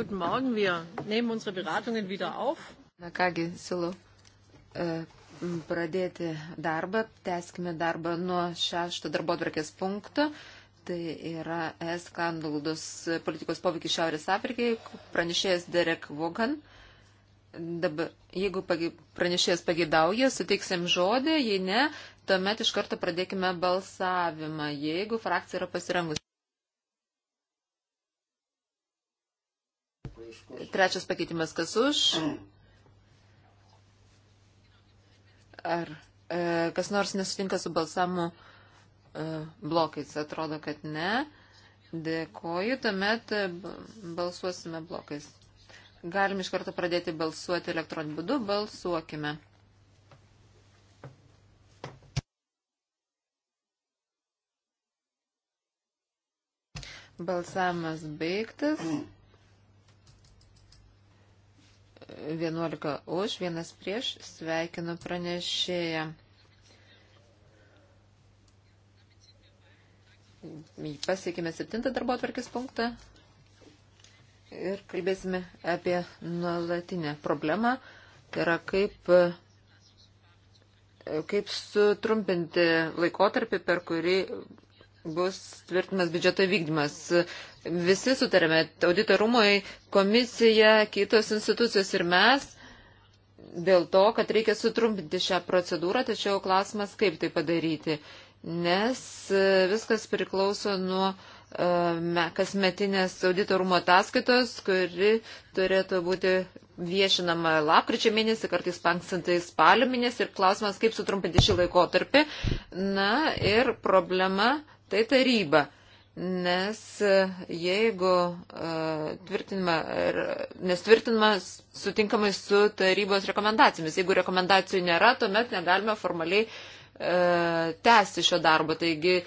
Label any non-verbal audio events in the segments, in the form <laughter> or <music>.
Guten Morgen, wir nehmen unsere Beratungen wieder auf. Na kągi, siūlau e, pradėti darbą, tęskime darbą nuo šešto darbo atvarkės punkto. Tai yra ES skandalus politikos poveikį Šiaurės Afrikai, pranešėjas Derek Vogan. Dabar, jeigu pranešėjas pagėdauja, suteiksim žodį, jei ne, tuomet iš karto pradėkime balsavimą, jeigu frakcija yra pasirengusi. Trečias pakeitimas, kas už? Ar e, kas nors nesutinka su balsamu e, blokais? Atrodo, kad ne. Dėkoju, tuomet e, balsuosime blokais. Galim iš karto pradėti balsuoti elektroniniu būdu, balsuokime. Balsavimas baigtas. Mm. 11 už, vienas prieš, sveikinu pranešėją. Pasiekime septintą darbo atvarkės punktą ir kalbėsime apie nuolatinę problemą, tai yra kaip, kaip sutrumpinti laikotarpį, per kurį bus tvirtinas biudžeto vykdymas visi sutarėme, auditorumai, komisija, kitos institucijos ir mes, dėl to, kad reikia sutrumpinti šią procedūrą, tačiau klausimas, kaip tai padaryti, nes e, viskas priklauso nuo e, kasmetinės auditorumo ataskaitos, kuri turėtų būti viešinama lapkričio mėnesį, kartais panksintai spalio mėnesį ir klausimas, kaip sutrumpinti šį laikotarpį. Na ir problema tai taryba nes e, jeigu e, tvirtinama, er, nes tvirtinamas sutinkamai su tarybos rekomendacijomis, jeigu rekomendacijų nėra, tuomet negalime formaliai e, tęsti šio darbo. Taigi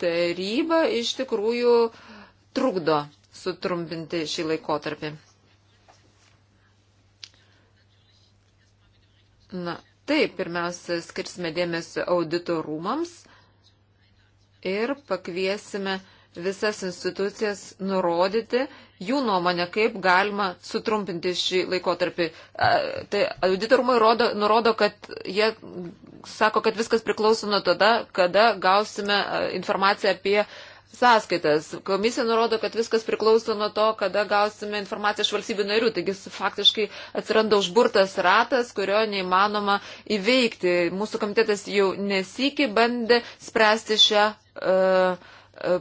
taryba iš tikrųjų trukdo sutrumpinti šį laikotarpį. Na, taip, pirmiausia, skirsime dėmesio auditorumams ir pakviesime uh, visas institucijas nurodyti jų nuomonę, kaip galima sutrumpinti šį laikotarpį. Tai auditorumai rodo, nurodo, kad jie sako, kad viskas priklauso nuo tada, kada gausime informaciją apie sąskaitas. Komisija nurodo, kad viskas priklauso nuo to, kada gausime informaciją iš valstybių narių. Taigi faktiškai atsiranda užburtas ratas, kurio neįmanoma įveikti. Mūsų komitetas jau nesikį bandė spręsti šią uh,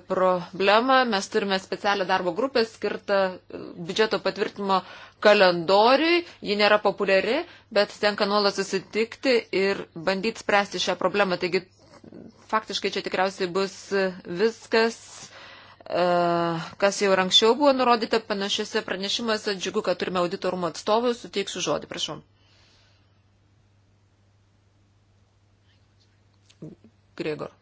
problemą. Mes turime specialią darbo grupę skirtą e, biudžeto patvirtimo kalendoriui. Ji nėra populiari, bet tenka nuolat susitikti ir bandyti spręsti šią problemą. Taigi faktiškai čia tikriausiai bus viskas e, kas jau ir anksčiau buvo nurodyta panašiose pranešimuose. Džiugu, kad turime auditorumo atstovų. Suteiksiu žodį, prašau. Gregor.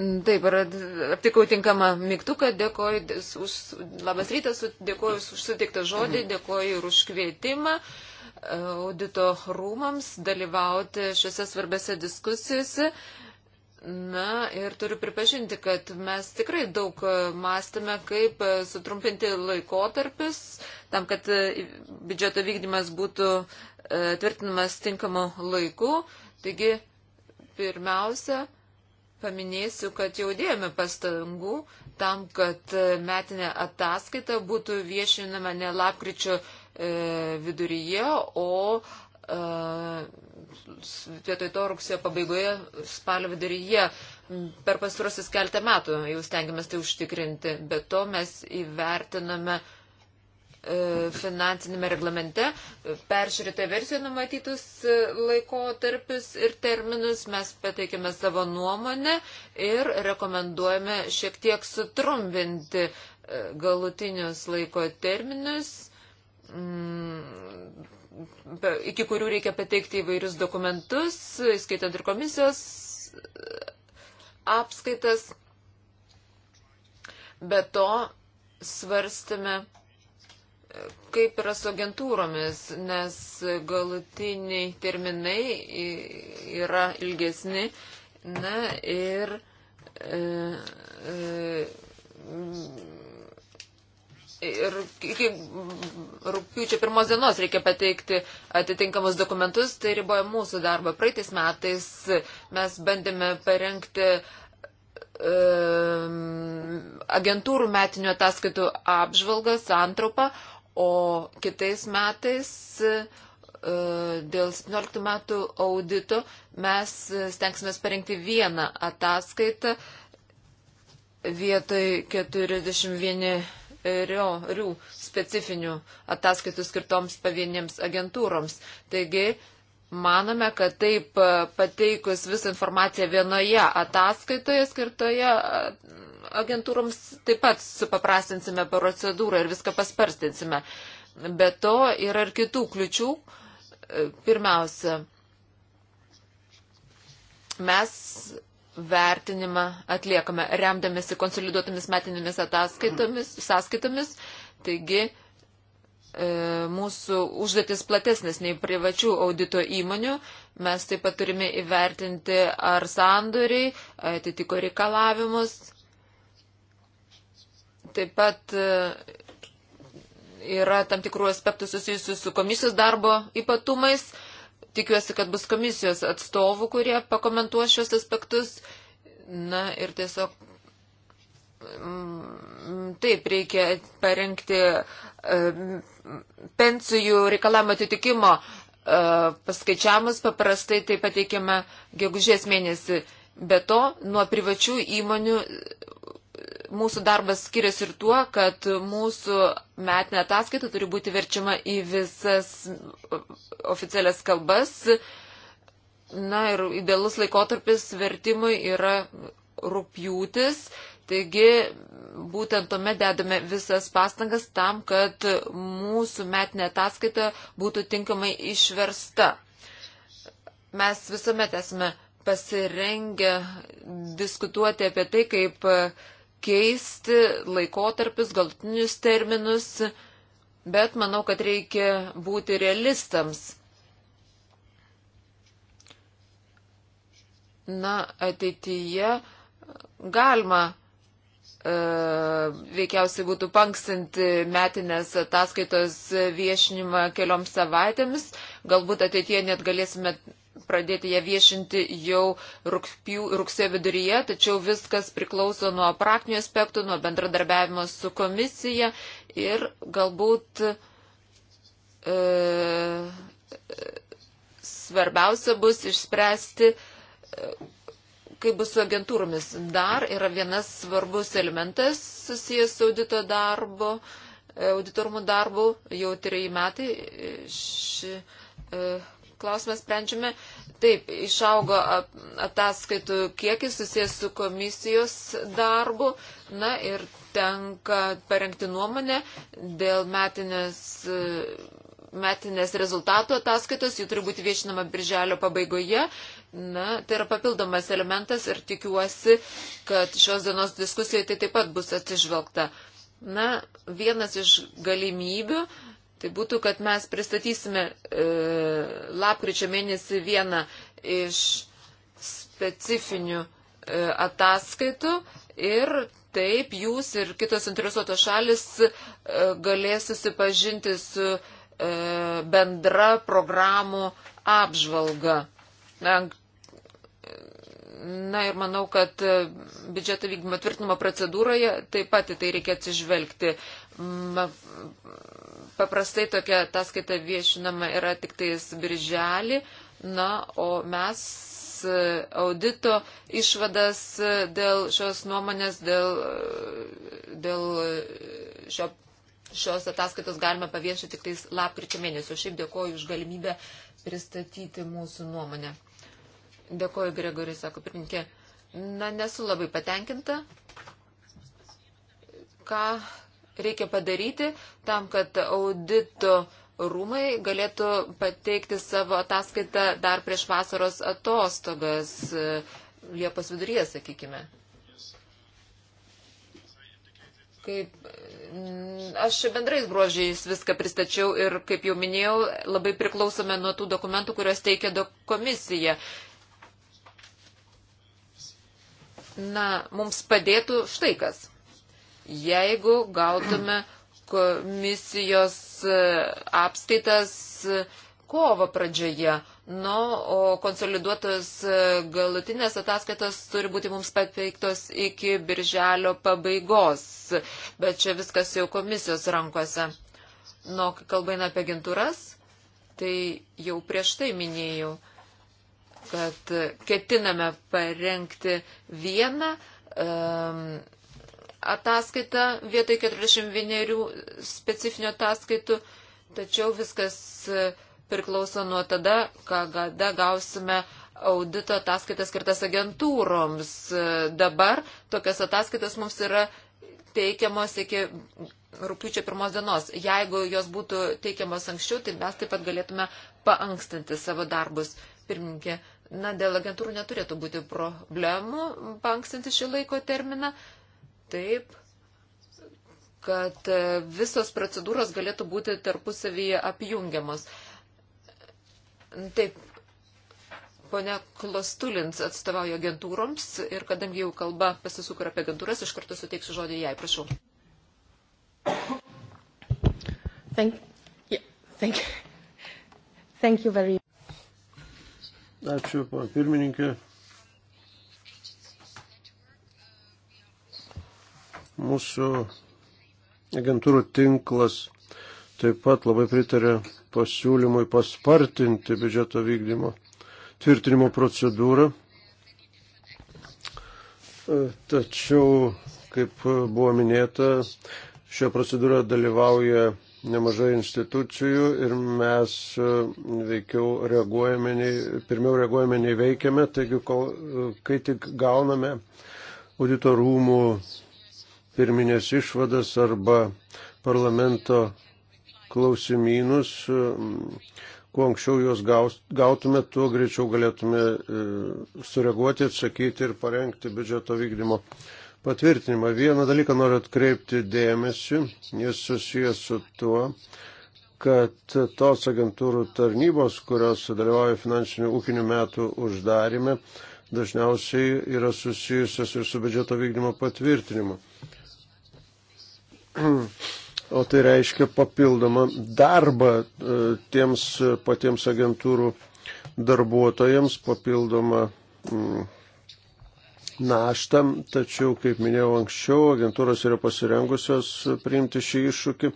Taip, ir aptikau tinkamą mygtuką, dėkoju už, labas rytas, dėkoju už sutiktą žodį, mhm. dėkoju ir už kvietimą e, audito rūmams dalyvauti šiuose svarbiose diskusijose. Na ir turiu pripažinti, kad mes tikrai daug e, mąstame, kaip e, sutrumpinti laikotarpis, tam, kad biudžeto vykdymas būtų tvirtinamas tinkamu laiku. Taigi, pirmiausia, paminėsiu, kad jau dėjome pastangų tam, kad e, metinė ataskaita būtų viešinama ne lapkričio e, viduryje, o e, vietoj to rugsėjo pabaigoje, spalio viduryje, per pastarosius keltą metų jau stengiamės tai užtikrinti. Be to mes įvertiname uh, E, finansinėme reglamente peržiūrėtoje versijoje numatytus e, laikotarpius ir terminus. Mes pateikėme savo nuomonę ir rekomenduojame šiek tiek sutrumbinti e, galutinius laiko terminus, mm, iki kurių reikia pateikti įvairius dokumentus, skaitant ir komisijos apskaitas. Be to svarstame kaip yra su agentūromis, nes galutiniai terminai yra ilgesni. Na ir e, e, ir iki rūpiučio pirmos dienos reikia pateikti atitinkamus dokumentus, tai riboja mūsų darbą. Praeitais metais mes bandėme parengti e, agentūrų metinių ataskaitų apžvalgą, santrupą, o kitais metais e, dėl 17 metų audito mes stengsime parengti vieną ataskaitą vietoj 41 specifinių ataskaitų skirtoms pavieniems agentūroms. Taigi, manome, kad taip pateikus visą informaciją vienoje ataskaitoje skirtoje agentūroms taip pat supaprastinsime procedūrą ir viską pasparstinsime. Be to yra ir kitų kliučių. E, pirmiausia, mes vertinimą atliekame remdamėsi konsoliduotomis metinėmis ataskaitomis, sąskaitomis, taigi e, mūsų užduotis platesnis nei privačių audito įmonių, mes taip pat turime įvertinti, ar sandoriai atitiko reikalavimus, Taip pat e, yra tam tikrų aspektų susijusių su komisijos darbo ypatumais. Tikiuosi, kad bus komisijos atstovų, kurie pakomentuos šios aspektus. Na ir tiesiog mm, taip reikia parengti e, pensijų reikalavimo atitikimo e, paskaičiavimus, paprastai tai pateikiama gegužės mėnesį. Be to, nuo privačių įmonių mūsų darbas skiriasi ir tuo, kad mūsų metinė ataskaita turi būti verčiama į visas oficialias kalbas. Na ir idealus laikotarpis vertimui yra rūpjūtis. Taigi būtent tuomet dedame visas pastangas tam, kad mūsų metinė ataskaita būtų tinkamai išversta. Mes visuomet esame pasirengę diskutuoti apie tai, kaip keisti laikotarpius, galtinius terminus, bet manau, kad reikia būti realistams. Na, ateityje galima e, veikiausiai būtų panksinti metinės ataskaitos viešinimą kelioms savaitėmis. Galbūt ateitie net galėsime pradėti ją viešinti jau rugpių, rugsėjo viduryje, tačiau viskas priklauso nuo praktinių aspektų, nuo bendradarbiavimo su komisija ir galbūt e, svarbiausia bus išspręsti, e, kaip bus su agentūromis. Dar yra vienas svarbus elementas susijęs su audito darbo, e, auditorumų darbu, jau treji metai e, ši e, klausimą sprendžiame. Taip, išaugo ataskaitų kiekis susijęs su komisijos darbu. Na ir tenka parengti nuomonę dėl metinės metinės rezultatų ataskaitos, jų turi būti viešinama birželio pabaigoje. Na, tai yra papildomas elementas ir tikiuosi, kad šios dienos diskusijoje tai taip pat bus atsižvelgta. Na, vienas iš galimybių uh, tai būtų, kad mes pristatysime e, lapkričio mėnesį vieną iš specifinių e, ataskaitų ir taip jūs ir kitos interesuotos šalis e, galės susipažinti su e, bendra programų apžvalga. Na, Na ir manau, kad e, biudžeto vykdymo tvirtinimo procedūroje taip pat į tai reikia atsižvelgti. Paprastai tokia ataskaita viešinama yra tik tais birželį, na, o mes e, audito išvadas e, dėl šios nuomonės, dėl, e, dėl šio, šios ataskaitos galime paviešinti tik tais lapkričio mėnesio. Šiaip dėkoju už galimybę pristatyti mūsų nuomonę. Dėkoju, Gregoriai, sako pirmininkė. Na, nesu labai patenkinta, ką reikia padaryti tam, kad audito rūmai galėtų pateikti savo ataskaitą dar prieš vasaros atostogas Liepos viduryje, sakykime. Kaip aš bendrais bruožiais viską pristačiau ir, kaip jau minėjau, labai priklausome nuo tų dokumentų, kuriuos teikia komisija. Na, mums padėtų štai kas jeigu gautume komisijos e, apskaitas e, kovo pradžioje. Nu, o konsoliduotos e, galutinės ataskaitos turi būti mums pateiktos iki birželio pabaigos, bet čia viskas jau komisijos rankose. Nu, kalbaina apie agentūras, tai jau prieš tai minėjau, kad ketiname parengti vieną um, ataskaita vietoj 41 specifinio ataskaitų, tačiau viskas e, priklauso nuo tada, kada gausime audito ataskaitas skirtas agentūroms. E, dabar tokias ataskaitas mums yra teikiamos iki rūpiučio pirmos dienos. Jeigu jos būtų teikiamos anksčiau, tai mes taip pat galėtume paankstinti savo darbus. Pirmininkė, na, dėl agentūrų neturėtų būti problemų paankstinti šį laiko terminą taip, kad visos procedūros galėtų būti tarpusavyje apjungiamos. Taip, ponia Klostulins atstovauja agentūroms ir kadangi jau kalba pasisuka apie agentūras, iš karto suteiksiu žodį jai, prašau. Thank, yeah, thank, you. thank you very much. Ačiū, pirmininkė. Mūsų agentūrų tinklas taip pat labai pritarė pasiūlymui paspartinti biudžeto vykdymo tvirtinimo procedūrą. Tačiau, kaip buvo minėta, šio procedūroje dalyvauja nemažai institucijų ir mes veikiau reaguojame, nei, pirmiau reaguojame nei veikiame, taigi kol, kai tik gauname auditorumų pirminės išvadas arba parlamento klausimynus. Mm, kuo anksčiau juos gautume, tuo greičiau galėtume e, sureaguoti, atsakyti ir parengti biudžeto vykdymo patvirtinimą. Vieną dalyką noriu atkreipti dėmesį, jis susijęs su tuo, kad tos agentūrų tarnybos, kurios dalyvauja finansinių ūkinių metų uždarime, dažniausiai yra susijusios ir su biudžeto vykdymo patvirtinimu. O tai reiškia papildomą darbą e, tiems patiems agentūrų darbuotojams, papildomą mm, naštą. Tačiau, kaip minėjau anksčiau, agentūros yra pasirengusios priimti šį iššūkį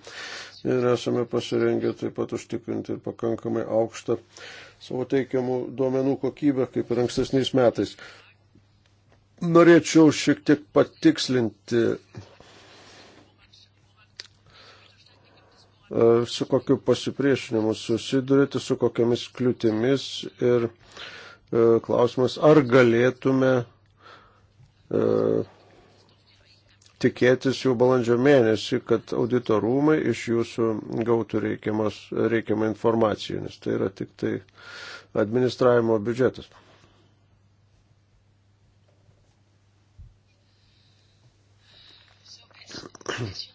ir esame pasirengę taip pat užtikrinti ir pakankamai aukštą savo teikiamų duomenų kokybę, kaip ir ankstesniais metais. Norėčiau šiek tiek patikslinti E, su kokiu pasipriešinimu susidurite, su kokiamis kliūtimis ir e, klausimas, ar galėtume e, tikėtis jau balandžio mėnesį, kad auditorumai iš jūsų gautų reikiamą informaciją, nes tai yra tik tai administravimo biudžetas. Thank you.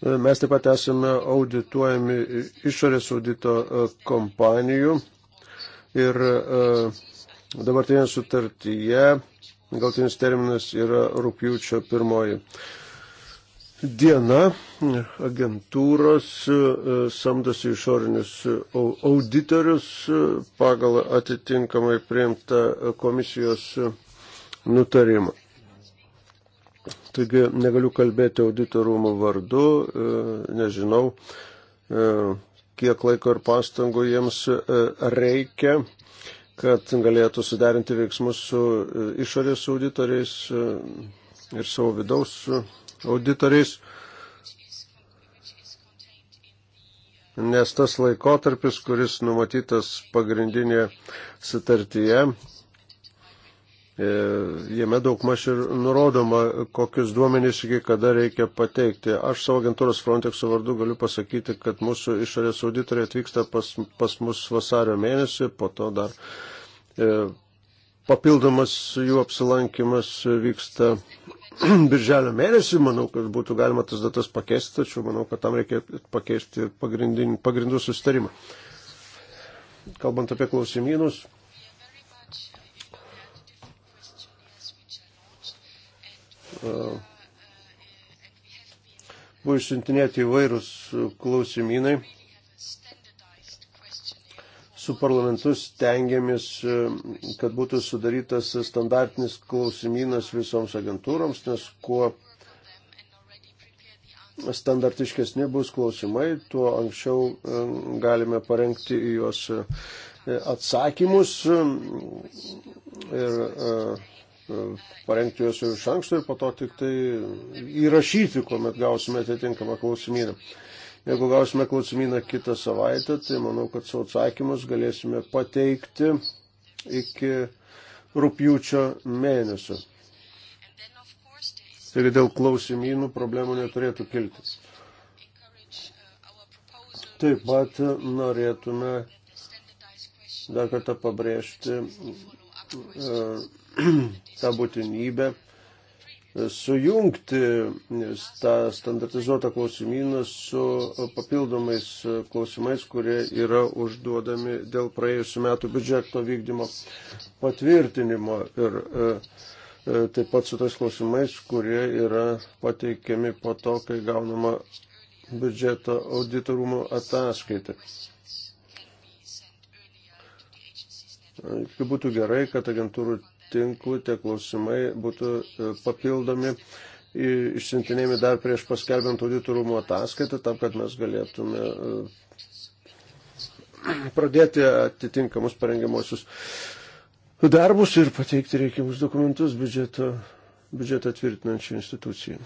E, mes taip pat esame audituojami išorės audito e, kompanijų ir e, dabartinė sutartyje galtinis terminas yra rūpjūčio pirmoji. Diena agentūros samdosi išorinius auditorius pagal atitinkamai priimtą komisijos nutarimą. Taigi negaliu kalbėti auditorumų vardu, e, nežinau, e, kiek laiko ir pastangų jiems e, reikia, kad galėtų suderinti veiksmus su išorės auditoriais ir savo vidaus auditoriais, nes tas laikotarpis, kuris numatytas pagrindinėje sutartyje, E, jame daug maž ir nurodoma, kokius duomenys iki kada reikia pateikti. Aš savo agentūros Frontexo vardu galiu pasakyti, kad mūsų išorės auditoriai atvyksta pas, pas mus vasario mėnesį, po to dar e, papildomas jų apsilankimas vyksta <clears throat> birželio mėnesį. Manau, kad būtų galima tas datas pakeisti, tačiau manau, kad tam reikia pakeisti pagrindų sustarimą. Kalbant apie klausimynus. E, buvo išsintinėti įvairūs klausimynai. Su parlamentu stengiamės, e, kad būtų sudarytas standartinis klausimynas visoms agentūroms, nes kuo standartiškesni bus klausimai, tuo anksčiau e, galime parengti juos atsakymus ir parengti juos jau iš anksto ir po to tik tai įrašyti, kuomet gausime atitinkamą klausimyną. Jeigu gausime klausimyną kitą savaitę, tai manau, kad savo atsakymus galėsime pateikti iki rūpjūčio mėnesio. Taigi dėl klausimynų problemų neturėtų kilti. Taip pat norėtume dar kartą pabrėžti e, <clears throat> tą būtinybę sujungti tą standartizuotą klausimyną su papildomais klausimais, kurie yra užduodami dėl praėjusiu metu biudžeto vykdymo patvirtinimo ir e, e, taip pat su tais klausimais, kurie yra pateikiami po to, kai gaunama biudžeto auditorumo ataskaita. Kaip būtų gerai, kad agentūrų tinklų, tie klausimai būtų e, papildomi, išsintinėjami dar prieš paskelbiant auditorumo ataskaitą, tam, kad mes galėtume e, pradėti atitinkamus parengiamosius darbus ir pateikti reikiamus dokumentus biudžeto, biudžetą tvirtinančią instituciją.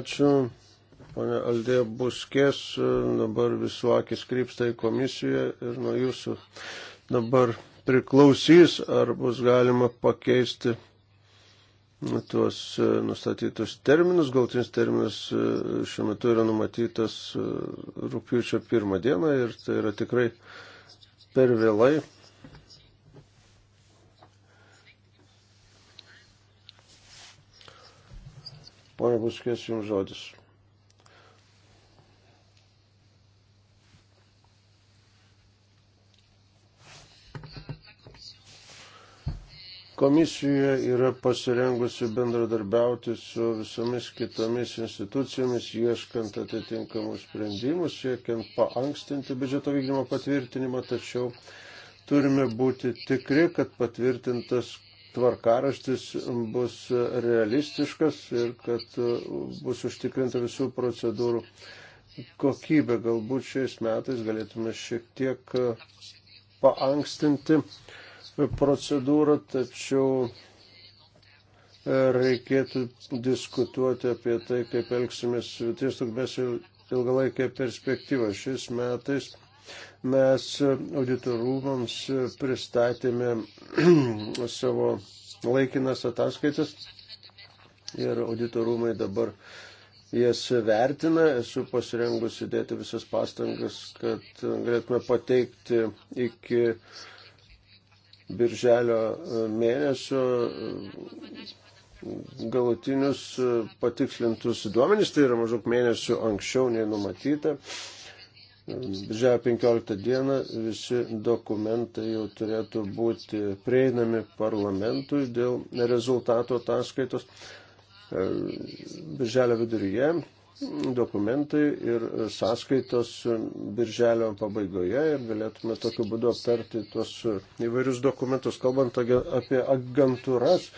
Ačiū. Pane Aldė Buskės, dabar visų akis krypsta į komisiją ir nuo jūsų dabar priklausys, ar bus galima pakeisti tuos e, nustatytus terminus. Galtinis terminas e, šiuo metu yra numatytas e, rūpiučio pirmą dieną ir tai yra tikrai per vėlai. Pone Buskės, jums žodis. Komisija yra pasirengusi bendradarbiauti su visomis kitomis institucijomis, ieškant atitinkamų sprendimų, siekiant paankstinti biudžeto vykdymo patvirtinimą, tačiau turime būti tikri, kad patvirtintas tvarkaraštis bus realistiškas ir kad bus užtikrinta visų procedūrų kokybė. Galbūt šiais metais galėtume šiek tiek paankstinti procedūrą, tačiau e, reikėtų diskutuoti apie tai, kaip elgsimės ties trukmės ilgalaikę perspektyvą. Šiais metais mes auditorumams pristatėme <clears throat> savo laikinas ataskaitas ir auditorumai dabar jas vertina. Esu pasirengusi dėti visas pastangas, kad galėtume pateikti iki birželio e, mėnesio e, galutinius e, patikslintus duomenys, tai yra maždaug mėnesių anksčiau nei numatyta. Birželio 15 dieną visi dokumentai jau turėtų būti prieinami parlamentui dėl rezultato ataskaitos. Birželio viduryje dokumentai ir sąskaitos birželio pabaigoje ir galėtume tokiu būdu aptarti tuos įvairius dokumentus, kalbant apie agentūras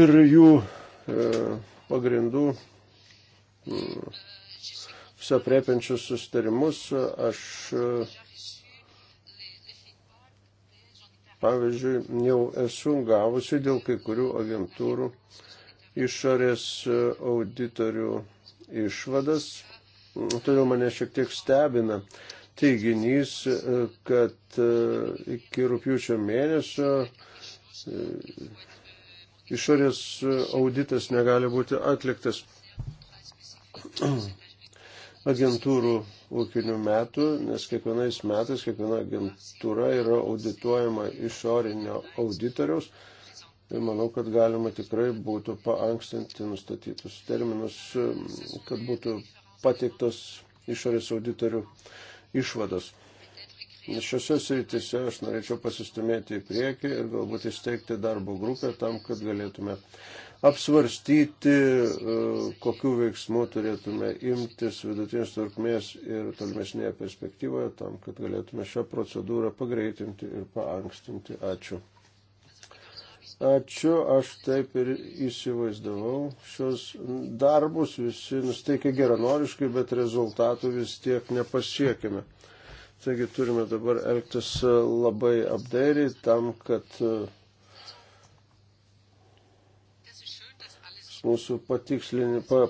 ir jų e, pagrindų visapriepiančius sustarimus. Aš e, pavyzdžiui jau esu gavusi dėl kai kurių agentūrų uh, išorės auditorių išvadas. Todėl mane šiek tiek stebina teiginys, kad e, iki rūpiučio mėnesio e, išorės auditas negali būti atliktas agentūrų ūkinių metų, nes kiekvienais metais kiekviena agentūra yra audituojama išorinio auditoriaus. Ir tai manau, kad galima tikrai būtų paankstinti nustatytus terminus, kad būtų pateiktos išorės auditorių išvados. Šiuose srityse aš norėčiau pasistumėti į priekį ir galbūt įsteigti darbo grupę tam, kad galėtume apsvarstyti, e, kokiu veiksmu turėtume imtis vidutinės trukmės ir tolimesnėje perspektyvoje tam, kad galėtume šią procedūrą pagreitinti ir paankstinti. Ačiū. Ačiū, aš taip ir įsivaizdavau šios darbus, visi nusteikia geranoriškai, bet rezultatų vis tiek nepasiekime. Taigi turime dabar elgtis e, labai apdairiai tam, kad e, mūsų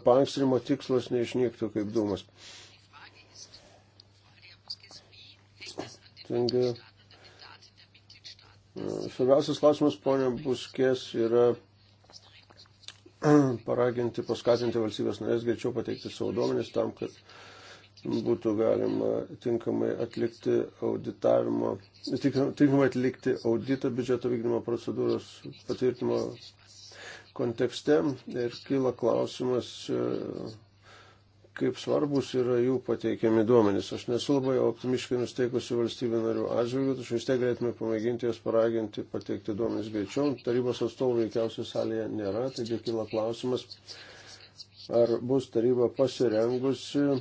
paankstinimo tikslas neišnyktų kaip dūmas. Taigi, Svarbiausias klausimas, ponė Buskės, yra <clears throat> paraginti, paskatinti valstybės narės greičiau pateikti savo duomenys tam, kad būtų galima tinkamai atlikti auditavimo, tinkamai atlikti auditą biudžeto vykdymo procedūros patvirtimo kontekste ir kyla klausimas, kaip svarbus yra jų pateikiami duomenys. Aš nesu labai optimiškai nusteikusi valstybių narių atžvilgių, tačiau vis tiek galėtume pamėginti jas paraginti pateikti duomenys greičiau. Tarybos atstovų veikiausiai salėje nėra, taigi kyla klausimas, ar bus taryba pasirengusi e,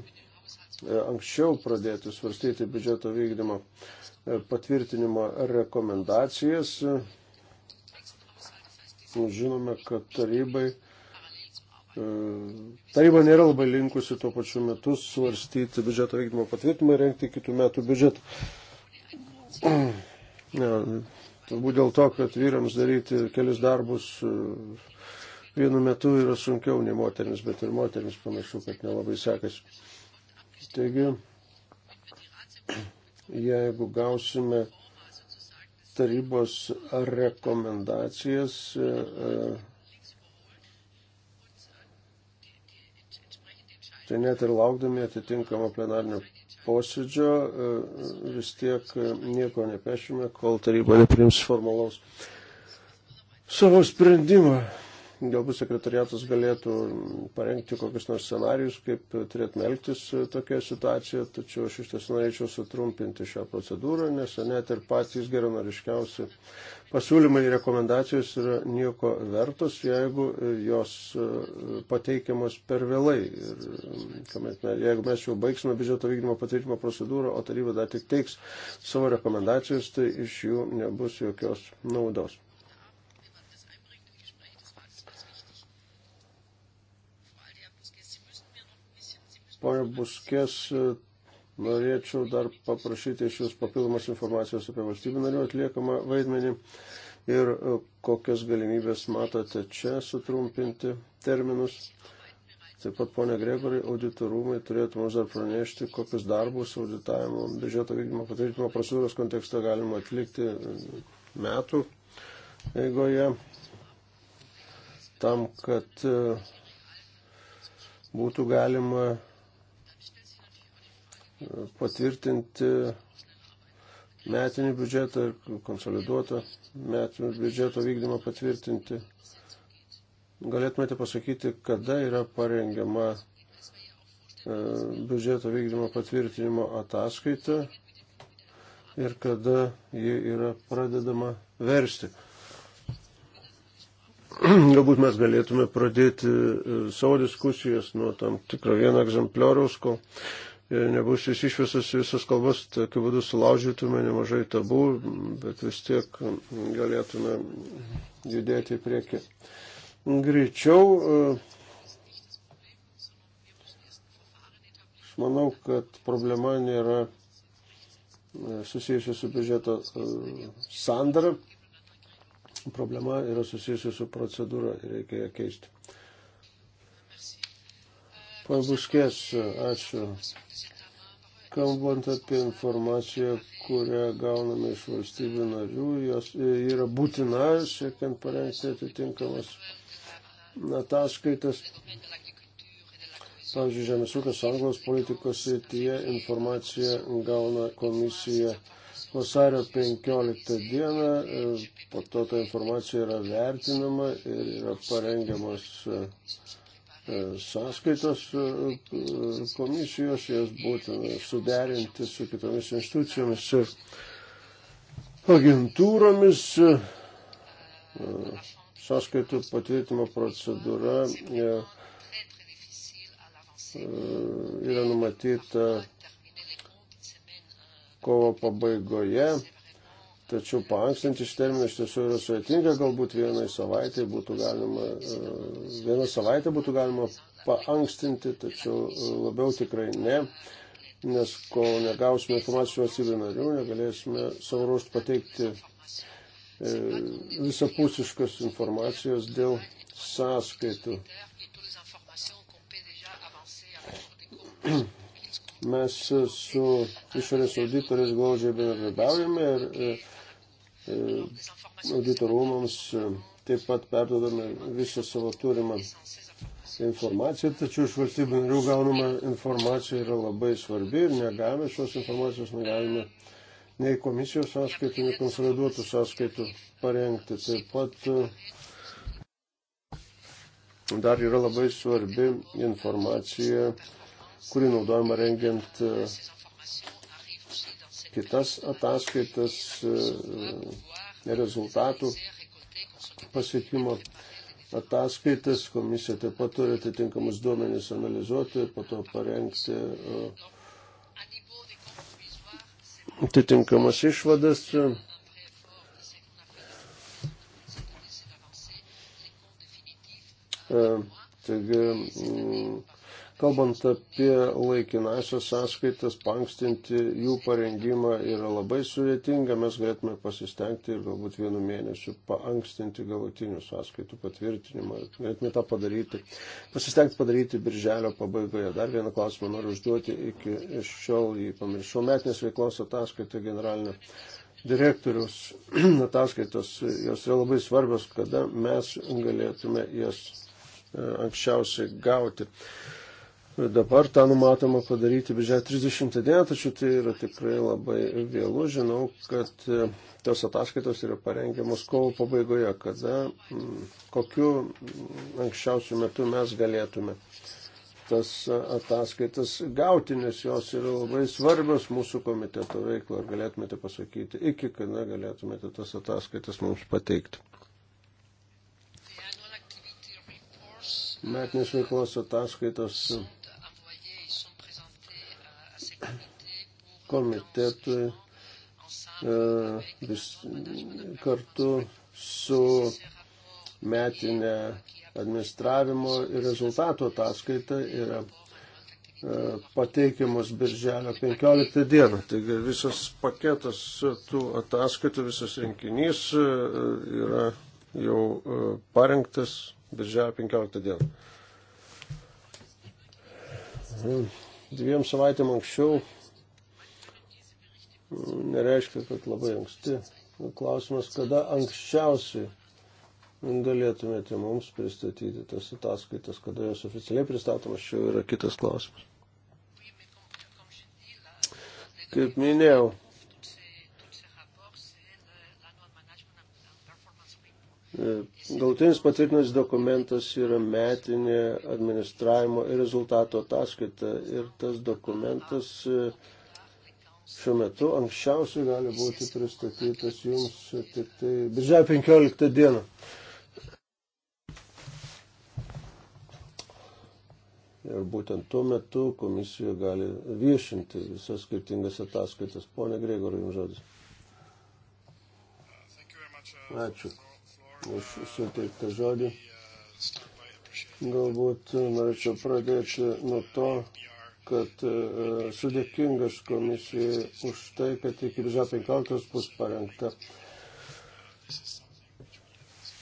anksčiau pradėti svarstyti biudžeto vykdymo e, patvirtinimo rekomendacijas. Žinome, kad tarybai E, taryba nėra labai linkusi tuo pačiu metu svarstyti biudžeto vykdymo patvirtinimą ir renkti kitų metų biudžetą. Ja, <clears throat> turbūt dėl to, kad vyrams daryti kelis darbus e, vienu metu yra sunkiau nei moteriams, bet ir moteriams panašu, kad nelabai sekasi. Taigi, <clears throat> jeigu gausime tarybos rekomendacijas, e, Tai net ir laukdami atitinkamo plenarnio posėdžio e, vis tiek e, nieko nepešime, kol taryba neprims formalaus savo sprendimą. Galbūt sekretariatas galėtų parengti kokius nors scenarius, kaip turėtume elgtis tokia situacija, tačiau aš iš tiesų norėčiau sutrumpinti šią procedūrą, nes net ir patys geranoriškiausi pasiūlymai ir rekomendacijos yra nieko vertos, jeigu jos e, pateikiamos per vėlai. Ir, e, jeigu mes jau baigsime biudžeto vykdymo patvirtinimo procedūrą, o taryba dar tik teiks savo rekomendacijas, tai iš jų nebus jokios naudos. Pone Buskės, norėčiau dar paprašyti iš Jūs papildomas informacijos apie valstybių narių atliekamą vaidmenį ir e, kokias galimybės matote čia sutrumpinti terminus. Taip pat, ponė Gregorai, auditorumai turėtų mums dar pranešti, kokius darbus auditavimo, biudžeto vykdymo patvirtinimo procedūros kontekste galima atlikti metų eigoje, tam, kad e, būtų galima patvirtinti metinį biudžetą ir konsoliduotą metinį biudžeto vykdymą patvirtinti. Galėtumėte pasakyti, kada yra parengiama e, biudžeto vykdymo patvirtinimo ataskaita ir kada ji yra pradedama versti. <clears throat> Galbūt mes galėtume pradėti e, savo diskusijas nuo tam tikro vieno egzemplioriaus, kol nebus jis išvisas visas kalbas, tokiu būdu sulaužytume nemažai tabų, bet vis tiek galėtume judėti į priekį. Greičiau, e, aš manau, kad problema nėra e, susijusi su biudžeto e, sandara, problema yra susijusi su procedūra ir reikia ją keisti. Pabuskės, ačiū. Kalbant apie informaciją, kurią gauname iš valstybių narių, jos e, yra būtina, siekiant parengti atitinkamas ataskaitas. Pavyzdžiui, Žemės ūkio sąjungos politikos srityje informaciją gauna komisija vasario 15 dieną, e, po to ta informacija yra vertinama ir yra parengiamas e, E, sąskaitos e, e, komisijos, jas būtina suderinti su kitomis institucijomis ir agentūromis. Sąskaitų patvirtimo procedūra yra numatyta kovo pabaigoje tačiau paankstinti šį terminą iš tiesų yra sudėtinga, galbūt vienai savaitai būtų galima, e, vieną savaitę būtų galima paankstinti, tačiau e, labiau tikrai ne, nes kol negausime informacijos valstybių narių, negalėsime savo ruoštų pateikti e, visapusiškos informacijos dėl sąskaitų. Mes su išorės auditoriais glaudžiai bendradarbiaujame ir E, auditorumams e, taip pat perdodame visą savo turimą informaciją, tačiau iš valstybių narių gaunama informacija yra labai svarbi ir negavę šios informacijos negalime nei komisijos sąskaitų, nei konsoliduotų sąskaitų parengti. Taip pat e, dar yra labai svarbi informacija, kuri naudojama rengiant kitas ataskaitas e, rezultatų pasiekimo ataskaitas. Komisija taip pat turi atitinkamus duomenys analizuoti ir po to parengti e, atitinkamas išvadas. E, taigi, Kalbant apie laikinasias sąskaitas, pankstinti jų parengimą yra labai sudėtinga, mes galėtume pasistengti ir galbūt vienu mėnesiu pankstinti galutinių sąskaitų patvirtinimą. Galėtume tą padaryti, pasistengti padaryti birželio pabaigoje. Dar vieną klausimą noriu užduoti, iki šiol jį pamiršau. Metinės veiklos ataskaita generalinė direktorius <clears throat> ataskaitos, jos yra labai svarbios, kada mes galėtume jas e, anksčiausiai gauti. Dabar tą numatoma padaryti birželio 30 dieną, tačiau tai yra tikrai labai vėlų. Žinau, kad e, tos ataskaitos yra parengiamos kovo pabaigoje, kada kokiu anksčiausiu metu mes galėtume tas e, ataskaitas gauti, nes jos yra labai svarbios mūsų komiteto veiklo. Ar galėtumėte pasakyti, iki kada galėtumėte tas ataskaitas mums pateikti? Metinės veiklos ataskaitos. komitetui e, vis, kartu su metinė administravimo ir rezultato ataskaita yra e, pateikiamos birželio 15 dieną. Taigi visas paketas tų ataskaitų, visas rinkinys e, yra jau parengtas birželio 15 dieną. Dviem savaitėm anksčiau nereiškia, kad labai anksti. Klausimas, kada anksčiausiai galėtumėte mums pristatyti tas ataskaitas, kada jos oficialiai pristatomas, čia yra kitas klausimas. Kaip minėjau, Galutinis patvirtinas dokumentas yra metinė administravimo ir rezultato ataskaita ir tas dokumentas uh, šiuo metu anksčiausiai gali būti pristatytas jums tik tai birželio 15 dieną. Ir būtent tuo metu komisija gali viešinti visas skirtingas ataskaitas. Pone Gregorai, jums žodis. Ačiū už suteiktą žodį. Galbūt norėčiau pradėti nuo to, kad e, esu dėkingas komisijai už tai, kad iki birželio 15 bus parengta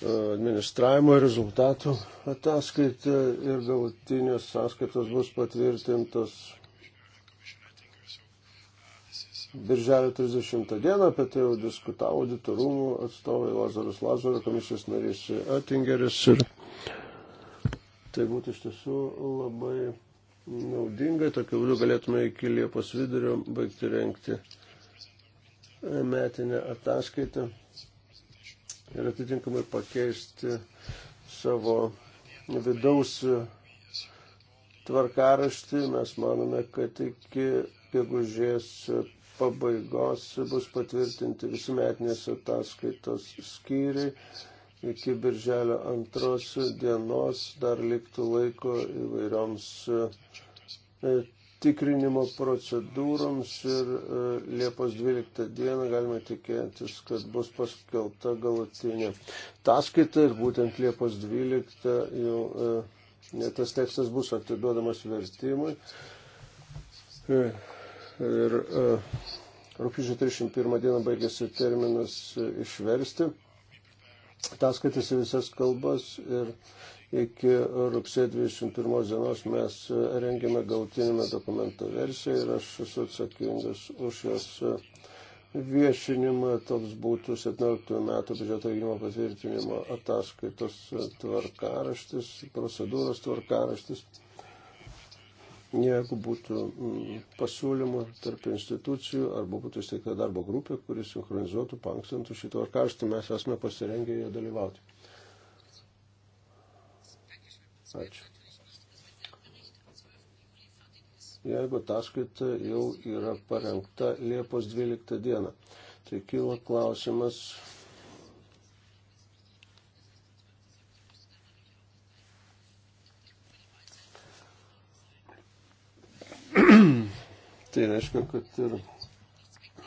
e, administravimo rezultatų ataskaita ir galutinės sąskaitos bus patvirtintos Birželio 30 dieną apie tai jau diskutavo auditorumų atstovai Lazarus Lazaro, komisijos narys Atingeris ir tai būtų iš tiesų labai naudingai. Tokiu būdu galėtume iki Liepos vidurio baigti renkti e, metinę ataskaitą ir atitinkamai pakeisti savo vidaus tvarkaraštį. Mes manome, kad iki gegužės pabaigos bus patvirtinti visi metinės ataskaitos skyriai iki birželio antros dienos dar liktų laiko įvairioms e, tikrinimo procedūroms ir e, Liepos 12 dieną galima tikėtis, kad bus paskelbta galutinė taskaita ir būtent Liepos 12 jau e, tas tekstas bus atiduodamas vertimui. Ir rūpiučio 31 dieną baigėsi terminas išversti ataskaitas į visas kalbas ir iki rugsėjo 21 dienos mes rengiame gautinimą dokumento versiją ir aš esu atsakingas už jos viešinimą. Toks būtų 17 metų biudžeto vykdymo patvirtinimo ataskaitos tvarkaraštis, procedūros tvarkaraštis jeigu būtų mm, pasiūlymų tarp institucijų arba būtų įsteigta darbo grupė, kuris sinchronizuotų, panksintų šį tvarkarštį, mes esame pasirengę joje dalyvauti. Ačiū. Jeigu ataskaita jau yra parengta Liepos 12 dieną, tai kyla klausimas, Tai reiškia, kad ir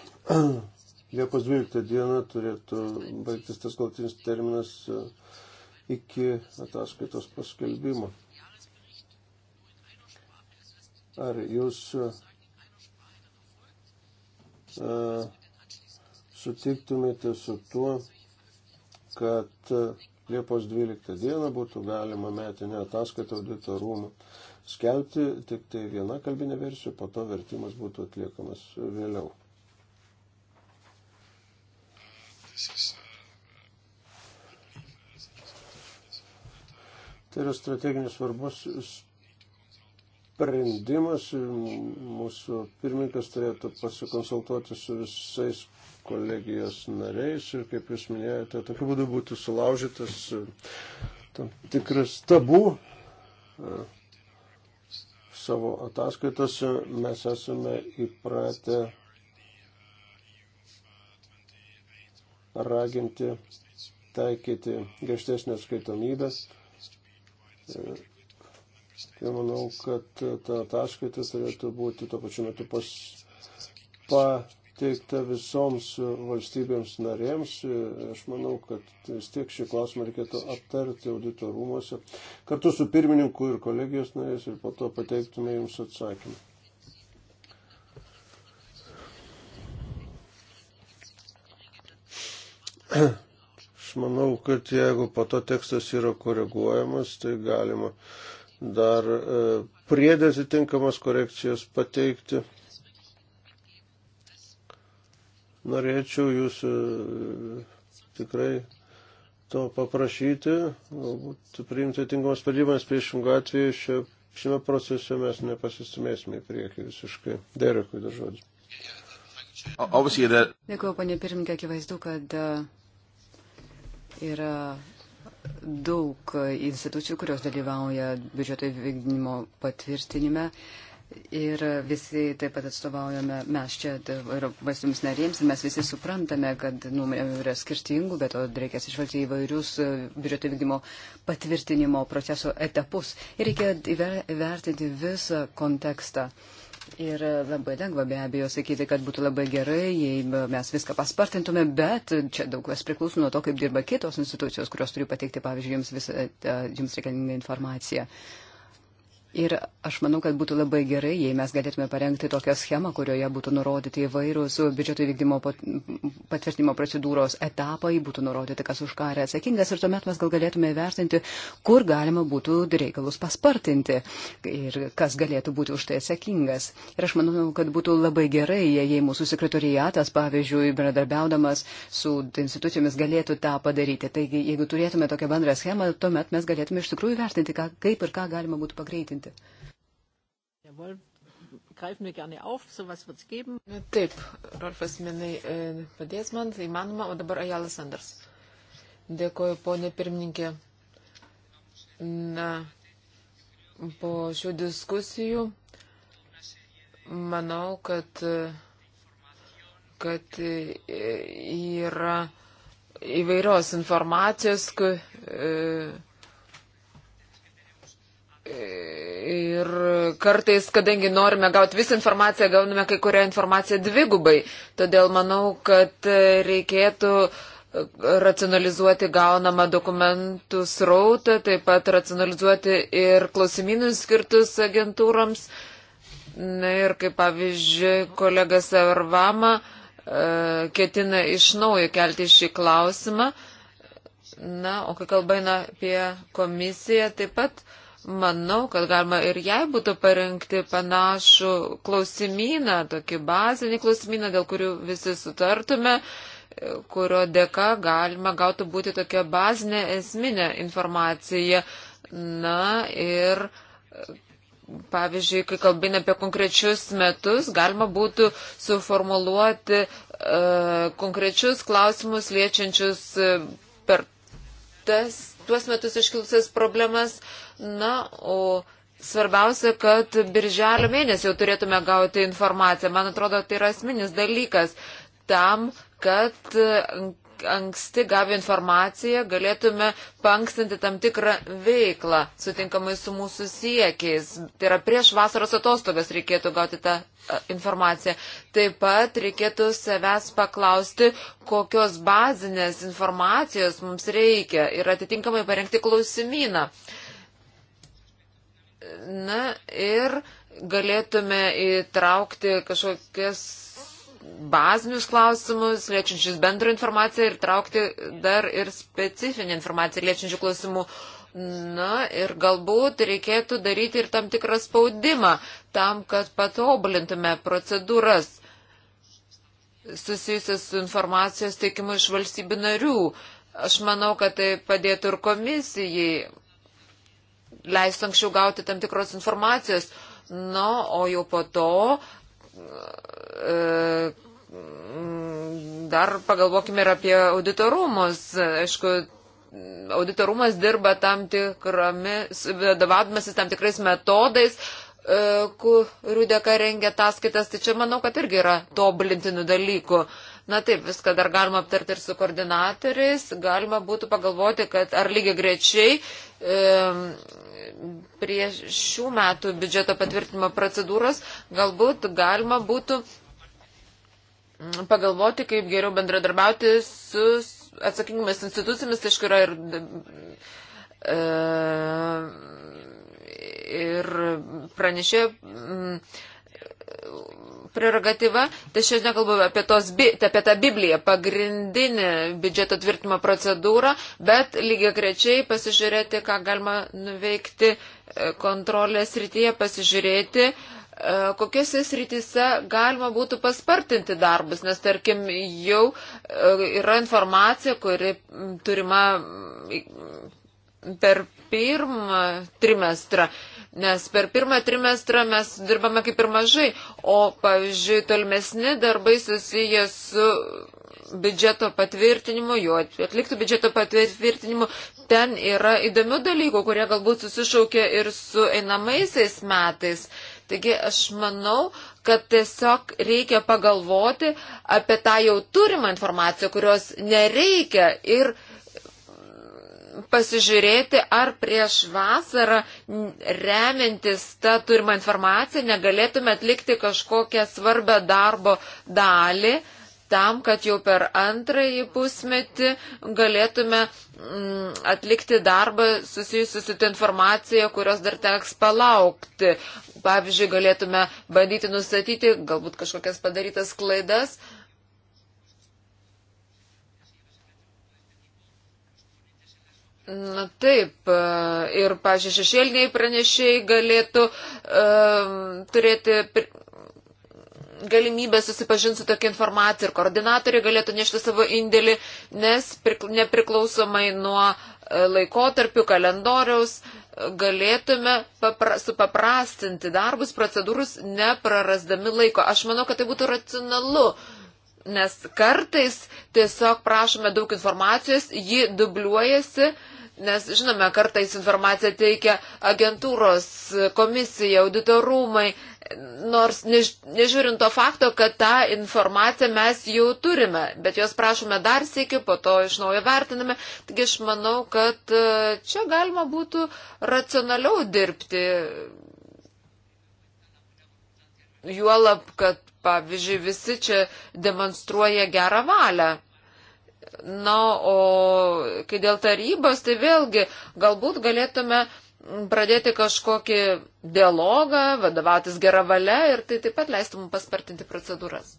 <clears throat> Liepos 12 dieną turėtų baigtis tas galtinis terminas e, iki ataskaitos paskelbimo. Ar jūs a, e, sutiktumėte su tuo, kad e, Liepos 12 dieną būtų galima metinę ataskaitą audito rūmų skelbti tik tai viena kalbinė versija, po to vertimas būtų atliekamas vėliau. Uh, tai yra strateginis svarbus sprendimas. Mūsų pirmininkas turėtų pasikonsultuoti su visais kolegijos nariais ir, kaip jūs minėjote, tokiu būdu būtų sulaužytas uh, tam tikras tabu uh, savo ataskaitose mes esame įpratę raginti taikyti griežtesnę skaitomybę. Ir manau, kad ta ataskaita turėtų būti tuo pačiu metu pas, pa, teikta visoms valstybėms narėms. Aš manau, kad vis tiek šį klausimą reikėtų aptarti audito rūmose kartu su pirmininku ir kolegijos narės ir po to pateiktume jums atsakymą. Aš manau, kad jeigu po to tekstas yra koreguojamas, tai galima dar e, priedėti tinkamas korekcijas pateikti norėčiau jūs e, tikrai to paprašyti, galbūt priimti tinkamas sprendimas priešingų atveju šio, šiame procese mes nepasistumėsime į priekį visiškai. Derekui dar žodis. Dėkuoju, panė pirmininkė, akivaizdu, kad e, yra daug institucijų, kurios dalyvauja biudžeto įvykdymo patvirtinime Ir visi taip pat atstovaujame, mes čia valstybėms narėms ir mes visi suprantame, kad nuomonė yra skirtingų, bet to reikia atsižvelgti įvairius e, biudžeto vykdymo patvirtinimo proceso etapus. Ir reikia įvertinti visą kontekstą. Ir labai lengva be abejo sakyti, kad būtų labai gerai, jei mes viską paspartintume, bet čia daug kas priklauso nuo to, kaip dirba kitos institucijos, kurios turi pateikti, pavyzdžiui, jums, visą, e, jums reikalingą informaciją. Uh, Ir aš manau, kad būtų labai gerai, jei mes galėtume parengti tokią schemą, kurioje būtų nurodyti įvairūs biudžeto įvykdymo patvirtinimo procedūros etapai, būtų nurodyti, kas už ką yra atsakingas ir tuomet mes gal galėtume įvertinti, kur galima būtų reikalus paspartinti ir kas galėtų būti už tai atsakingas. Ir aš manau, kad būtų labai gerai, jei mūsų sekretorijatas, pavyzdžiui, bendradarbiaudamas su institucijomis galėtų tą padaryti. Taigi, jeigu turėtume tokią bendrą schemą, tuomet mes galėtume iš tikrųjų vertinti, ką, kaip ir ką galima būtų pagreitinti gyvendinti. Taip, Rolfas Minai e, padės man, tai manoma, o dabar Ajalas Sanders. Dėkoju, ponė pirmininkė. Na, po šių diskusijų manau, kad, kad yra įvairios informacijos, kai, e, Ir kartais, kadangi norime gauti visą informaciją, gauname kai kurią informaciją dvigubai. Todėl manau, kad reikėtų racionalizuoti gaunamą dokumentų srautą, taip pat racionalizuoti ir klausimynus skirtus agentūrams. Na ir kaip pavyzdžiui, kolega Savarvama e, ketina iš naujo kelti šį klausimą. Na, o kai kalba eina apie komisiją, taip pat uh, Manau, kad galima ir jai būtų parengti panašų klausimyną, tokį bazinį klausimyną, dėl kurių visi sutartume, kurio dėka galima gauti būti tokia bazinė esminė informacija. Na ir, pavyzdžiui, kai kalbina apie konkrečius metus, galima būtų suformuluoti e, konkrečius klausimus liečiančius e, per tas tuos metus iškilusias problemas. Na, o svarbiausia, kad birželio mėnesį jau turėtume gauti informaciją. Man atrodo, tai yra asmenis dalykas tam, kad anksti gavę informaciją galėtume pankstinti tam tikrą veiklą sutinkamai su mūsų siekiais. Tai yra prieš vasaros atostogas reikėtų gauti tą informaciją. Taip pat reikėtų savęs paklausti, kokios bazinės informacijos mums reikia ir atitinkamai parengti klausimyną. Na ir galėtume įtraukti kažkokias bazinius klausimus, liečiančius bendrą informaciją ir traukti dar ir specifinę informaciją liečiančių klausimų. Na ir galbūt reikėtų daryti ir tam tikrą spaudimą tam, kad patobulintume procedūras susijusias su informacijos teikimu iš valstybių narių. Aš manau, kad tai padėtų ir komisijai, leistų anksčiau gauti tam tikros informacijos. Na, o jau po to E, dar pagalvokime ir apie auditorumus. Aišku, auditorumas dirba tam tikromis, vadovavimasis tam tikrais metodais, e, kurių dėka rengia ataskaitas, tai čia manau, kad irgi yra tobulintinų dalykų. Na taip, viską dar galima aptarti ir su koordinatoriais, galima būtų pagalvoti, kad ar lygiai grečiai e, prie šių metų biudžeto patvirtinimo procedūros galbūt galima būtų pagalvoti, kaip geriau bendradarbiauti su atsakingomis institucijomis, tai aišku yra ir, e, ir pranešė m, mm, prerogatyva, tai šiandien nekalbame apie, tos, apie tą Bibliją, pagrindinę biudžeto tvirtimo procedūrą, bet lygiai grečiai pasižiūrėti, ką galima nuveikti e, kontrolės rytyje, pasižiūrėti, uh, E, kokiuose srityse galima būtų paspartinti darbus, nes tarkim jau e, yra informacija, kuri turima per pirmą trimestrą. Nes per pirmą trimestrą mes dirbame kaip ir mažai, o, pavyzdžiui, tolmesni darbai susiję su biudžeto patvirtinimu, jo atliktų biudžeto patvirtinimu, ten yra įdomių dalykų, kurie galbūt susišaukia ir su einamaisiais metais. Uh, Taigi aš manau, kad tiesiog reikia pagalvoti apie tą jau turimą informaciją, kurios nereikia ir pasižiūrėti, ar prieš vasarą remiantis tą turimą informaciją negalėtume atlikti kažkokią svarbę darbo dalį, uh, tam, kad jau per antrąjį pusmetį galėtume mm, atlikti darbą susijusiu su tą informacija, kurios dar teks palaukti. Pavyzdžiui, galėtume bandyti nustatyti galbūt kažkokias padarytas klaidas, Na taip, ir, pažiūrėjau, šešėliniai pranešėjai galėtų um, turėti pr galimybę susipažinti su tokia informacija ir koordinatoriai galėtų nešti savo indėlį, nes nepriklausomai nuo e, laikotarpių kalendoriaus e, galėtume supaprastinti darbus, procedūrus, neprarasdami laiko. Aš manau, kad tai būtų racionalu nes kartais tiesiog prašome daug informacijos, ji dubliuojasi, nes žinome, kartais informaciją teikia agentūros, komisija, auditorumai, Nors než, nežiūrint to fakto, kad tą informaciją mes jau turime, bet jos prašome dar sėkiu, po to iš naujo vertiname. Taigi aš manau, kad e, čia galima būtų racionaliau dirbti. Juolab, kad, pavyzdžiui, visi čia demonstruoja gerą valią. Na, o kai dėl tarybos, tai vėlgi galbūt galėtume pradėti kažkokį dialogą, vadovautis gerą valią ir tai taip pat leistų mums paspartinti procedūras.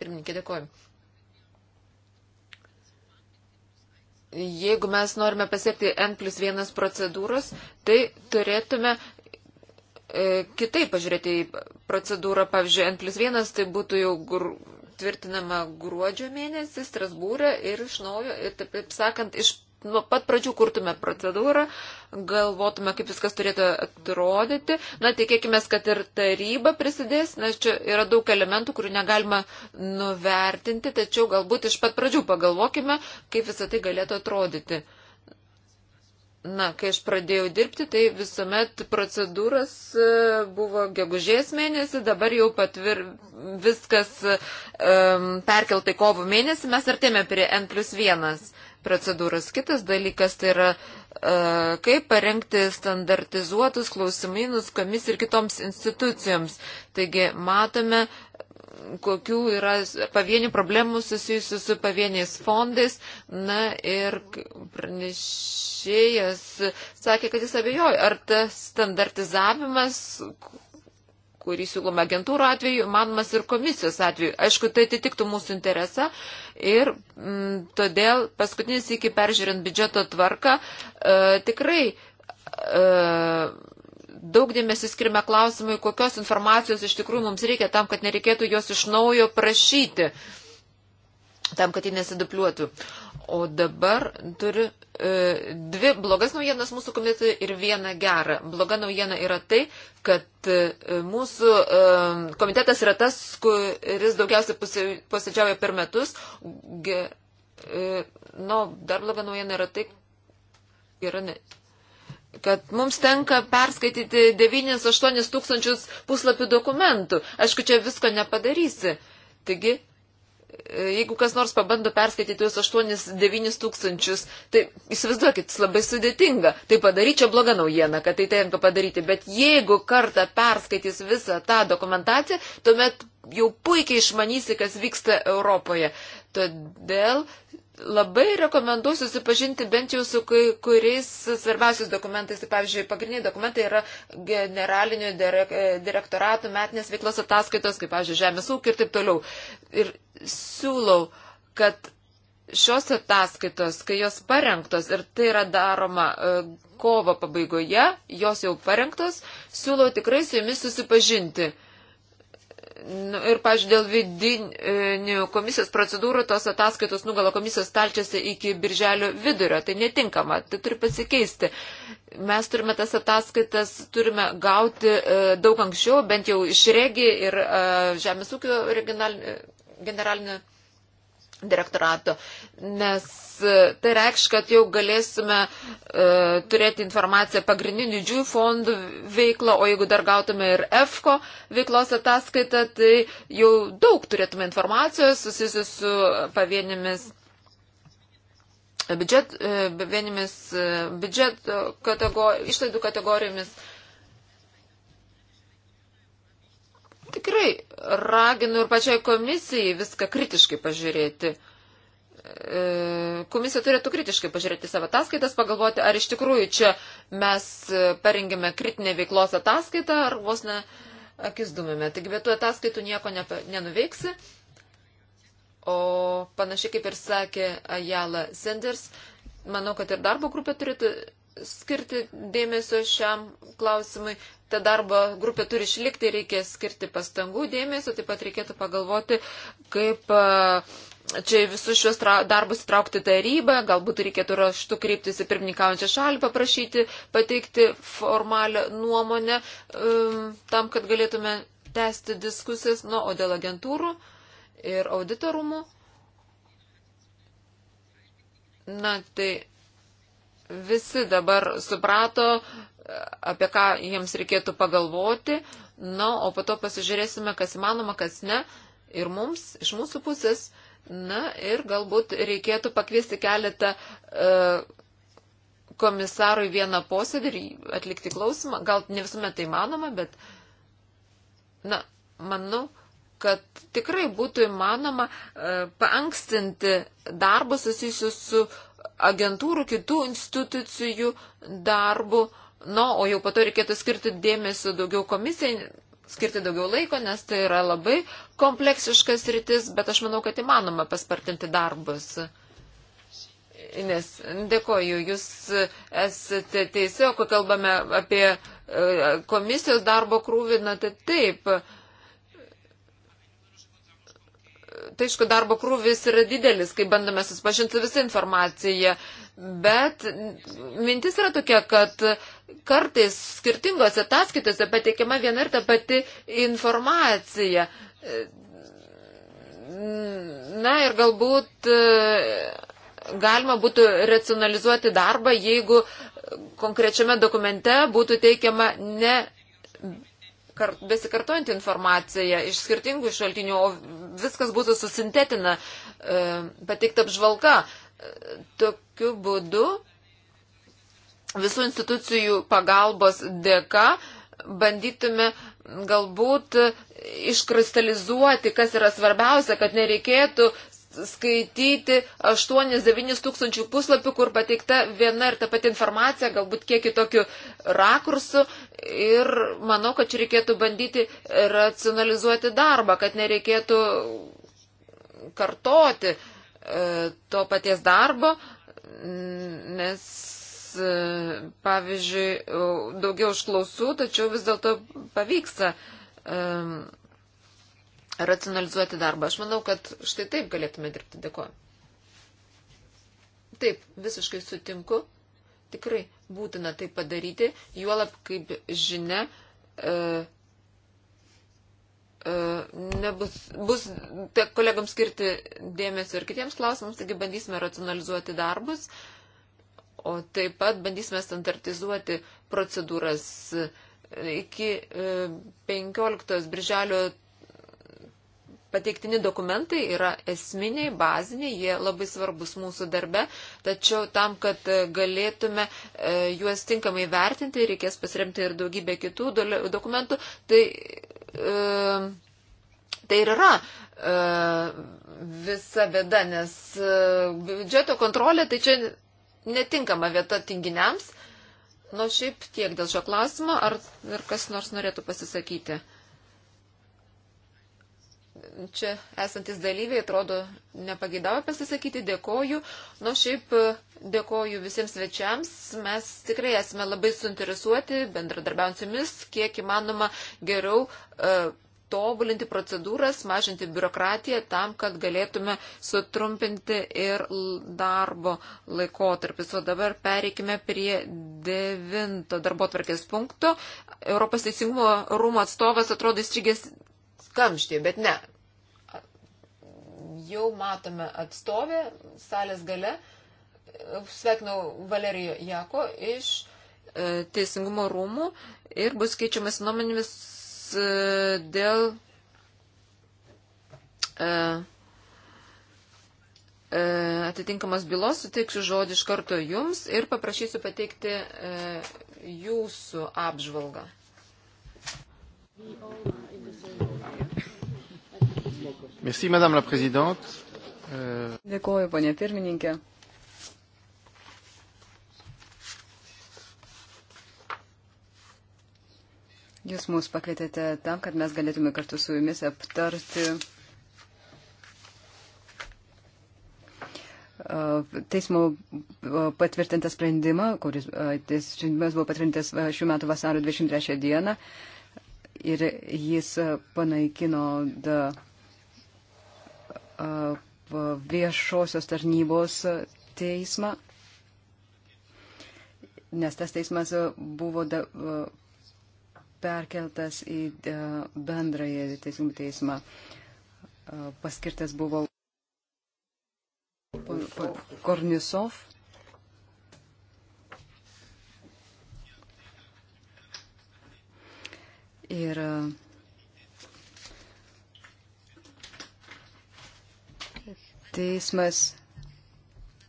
Pirmininkė, dėkoju. Jeigu mes norime pasiekti N plus 1 procedūros, tai turėtume e, kitaip pažiūrėti į procedūrą. Pavyzdžiui, N plus 1 tai būtų jau gru, tvirtinama gruodžio mėnesį Strasbūrė ir iš naujo, ir taip, taip sakant, iš nuo pat pradžių kurtume procedūrą, galvotume, kaip viskas turėtų atrodyti. Na, tikėkime, kad ir taryba prisidės, nes čia yra daug elementų, kurių negalima nuvertinti, tačiau galbūt iš pat pradžių pagalvokime, kaip visą tai galėtų atrodyti. Na, kai aš pradėjau dirbti, tai visuomet procedūras e, buvo gegužės mėnesį, dabar jau patvir, viskas um, e, perkeltai kovo mėnesį, mes artėme prie N plus 1 procedūros. Kitas dalykas tai yra, e, kaip parengti standartizuotus klausimynus komis ir kitoms institucijoms. Taigi matome, kokių yra pavienių problemų susijusių su pavieniais fondais. Na ir pranešėjas sakė, kad jis abejoja, ar tas standartizavimas kurį siūloma agentūrų atveju, manomas ir komisijos atveju. Aišku, tai atitiktų mūsų interesą, Ir m, mm, todėl paskutinis iki peržiūrint biudžeto tvarką e, tikrai e, daug dėmesio skirime klausimui, kokios informacijos iš tikrųjų mums reikia tam, kad nereikėtų jos iš naujo prašyti, tam, kad ji nesidupliuotų. O dabar turiu e, dvi blogas naujienas mūsų komitetui ir vieną gerą. Bloga naujiena yra tai, kad e, mūsų e, komitetas yra tas, kuris daugiausiai posėdžiauja per metus. Ge, e, no, dar bloga naujiena yra tai, yra ne, kad mums tenka perskaityti 9-8 tūkstančius puslapių dokumentų. Aišku, čia visko nepadarysi. Taigi, jeigu kas nors pabando perskaityti jūs 8-9 tūkstančius, tai įsivaizduokit, labai sudėtinga. Tai padaryčiau blogą naujieną, kad tai tenka padaryti, bet jeigu kartą perskaitys visą tą dokumentaciją, tuomet jau puikiai išmanysi, kas vyksta Europoje. Todėl labai rekomenduoju susipažinti bent jau su kai kuriais svarbiausiais dokumentais. Tai, pavyzdžiui, pagrindiniai dokumentai yra generalinių direktoratų metinės veiklos ataskaitos, kaip, pavyzdžiui, žemės ūkio ir taip toliau. Ir siūlau, kad šios ataskaitos, kai jos parengtos ir tai yra daroma e, kovo pabaigoje, jos jau parengtos, siūlau tikrai su jomis susipažinti nu, ir, pažiūrėjau, dėl vidinių komisijos procedūrų tos ataskaitos nugalo komisijos stalčiuose iki birželio vidurio. Tai netinkama, tai turi pasikeisti. Mes turime tas ataskaitas, turime gauti uh, daug anksčiau, bent jau iš regi ir uh, Žemės ūkio generalinio direktorato, nes e, tai reikš, kad jau galėsime e, turėti informaciją pagrindinių didžiųjų fondų veiklą, o jeigu dar gautume ir EFKO veiklos ataskaitą, tai jau daug turėtume informacijos susijusius su pavienimis. E, biudžet, e, vienymis biudžeto kategori, išlaidų kategorijomis, tikrai raginu ir pačiai komisijai viską kritiškai pažiūrėti. E, komisija turėtų kritiškai pažiūrėti savo ataskaitas, pagalvoti, ar iš tikrųjų čia mes parengėme kritinę veiklos ataskaitą, ar vos ne akis dumėme. Taigi be tų ataskaitų nieko nenuveiksi. O panašiai kaip ir sakė Ajala Sanders, manau, kad ir darbo grupė turėtų skirti dėmesio šiam klausimui, ta darbo grupė turi išlikti, reikia skirti pastangų dėmesio, taip pat reikėtų pagalvoti, kaip e, čia visus šios darbus traukti tarybą, galbūt reikėtų raštu kreiptis į pirmininkaujančią šalį, paprašyti pateikti formalią nuomonę tam, kad galėtume tęsti diskusijas, nu, o dėl agentūrų ir auditorumų. Na, tai visi dabar suprato, apie ką jiems reikėtų pagalvoti, na, o po to pasižiūrėsime, kas įmanoma, kas ne. Ir mums, iš mūsų pusės, na, ir galbūt reikėtų pakviesti keletą e, komisarų į vieną posėdį ir atlikti klausimą. Gal ne visuomet tai manoma, bet, na, manau, kad tikrai būtų įmanoma e, paankstinti darbą susijusiu su agentūrų, kitų institucijų darbu. E, Na, o jau po to reikėtų skirti dėmesio daugiau komisijai, skirti daugiau laiko, nes tai yra labai kompleksiškas rytis, bet aš manau, kad įmanoma paspartinti darbus. Nes dėkoju, jūs esate teisė, kai kalbame apie e, komisijos darbo krūvį, na tai taip tai aišku, darbo krūvis yra didelis, kai bandome suspažinti visą informaciją, bet mintis yra tokia, kad kartais skirtingose ataskaitose pateikiama viena ir ta pati informacija. Na ir galbūt e, galima būtų racionalizuoti darbą, jeigu konkrečiame dokumente būtų teikiama ne besikartojantį informaciją iš skirtingų šaltinių, o viskas būtų susintetina, e, pateikta apžvalga. Tokiu būdu visų institucijų pagalbos dėka bandytume galbūt iškristalizuoti, kas yra svarbiausia, kad nereikėtų skaityti 8-9 tūkstančių puslapių, kur pateikta viena ir ta pati informacija, galbūt kiek į tokių rakursų. Ir manau, kad čia reikėtų bandyti racionalizuoti darbą, kad nereikėtų kartoti e, to paties darbo, nes, e, pavyzdžiui, e, daugiau užklausų, tačiau vis dėlto pavyksta. E, racionalizuoti darbą. Aš manau, kad štai taip galėtume dirbti. Dėkuoju. Taip, visiškai sutinku. Tikrai būtina tai padaryti. Juolab, kaip žinia, e, e, nebus, bus kolegams skirti dėmesio ir kitiems klausimams, taigi bandysime racionalizuoti darbus. O taip pat bandysime standartizuoti procedūras iki 15 e, birželio pateiktini dokumentai yra esminiai, baziniai, jie labai svarbus mūsų darbe, tačiau tam, kad e, galėtume e, juos tinkamai vertinti, reikės pasiremti ir daugybę kitų dokumentų. Tai, e, tai ir yra visa bėda, nes biudžeto kontrolė tai čia netinkama vieta tinginiams. Na, nu, šiaip tiek dėl šio klausimo, ar ir kas nors norėtų pasisakyti čia esantis dalyviai atrodo nepagidavo pasisakyti, dėkoju. Nu, šiaip dėkoju visiems svečiams. Mes tikrai esame labai suinteresuoti bendradarbiaujant su jumis, kiek įmanoma geriau uh, tobulinti procedūras, mažinti biurokratiją tam, kad galėtume sutrumpinti ir darbo laikotarpis. O dabar pereikime prie devinto darbo tvarkės punkto. Europos teisingumo rūmų atstovas atrodo įstrigęs kamštį, bet ne. Jau matome atstovę salės gale. Sveikinau Valerijo Jako iš e, Teisingumo rūmų ir bus keičiamas nuomenėmis e, dėl e, e atitinkamas bylos, suteiksiu žodį iš karto jums ir paprašysiu pateikti e, jūsų apžvalgą. Merci, Madame la Présidente. Euh, Dėkuoju, ponė pirmininkė. Jūs mus pakvietėte tam, kad mes galėtume kartu su jumis aptarti teismo patvirtintą sprendimą, kuris sprendimas buvo patvirtintas šių metų vasario 23 dieną ir jis panaikino da, viešosios tarnybos teismą, nes tas teismas buvo da, perkeltas į bendrąją teismų teismą. Paskirtas buvo Kornisov. Ir uh... Teismas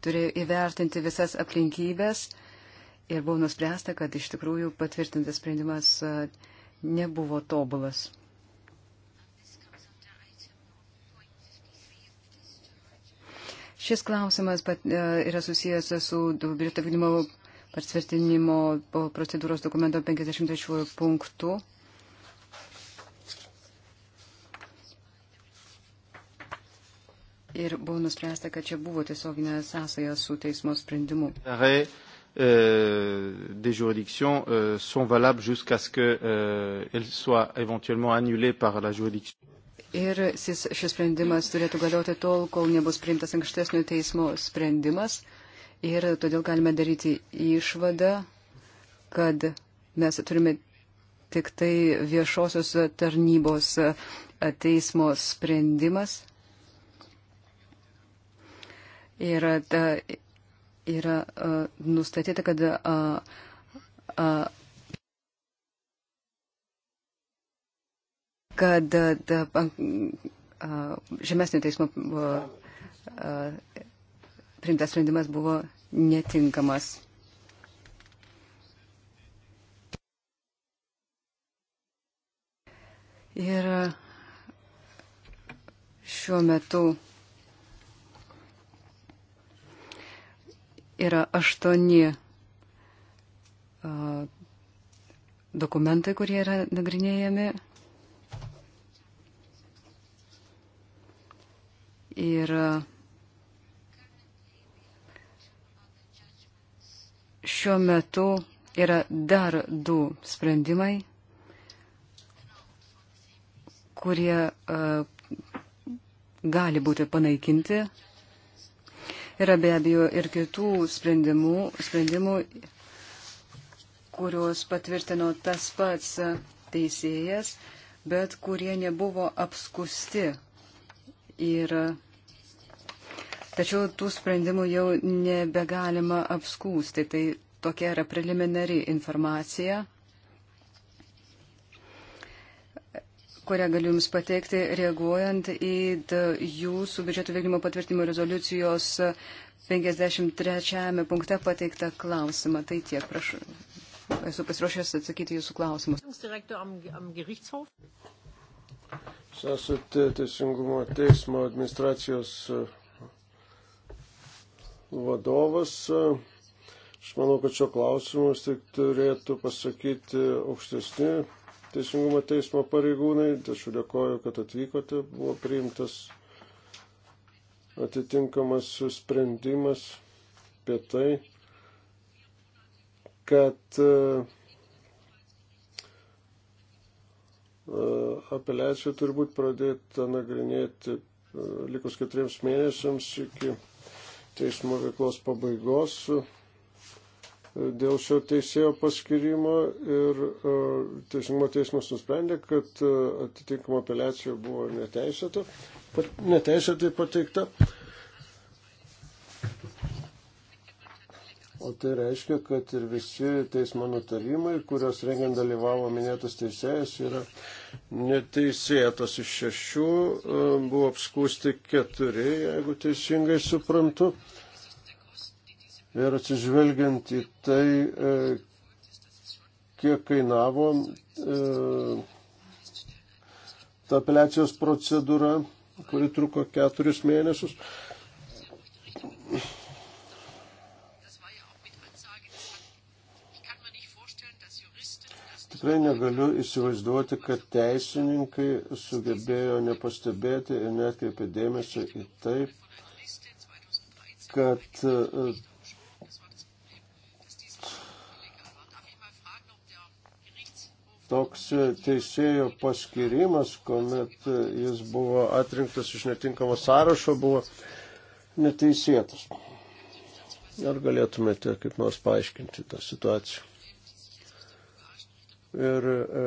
turėjo įvertinti visas aplinkybės ir buvo nuspręsta, kad iš tikrųjų patvirtintas sprendimas nebuvo tobulas. Šis klausimas pat, yra susijęs su biudžeto vykdymo patvirtinimo procedūros dokumento 53 punktu. ir buvo nuspręsta, kad čia buvo tiesioginė sąsaja su teismo sprendimu. Arrêt. Euh, des juridictions euh, sont valables jusqu'à ce qu'elles euh, soient éventuellement annulées par la juridiction. Ir šis, šis sprendimas turėtų galioti tol, kol nebus priimtas ankstesnio teismo sprendimas. Ir todėl galime daryti išvadą, kad mes turime tik tai viešosios tarnybos teismo sprendimas Ir ta, yra uh, nustatyta, kad uh, uh, kad da, a, žemesnio teismo priimtas sprendimas buvo netinkamas. Ir šiuo metu yra aštuoni dokumentai, kurie yra nagrinėjami. Ir šiuo metu yra dar du sprendimai, kurie uh, gali būti panaikinti Yra be abejo ir kitų sprendimų, sprendimų kuriuos patvirtino tas pats teisėjas, bet kurie nebuvo apskusti. Ir tačiau tų sprendimų jau nebegalima apskūsti. Tai tokia yra preliminari informacija kurią galiu Jums pateikti, reaguojant į Jūsų biudžeto vykdymo patvirtimo rezoliucijos 53 punkte pateiktą klausimą. Tai tiek, prašau. Esu pasiruošęs atsakyti Jūsų klausimus. Jūs esate Teisingumo teismo administracijos e, vadovas. E. Aš manau, kad šio klausimus tik turėtų pasakyti aukštesni Teisingumo teismo pareigūnai. Tačiau dėkoju, kad atvykote. Buvo priimtas atitinkamas sprendimas apie tai, kad e, apeliacija turi būti pradėta nagrinėti e, likus keturiems mėnesiams iki teismo veiklos pabaigos dėl šio teisėjo paskirimo ir e, teisingumo teismas nusprendė, kad e, atitinkama apeliacija buvo neteisėta, neteisėtai pateikta. O tai reiškia, kad ir visi teismo nutarimai, kurios rengiant dalyvavo minėtas teisėjas, yra neteisėtas. Iš šešių e, buvo apskūsti keturi, jeigu teisingai suprantu ir atsižvelgiant į tai, e, kiek kainavo e, ta apeliacijos procedūra, kuri truko keturis mėnesius. Tikrai negaliu įsivaizduoti, kad teisininkai sugebėjo nepastebėti ir netkreipė dėmesio į tai, kad e, toks teisėjo paskirimas, kuomet jis buvo atrinktas iš netinkamo sąrašo, buvo neteisėtas. Ar galėtumėte kaip nors paaiškinti tą situaciją? Ir e,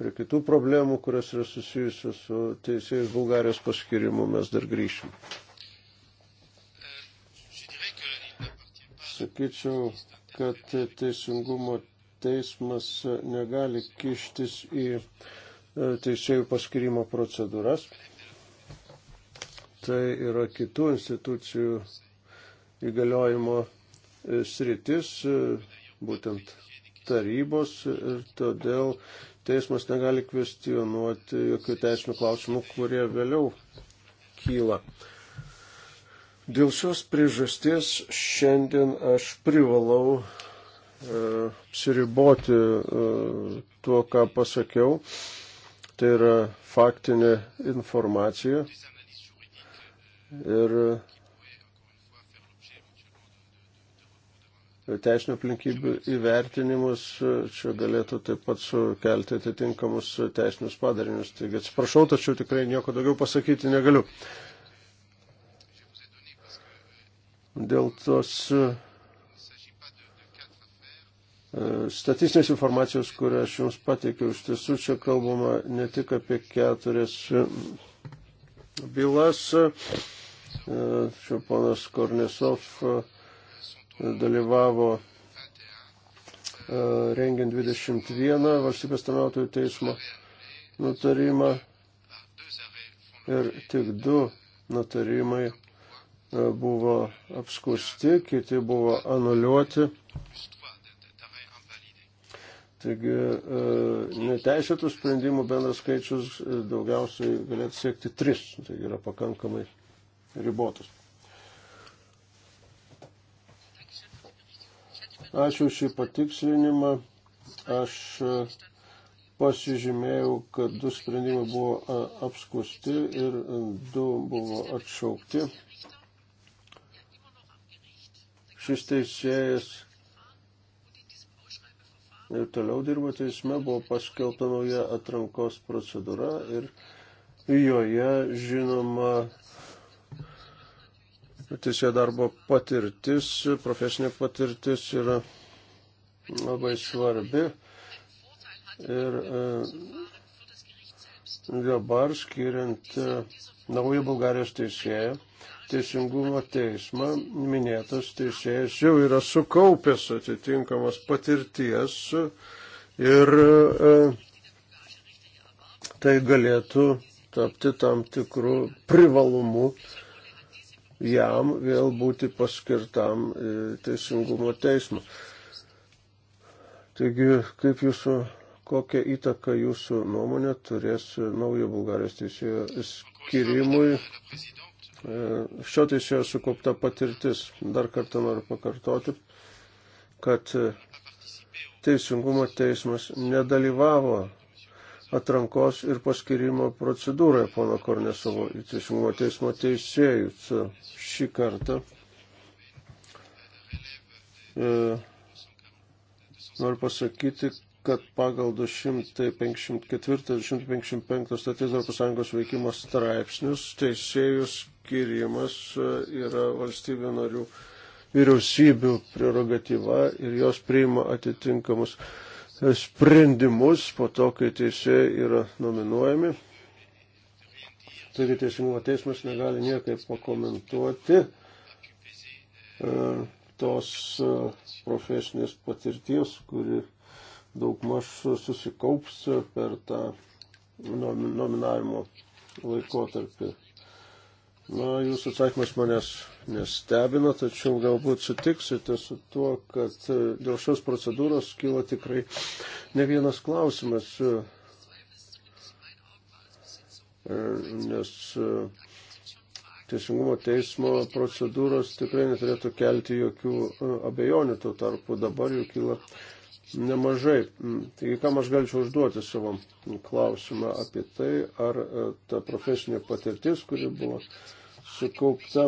prie kitų problemų, kurios yra susijusios su teisėjais Bulgarijos paskirimu, mes dar grįšim. Sakyčiau, kad teisingumo teismas negali kištis į e, teisėjų paskirimo procedūras. Tai yra kitų institucijų įgaliojimo e, sritis, e, būtent tarybos ir todėl teismas negali kvestionuoti jokių teisinių klausimų, kurie vėliau kyla. Dėl šios priežasties šiandien aš privalau e, apsiriboti e, e, tuo, ką pasakiau. Tai yra faktinė informacija. Ir teisinio aplinkybių įvertinimus e, čia galėtų taip pat sukelti atitinkamus teisinius padarinius. Taigi atsiprašau, tačiau tikrai nieko daugiau pasakyti negaliu dėl tos e, statistinės informacijos, kurią aš jums pateikiau. Iš tiesų čia kalbama ne tik apie keturias e, bylas. E, čia ponas Kornesov dalyvavo rengiant 21 valstybės tarnautojų teismo nutarimą ir tik du nutarimai E, buvo apskusti, kiti buvo anuliuoti. Taigi e, neteisėtų sprendimų bendras skaičius e, daugiausiai galėtų siekti tris, tai yra pakankamai ribotas. Ačiū šį patikslinimą. Aš pasižymėjau, kad du sprendimai buvo apskusti ir du buvo atšaukti šis teisėjas ir toliau dirbo teisme, buvo paskelbta nauja atrankos procedūra ir joje, žinoma, teisėjo darbo patirtis, profesinė patirtis yra labai svarbi. Ir e, dabar skiriant e, naują Bulgarijos teisėją, teisingumo teismą, minėtas teisėjas jau yra sukaupęs atitinkamas patirties ir e, tai galėtų tapti tam tikrų privalumų jam vėl būti paskirtam e, teisingumo teismą. Taigi, kaip jūsų, kokią įtaką jūsų nuomonė turės naujo Bulgarijos teisėjo skirimui E, šio teisėjo sukaupta patirtis. Dar kartą noriu pakartoti, kad e, Teisingumo teismas nedalyvavo atrankos ir paskirimo procedūroje pono Kornesovo į Teisingumo teismo teisėjus šį kartą. E, noriu pasakyti, kad pagal 254 ir 155 statys ES veikimo straipsnius teisėjų skirimas e, yra valstybių narių vyriausybių prerogatyva ir jos priima atitinkamus e, sprendimus po to, kai teisėjai yra nominuojami. Taigi teisingumo teismas negali niekaip pakomentuoti e, tos profesinės patirties, kuri daugmaž susikaups per tą nominavimo laikotarpį. Na, jūsų atsakymas manęs nestebina, tačiau galbūt sutiksite su tuo, kad dėl šios procedūros kyla tikrai ne vienas klausimas, nes Teisingumo teismo procedūros tikrai neturėtų kelti jokių abejonių, tuo tarpu dabar jau kyla nemažai. Taigi, kam aš galčiau užduoti savo klausimą apie tai, ar e, ta profesinė patirtis, kuri buvo sukaupta,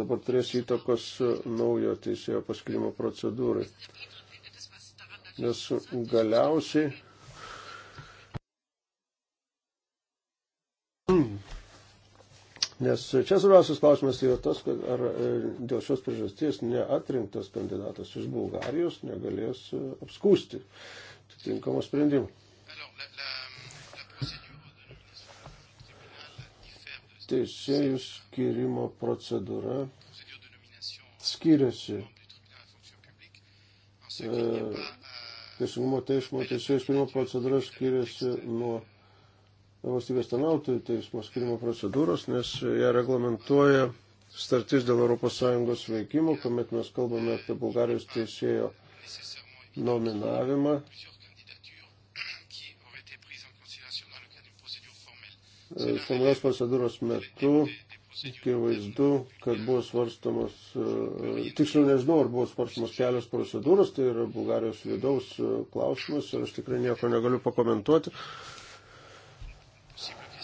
dabar turės įtakos e, naujo teisėjo paskirimo procedūrai. Nes galiausiai Nes čia svarbiausias klausimas yra tas, kad ar e, dėl šios priežasties neatrinktas kandidatas iš Bulgarijos negalės e, apskūsti atitinkamo sprendimo. Teisėjų skirimo procedūra skiriasi. E, teisingumo teismo teisėjų skirimo procedūra skiriasi nuo valstybės tarnautojų teismo skirimo procedūros, nes ją reglamentuoja startis dėl ES veikimo, kuomet mes kalbame apie Bulgarijos teisėjo nominavimą. E, formalios procedūros metu akivaizdu, kad buvo svarstamos, e, tiksliau nežinau, ar buvo svarstamos kelios procedūros, tai yra Bulgarijos vidaus e, klausimas ir aš tikrai nieko negaliu pakomentuoti.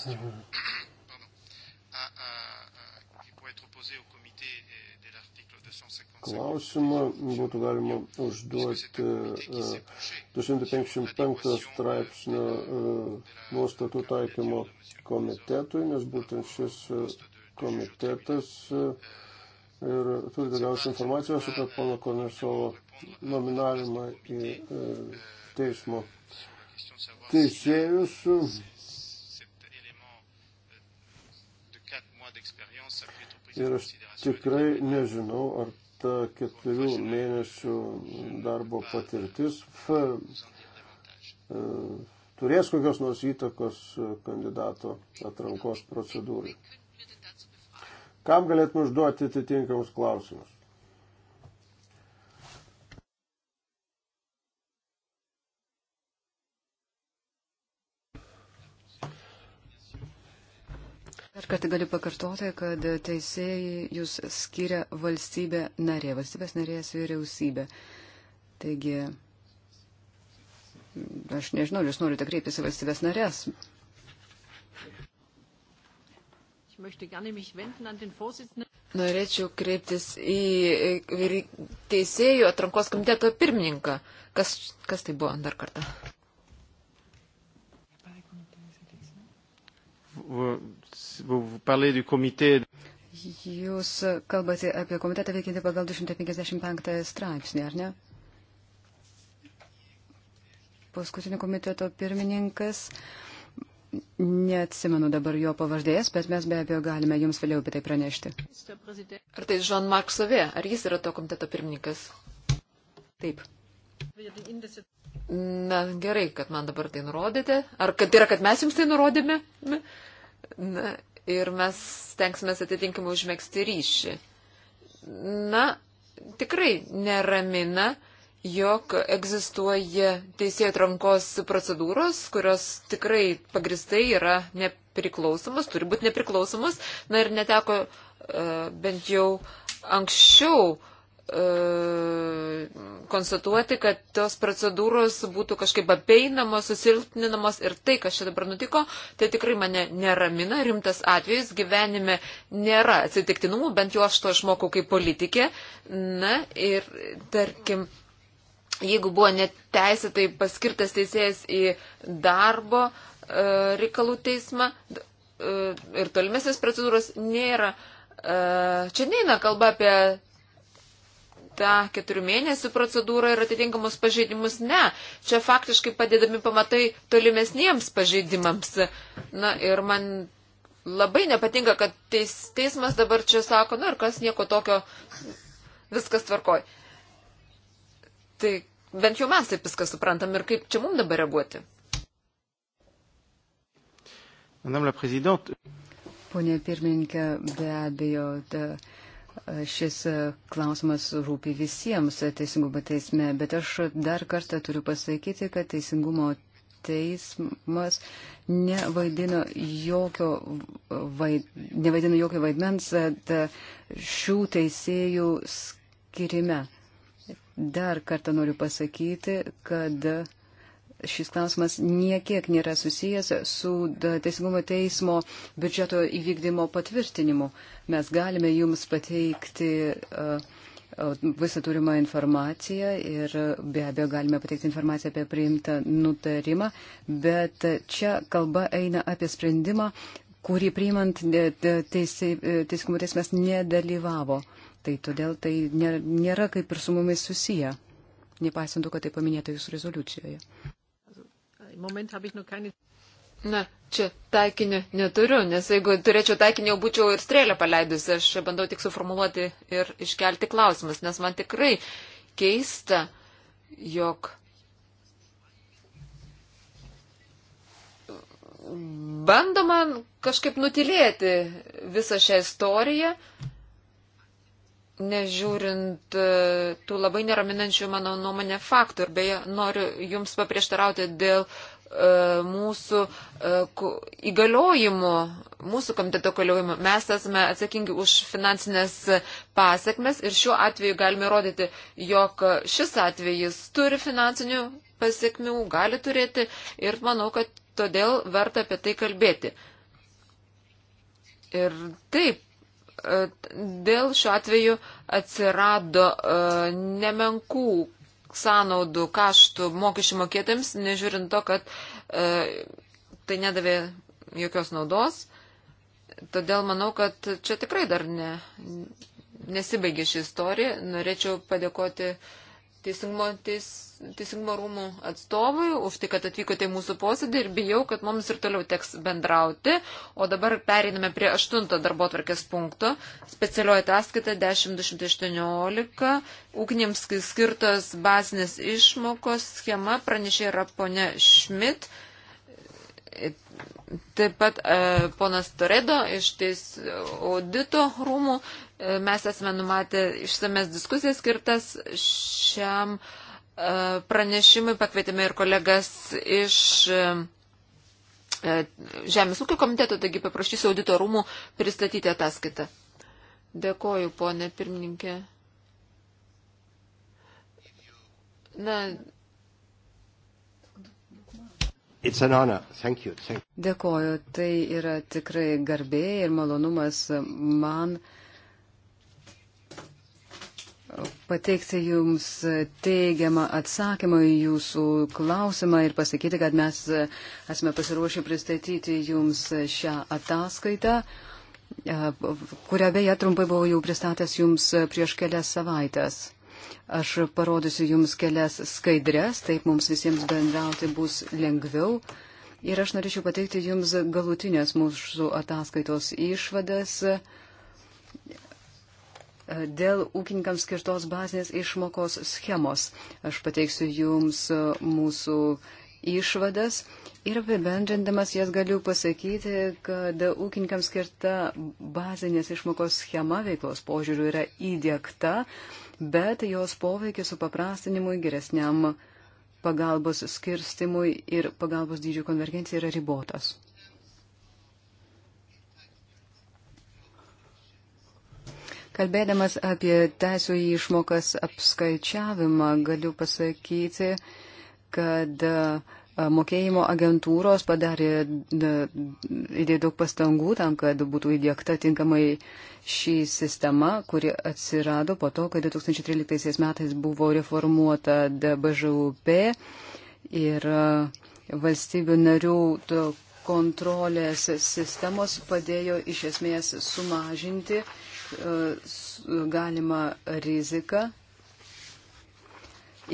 Klausimą būtų galima užduoti 255 e, straipsnio e, nuostatų taikymo komitetui, nes būtent šis e, komitetas ir turi daugiausiai informacijos apie pono Konesovo nominavimą į teismo teisėjus. Ir aš tikrai nežinau, ar ta keturių mėnesių darbo patirtis e, turės kokios nors įtakos kandidato atrankos procedūrai. Kam galėtume užduoti atitinkamus klausimus? kartą galiu pakartoti, kad teisėjai jūs skiria valstybė narė, valstybės narės vyriausybė. Taigi, aš nežinau, jūs norite kreiptis į valstybės narės. Norėčiau kreiptis į teisėjų atrankos komiteto pirmininką. Kas, kas tai buvo dar kartą? vous, vous, vous parlez du comité. Jūs kalbate apie komitetą veikinti pagal 255 straipsnį, ar ne? Paskutinio komiteto pirmininkas, neatsimenu dabar jo pavardės, bet mes be abejo galime jums vėliau apie tai pranešti. Ar tai Jean-Marc Savė, ar jis yra to komiteto pirmininkas? Taip. Na, gerai, kad man dabar tai nurodėte. Ar kad yra, kad mes jums tai nurodėme? Na. Na, ir mes stengsime atitinkamai užmėgsti ryšį. Na, tikrai neramina, jog egzistuoja teisėjų atrankos procedūros, kurios tikrai pagristai yra nepriklausomas, turi būti nepriklausomas. Na ir neteko e, bent jau anksčiau E, konstatuoti, kad tos procedūros būtų kažkaip apeinamos, susilpninamos ir tai, kas čia dabar nutiko, tai tikrai mane neramina, rimtas atvejis gyvenime nėra atsitiktinumų, bent jau aš to išmokau kaip politikė. Na ir tarkim, jeigu buvo neteisėtai paskirtas teisėjas į darbo e, reikalų teismą e, ir tolimesnės procedūros nėra. Čia neina kalba apie ta keturių mėnesių procedūra ir atitinkamus pažeidimus. Ne, čia faktiškai padėdami pamatai tolimesniems pažeidimams. Na ir man labai nepatinka, kad teis, teismas dabar čia sako, na ir kas nieko tokio, viskas tvarkoj. Tai bent jau mes taip viską suprantam ir kaip čia mums dabar reaguoti. Madame la Présidente. Pone pirmininkė, be abejo, da, de Šis e, klausimas rūpi visiems teisingumo teisme, bet aš dar kartą turiu pasakyti, kad teisingumo teismas nevaidino jokio, vaid, nevaidino jokio vaidmens e, šių teisėjų skirime. Dar kartą noriu pasakyti, kad šis klausimas niekiek nėra susijęs su Teisingumo teismo biudžeto įvykdymo patvirtinimu. Mes galime jums pateikti visą turimą informaciją ir be abejo galime pateikti informaciją apie priimtą nutarimą, bet čia kalba eina apie sprendimą, kurį priimant e, Teisingumo teismas nedalyvavo. Tai todėl tai nėra kaip ir su mumis susiję nepaisant to, kad tai paminėta jūsų rezoliucijoje. Na, čia taikinio neturiu, nes jeigu turėčiau taikinį, jau būčiau ir strėlę paleidusi. Aš bandau tik suformuoluoti ir iškelti klausimus, nes man tikrai keista, jog bandoma kažkaip nutilėti visą šią istoriją, nežiūrint e, tų labai neraminančių, mano nuomonė, faktų. Ir beje, noriu Jums paprieštarauti dėl e, mūsų e, įgaliojimų, mūsų komiteto įgaliojimų. Mes esame atsakingi už finansinės pasiekmes ir šiuo atveju galime rodyti, jog šis atvejis turi finansinių pasiekmių, gali turėti ir manau, kad todėl verta apie tai kalbėti. Ir taip, dėl šiuo atveju atsirado e, nemenkų sąnaudų kaštų mokesčių mokėtams, nežiūrint to, kad e, tai nedavė jokios naudos. Todėl manau, kad čia tikrai dar ne, nesibaigė ši istorija. Norėčiau padėkoti teisingumo teis, teisingumo rūmų atstovui už tai, kad atvykote į mūsų posėdį ir bijau, kad mums ir toliau teks bendrauti. O dabar pereiname prie aštunto darbo tvarkės punkto. Specialioji ataskaita 10218. Ūkinėms skirtos bazinės išmokos schema pranešė yra ponia Šmit. Taip pat e, ponas Toredo iš teis audito rūmų e, mes esame numatę išsames diskusijas skirtas šiam uh, E, pranešimui pakvietėme ir kolegas iš e, e, Žemės ūkio komiteto, taigi paprašysiu auditorumų pristatyti ataskaitą. Dėkoju, ponė pirmininkė. Na. Thank you. Thank you. Dėkoju, tai yra tikrai garbė ir malonumas man uh, pateikti Jums teigiamą atsakymą į Jūsų klausimą ir pasakyti, kad mes esame pasiruošę pristatyti Jums šią ataskaitą, e, kurią beje trumpai buvau jau pristatęs Jums prieš kelias savaitės. Aš parodysiu Jums kelias skaidrės, taip mums visiems bendrauti bus lengviau. Ir aš norėčiau pateikti Jums galutinės mūsų ataskaitos išvadas. Uh, dėl ūkininkams skirtos bazinės išmokos schemos. Aš pateiksiu Jums mūsų išvadas ir apibendrindamas jas galiu pasakyti, kad ūkininkams skirta bazinės išmokos schema veiklos požiūrių yra įdėkta, bet jos poveikis su paprastinimui geresniam pagalbos skirstimui ir pagalbos dydžių konvergencija yra ribotas. Kalbėdamas apie teisų išmokas apskaičiavimą, galiu pasakyti, kad mokėjimo agentūros padarė įdėjo daug pastangų tam, kad būtų įdėkta tinkamai šį sistemą, kuri atsirado po to, kai 2013 metais buvo reformuota BŽUP ir valstybių narių kontrolės sistemos padėjo iš esmės sumažinti uh, E, galimą riziką.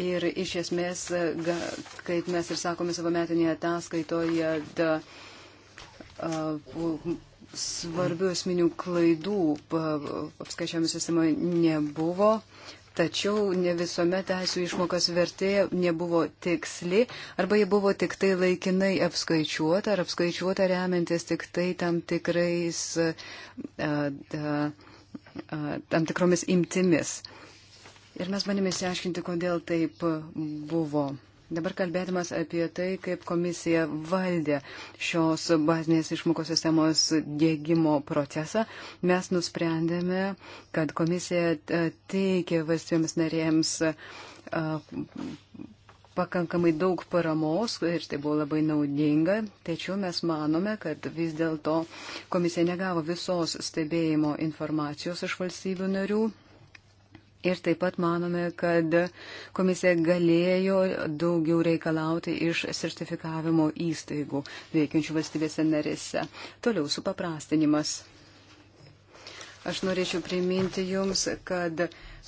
Ir iš esmės, e, kaip mes ir sakome savo metinėje ataskaitoje, da, e, svarbių esminių klaidų apskaičiavimo sistemoje nebuvo. Tačiau ne visuomet teisų išmokos vertė nebuvo tiksli arba ji buvo tik tai laikinai apskaičiuota ar apskaičiuota remiantis tik tai tam tikrais. Uh, uh, tam tikromis imtimis. Ir mes bandėme išsiaiškinti, kodėl taip buvo. Dabar kalbėdamas apie tai, kaip komisija valdė šios bazinės išmokos sistemos dėgymo procesą, mes nusprendėme, kad komisija teikė valstybėms narėms pakankamai daug paramos ir tai buvo labai naudinga, tačiau mes manome, kad vis dėlto komisija negavo visos stebėjimo informacijos iš valstybių narių. Ir taip pat manome, kad komisija galėjo daugiau reikalauti iš sertifikavimo įstaigų veikiančių valstybėse narėse. Toliau supaprastinimas. Aš norėčiau priminti Jums, kad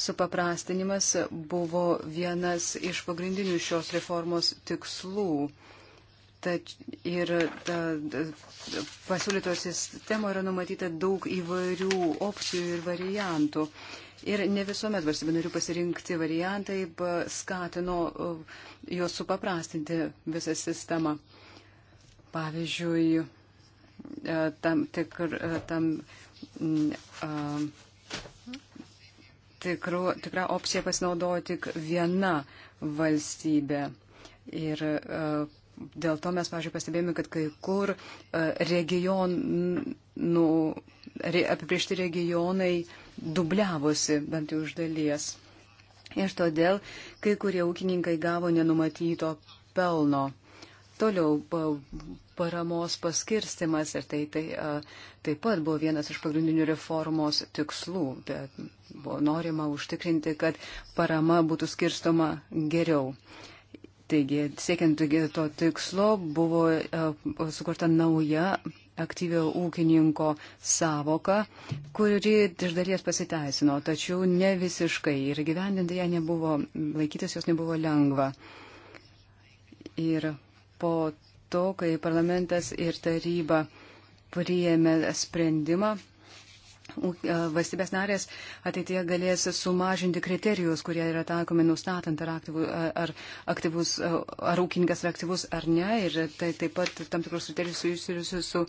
supaprastinimas buvo vienas iš pagrindinių šios reformos tikslų. Tač, ir ta, ta, pasiūlyto sistemo yra numatyta daug įvairių opcijų ir variantų. Ir ne visuomet valstybė narių pasirinkti variantai skatino juos supaprastinti visą sistemą. Pavyzdžiui, e, tam tikr, e, tam. Uh, tikru, tikrą opciją pasinaudojo tik viena valstybė. Ir uh, dėl to mes, pažiūrėjau, pastebėjome, kad kai kur uh, regionų, re, apibriešti regionai dubliavosi bent jau už dalies. Ir todėl kai kurie ūkininkai gavo nenumatyto pelno. Toliau paramos paskirstimas ir tai, tai taip pat buvo vienas iš pagrindinių reformos tikslų. Buvo norima užtikrinti, kad parama būtų skirstoma geriau. Taigi, siekiant to tikslo, buvo sukurta nauja aktyvio ūkininko savoka, kuri iš dalies pasiteisino, tačiau ne visiškai ir gyvendinti ją nebuvo, laikytis jos nebuvo lengva. Ir po to, kai parlamentas ir taryba priėmė sprendimą. Valstybės narės ateityje galės sumažinti kriterijus, kurie yra taikomi nustatant, ar, aktyvus, ar, aktyvus, ar ūkininkas yra aktyvus ar ne, ir tai taip pat tam tikrus kriterijus susijusius su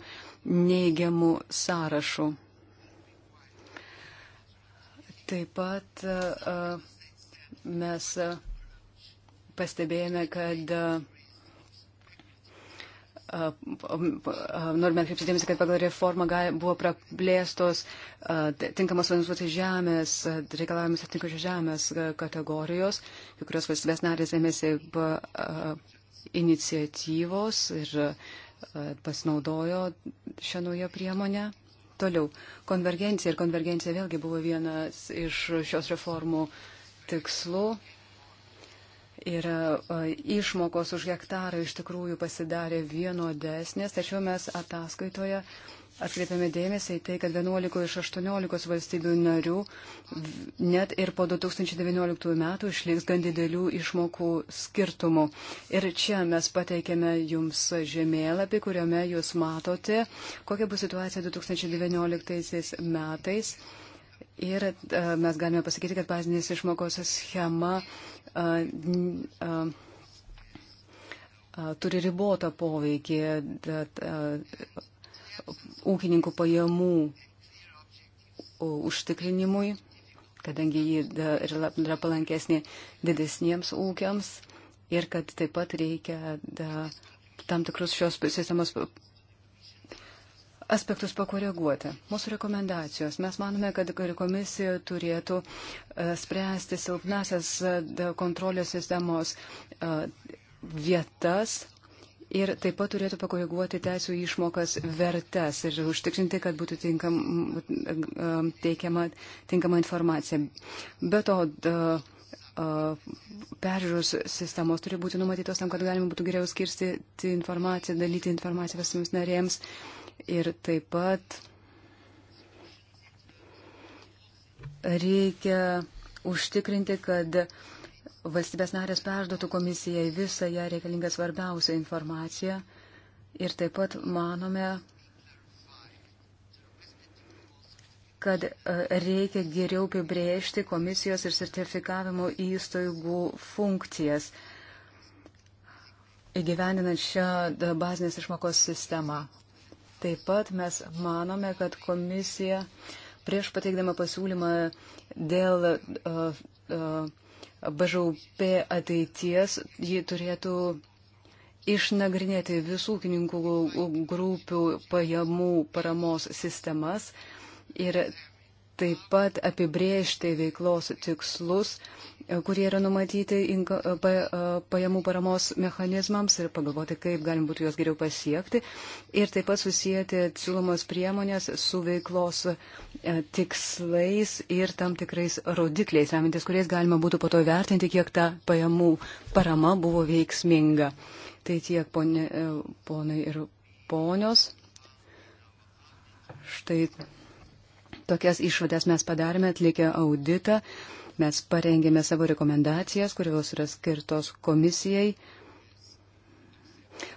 neigiamu sąrašu. Taip pat mes pastebėjome, kad norime atkreipti dėmesį, kad pagal reformą buvo praplėstos tinkamos finansuoti žemės, reikalavimus atitinkančios žemės kategorijos, kai kurios valstybės narės ėmėsi iniciatyvos ir pasinaudojo šią naują priemonę. Toliau, konvergencija ir konvergencija vėlgi buvo vienas iš šios reformų tikslų. Ir e, išmokos už hektarą iš tikrųjų pasidarė vienodesnės, tačiau mes ataskaitoje atkreipiame dėmesį į tai, kad 11 iš 18 valstybių narių net ir po 2019 metų išliks gan didelių išmokų skirtumų. Ir čia mes pateikėme jums žemėlapį, kuriame jūs matote, kokia bus situacija 2019 metais. Ir e, mes galime pasakyti, kad bazinės išmokos schema turi ribotą poveikį ūkininkų pajamų užtikrinimui, kadangi ji yra palankesnė didesniems ūkiams ir kad taip pat reikia da, tam tikrus šios sistemos aspektus pakoreguoti. Mūsų rekomendacijos. Mes manome, kad komisija turėtų e, spręsti silpnasias e, kontrolės sistemos e, vietas Ir taip pat turėtų pakoreguoti teisų išmokas vertes ir užtikrinti, kad būtų tinkam, teikiama tinkama informacija. Be to, peržiūros sistemos turi būti numatytos tam, kad galima būtų geriau skirstyti informaciją, dalyti informaciją visiems narėms. Uh, Ir taip pat reikia užtikrinti, kad valstybės narės perduotų komisijai visą ją reikalingą svarbiausią informaciją. Ir taip pat manome, kad e, reikia geriau apibrėžti komisijos ir sertifikavimo įstaigų funkcijas, įgyveninant šią e, bazinės išmokos sistemą. Taip pat mes manome, kad komisija prieš pateikdama pasiūlymą dėl uh, uh, BŽUP ateities, ji turėtų išnagrinėti visų ūkininkų grupių pajamų paramos sistemas ir taip pat apibriežti veiklos tikslus, e, kurie yra numatyti inko, e, pa, e, pajamų paramos mechanizmams ir pagalvoti, kaip galim būtų juos geriau pasiekti. Ir taip pat susijęti siūlomos priemonės su veiklos tikslais ir tam tikrais rodikliais, remintis kuriais galima būtų po to vertinti, kiek ta pajamų parama buvo veiksminga. Tai tiek, ponė, ponai ir ponios. Štai tokias išvadas mes padarėme atlikę auditą, mes parengėme savo rekomendacijas, kurios yra skirtos komisijai.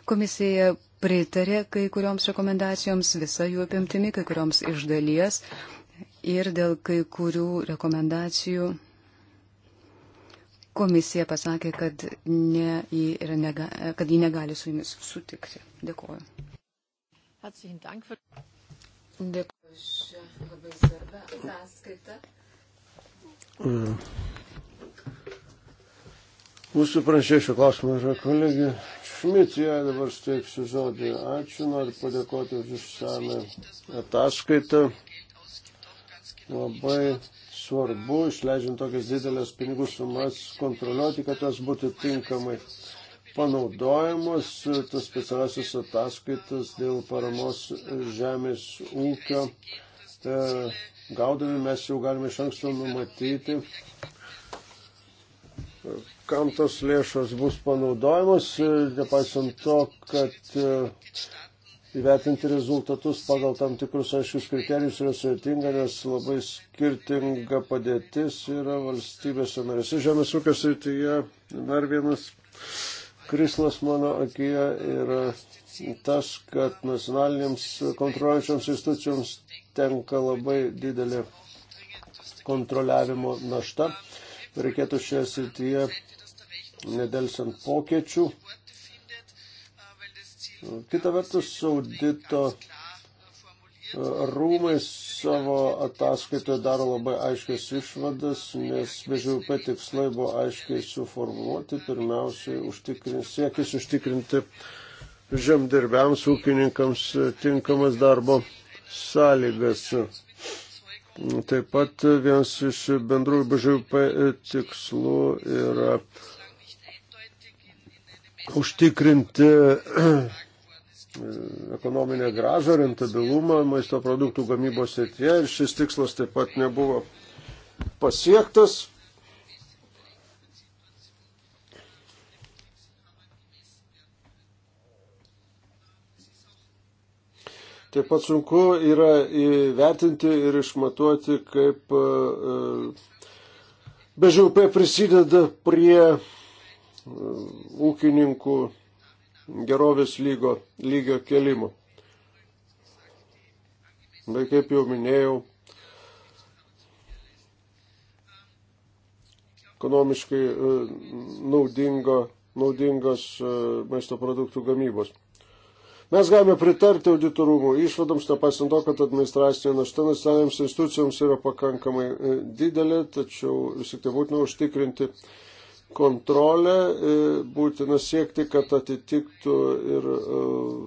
Komisija pritarė kai kurioms rekomendacijoms visą jų apimtimi, kai kurioms iš dalies ir dėl kai kurių rekomendacijų komisija pasakė, kad, ne, ji, nega, kad ji negali su jumis sutikti. Dėkuoju. Dėkui už labai svarbą ataskaitą. Mūsų pranešėjų klausimą yra kolegė Šmit, ją dabar steiksiu žodį. Ačiū, noriu padėkoti už išsame ataskaitą. Labai svarbu, išleidžiant tokias didelės pinigų sumas, kontroliuoti, kad jos būtų tinkamai panaudojamos tas specialiasis ataskaitas dėl paramos žemės ūkio. E, gaudami mes jau galime iš anksto numatyti, kam tos lėšos bus panaudojamos, e, nepaisant to, kad e, įvertinti rezultatus pagal tam tikrus aiškius kriterijus yra sudėtinga, nes labai skirtinga padėtis yra valstybėse narėse. Žemės ūkio srityje dar vienas krislas mano akyje yra tas, kad nacionalinėms kontroliuojančioms institucijoms tenka labai didelė kontroliavimo našta. Reikėtų šioje srityje nedelsiant pokėčių. Kita vertus, audito rūmais savo ataskaitoje daro labai aiškias išvadas, nes BŽP tikslai buvo aiškiai suformuoti, pirmiausiai užtikrin, siekis užtikrinti žemdirbiams, ūkininkams tinkamas darbo sąlygas. Taip pat vienas iš bendrųjų BŽP tikslų yra užtikrinti ekonominę gražą, rentabilumą maisto produktų gamybos srityje ir šis tikslas taip pat nebuvo pasiektas. Taip pat sunku yra įvertinti ir išmatuoti, kaip e, BŽUP prisideda prie e, ūkininkų gerovės lygo, lygio kelimo. Bet kaip jau minėjau, ekonomiškai naudinga, e, naudingas e, maisto produktų gamybos. Mes galime pritarti auditorumų išvadoms, nepaisant to, kad administracinė našta nacionalinėms institucijoms yra pakankamai e, didelė, tačiau vis tik tai būtina užtikrinti kontrolę, e, būtina siekti, kad atitiktų ir e,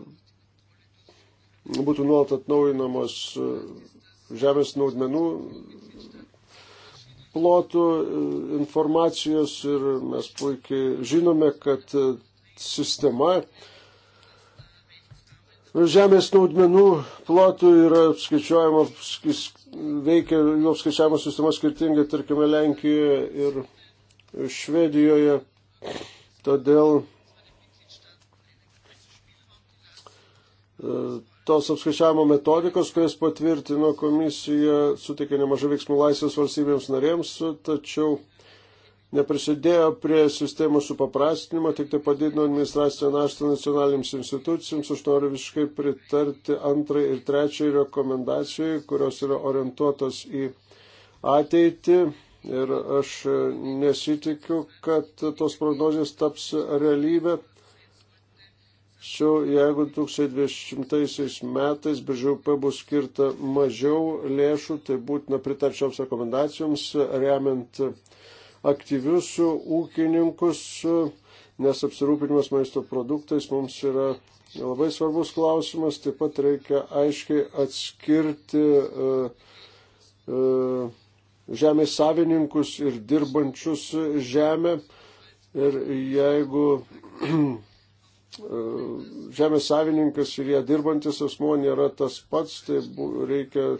būtų nuolat atnaujinamos e, žemės naudmenų plotų informacijos ir mes puikiai žinome, kad sistema žemės naudmenų plotų yra apskaičiuojama, veikia jų apskaičiavimo sistema skirtingai, tarkime, Lenkijoje ir Švedijoje. Todėl e, tos apskaičiavimo metodikos, kurias patvirtino komisija, suteikė nemažai veiksmų laisvės valstybėms narėms, tačiau neprisidėjo prie sistemos supaprastinimo, tik tai padidino administracinę naštą nacionalinėms institucijams. Aš noriu visiškai pritarti antrai ir trečiai rekomendacijai, kurios yra orientuotos į ateitį Ir aš nesitikiu, kad tos prognozijos taps realybė. Šiuo, jeigu 2020 metais BŽP bus skirta mažiau lėšų, tai būtina pritarčioms rekomendacijoms, remiant aktyvius ūkininkus, nes apsirūpinimas maisto produktais mums yra labai svarbus klausimas. Taip pat reikia aiškiai atskirti. Uh, uh, žemės savininkus ir dirbančius žemę. Ir jeigu <clears throat> žemės savininkas ir jie dirbantis asmo nėra tas pats, tai reikia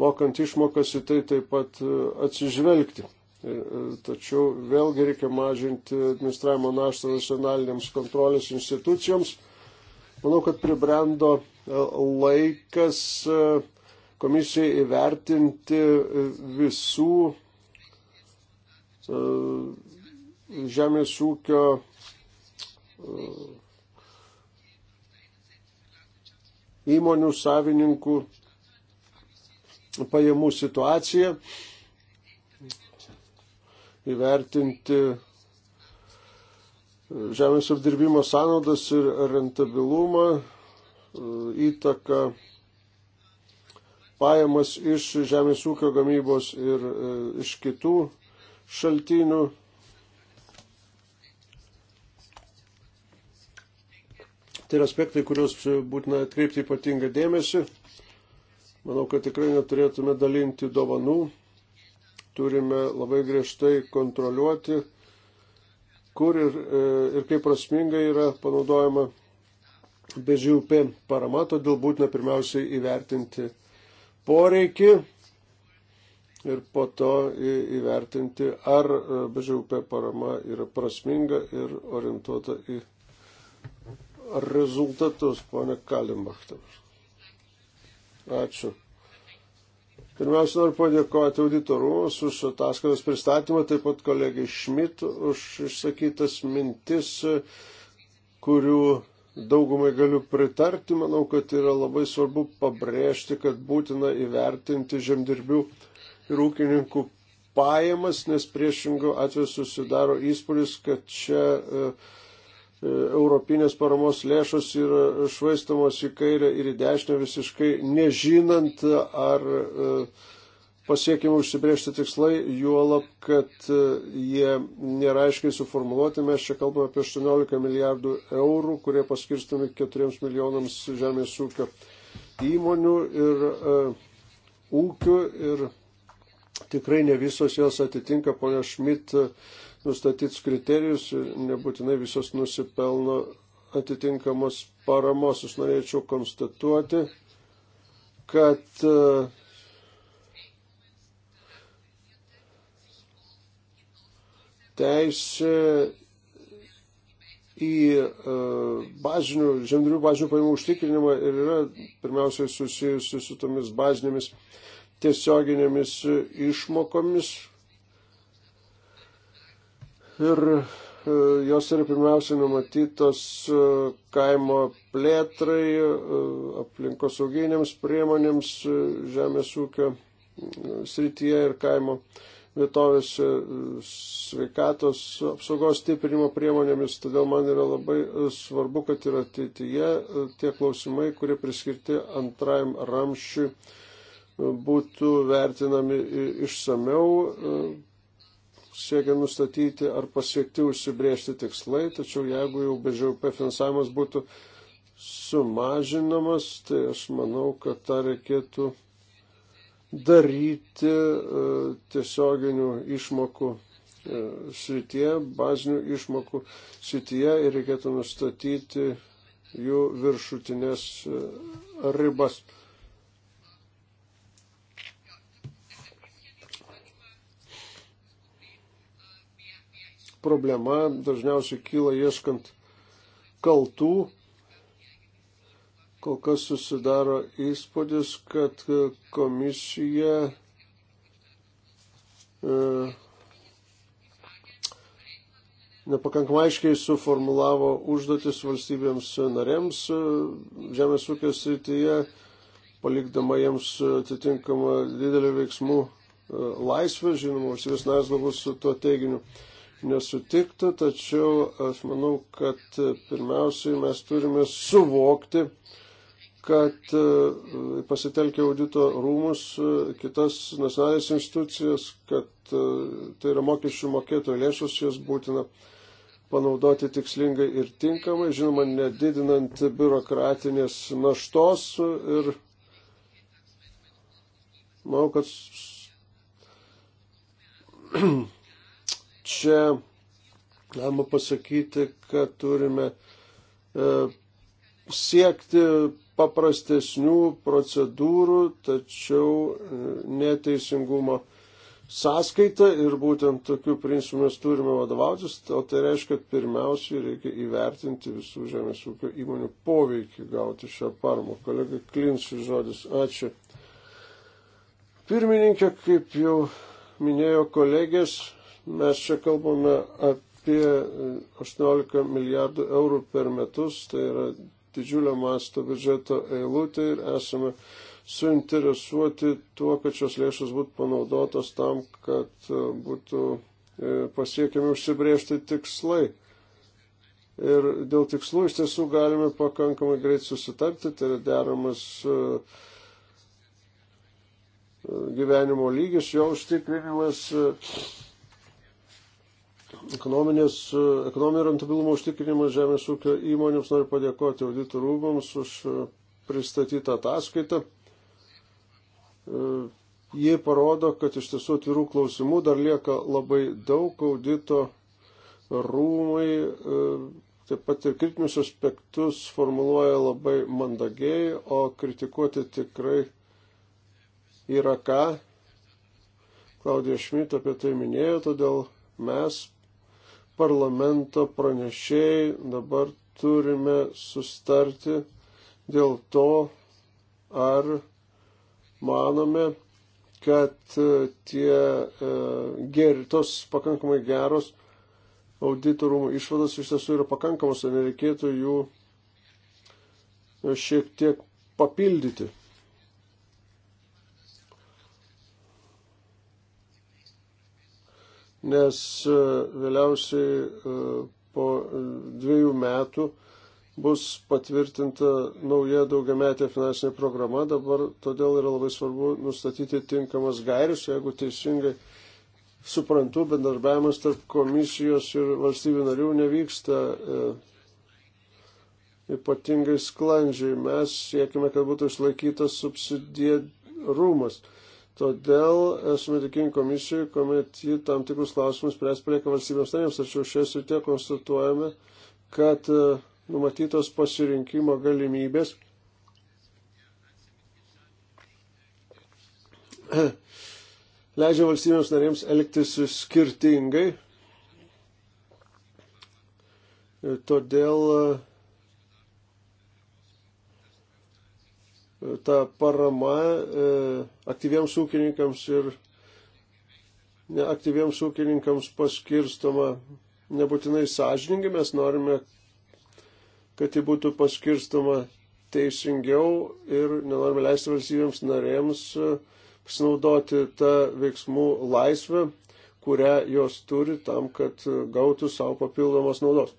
mokant išmokas į tai taip pat e, atsižvelgti. E, e, tačiau vėlgi reikia mažinti administravimo naštą nacionalinėms kontrolės institucijoms. Manau, kad pribrendo laikas uh, komisijai įvertinti visų e, žemės ūkio e, įmonių savininkų pajamų situaciją, įvertinti e, žemės apdirbimo sąnaudas ir rentabilumą, įtaką pajamas iš žemės ūkio gamybos ir e, iš kitų šaltinių. Tai yra aspektai, kuriuos būtina atkreipti ypatingą dėmesį. Manau, kad tikrai neturėtume dalinti dovanų. Turime labai griežtai kontroliuoti, kur ir, e, ir kaip prasmingai yra panaudojama BŽUP parama, todėl būtina pirmiausiai įvertinti poreikį ir po to įvertinti, ar e, BŽUP parama yra prasminga ir orientuota į rezultatus, ponė Kalimbachtas. Ačiū. Pirmiausia, noriu padėkoti auditorumams už ataskaitos pristatymą, taip pat kolegai Šmit už išsakytas mintis, kurių daugumai galiu pritarti. Manau, kad yra labai svarbu pabrėžti, kad būtina įvertinti žemdirbių ir ūkininkų pajamas, nes priešingų atveju susidaro įspūdis, kad čia e, e, europinės paramos lėšos yra švaistamos į kairę ir į dešinę visiškai nežinant, ar e, pasiekiami užsibriežti tikslai, juolab, kad e, jie nėra aiškiai suformuoluoti. Mes čia kalbame apie 18 milijardų eurų, kurie paskirstami 4 milijonams žemės ūkio įmonių ir e, ūkių ir tikrai ne visos jos atitinka, ponia Šmit, e, nustatytus kriterijus, nebūtinai visos nusipelno atitinkamos paramos. Aš norėčiau konstatuoti, kad e, teisė į e, bazinių, žemdirbių bazinių pajamų užtikrinimą ir yra pirmiausiai susijusi su tomis bazinėmis tiesioginėmis išmokomis. Ir e, jos yra pirmiausia numatytos e, kaimo plėtrai, aplinkosauginėms priemonėms, žemės ūkio srityje ir kaimo vietovėse sveikatos apsaugos stiprinimo priemonėmis, todėl man yra labai e, svarbu, kad ir ateityje e, tie klausimai, kurie priskirti antrajam ramščiui, e, būtų vertinami išsameu, siekia nustatyti ar pasiekti užsibriežti tikslai, tačiau jeigu jau BŽUP finansavimas būtų sumažinamas, tai aš manau, kad tą reikėtų daryti e, tiesioginių išmokų e, srityje, bazinių išmokų srityje ir reikėtų nustatyti jų viršutinės e, ribas. Problema dažniausiai kyla ieškant kaltų kol kas susidaro įspūdis, kad komisija e, nepakankamai aiškiai suformulavo užduotis valstybėms narėms e, žemės ūkio srityje, palikdama jiems atitinkamą didelį veiksmų e, laisvę, žinoma, valstybės narės galbūt su tuo teiginiu nesutiktų, tačiau aš manau, kad pirmiausiai mes turime suvokti, kad e, pasitelkė audito rūmus, e, kitas nacionalinės institucijas, kad e, tai yra mokesčių mokėtojų lėšos, jas būtina panaudoti tikslingai ir tinkamai, žinoma, nedidinant biurokratinės naštos ir manau, kad <clears throat> čia galima pasakyti, kad turime siekti paprastesnių procedūrų, tačiau e, neteisingumo sąskaita ir būtent tokiu principu mes turime vadovautis, o tai reiškia, kad pirmiausiai reikia įvertinti visų žemės ūkio įmonių poveikį gauti šią paramą. Kolega Klinsui žodis, ačiū. Pirmininkė, kaip jau minėjo kolegės, mes čia kalbame apie apie 18 milijardų eurų per metus, tai yra didžiulio masto biudžeto eilutė ir esame suinteresuoti tuo, kad šios lėšos būtų panaudotos tam, kad e, būtų e, pasiekiami užsibriežti tikslai. Ir dėl tikslų iš tiesų galime pakankamai greit susitarti, tai yra deramas e, gyvenimo lygis, jo užtikrinimas ekonominės, e, ekonominio rentabilumo užtikrinimas žemės ūkio įmonėms. Noriu padėkoti auditų rūmams už e, pristatytą ataskaitą. E, Jie parodo, kad iš tiesų atvirų klausimų dar lieka labai daug audito rūmai. Taip pat ir kritinius aspektus formuluoja labai mandagiai, o kritikuoti tikrai yra ką. Klaudija Šmit apie tai minėjo, todėl mes parlamento pranešėjai dabar turime sustarti dėl to, ar manome, kad tie e, ger, tos pakankamai geros auditorumų išvados iš tiesų yra pakankamos ir nereikėtų jų šiek tiek papildyti. nes e, vėliausiai e, po e, dviejų metų bus patvirtinta nauja daugiametė finansinė programa. Dabar todėl yra labai svarbu nustatyti tinkamas gairius, jeigu teisingai suprantu, bendarbiavimas tarp komisijos ir valstybių narių nevyksta ypatingai sklandžiai. Mes siekime, kad būtų išlaikytas subsidierumas. rumas Todėl esame dėkingi komisijai, kuomet ji tam tikrus klausimus spręs palieka valstybėms narėms, tačiau šioje srityje konstatuojame, kad e, numatytos pasirinkimo galimybės <clears throat> leidžia valstybėms narėms elgtis skirtingai. E, todėl e, ta parama e, aktyviems ūkininkams ir neaktyviems ūkininkams paskirstoma nebūtinai sąžiningai, mes norime, kad ji būtų paskirstoma teisingiau ir nenorime leisti valstybėms narėms e, pasinaudoti tą veiksmų laisvę, kurią jos turi tam, kad gautų savo papildomos naudos.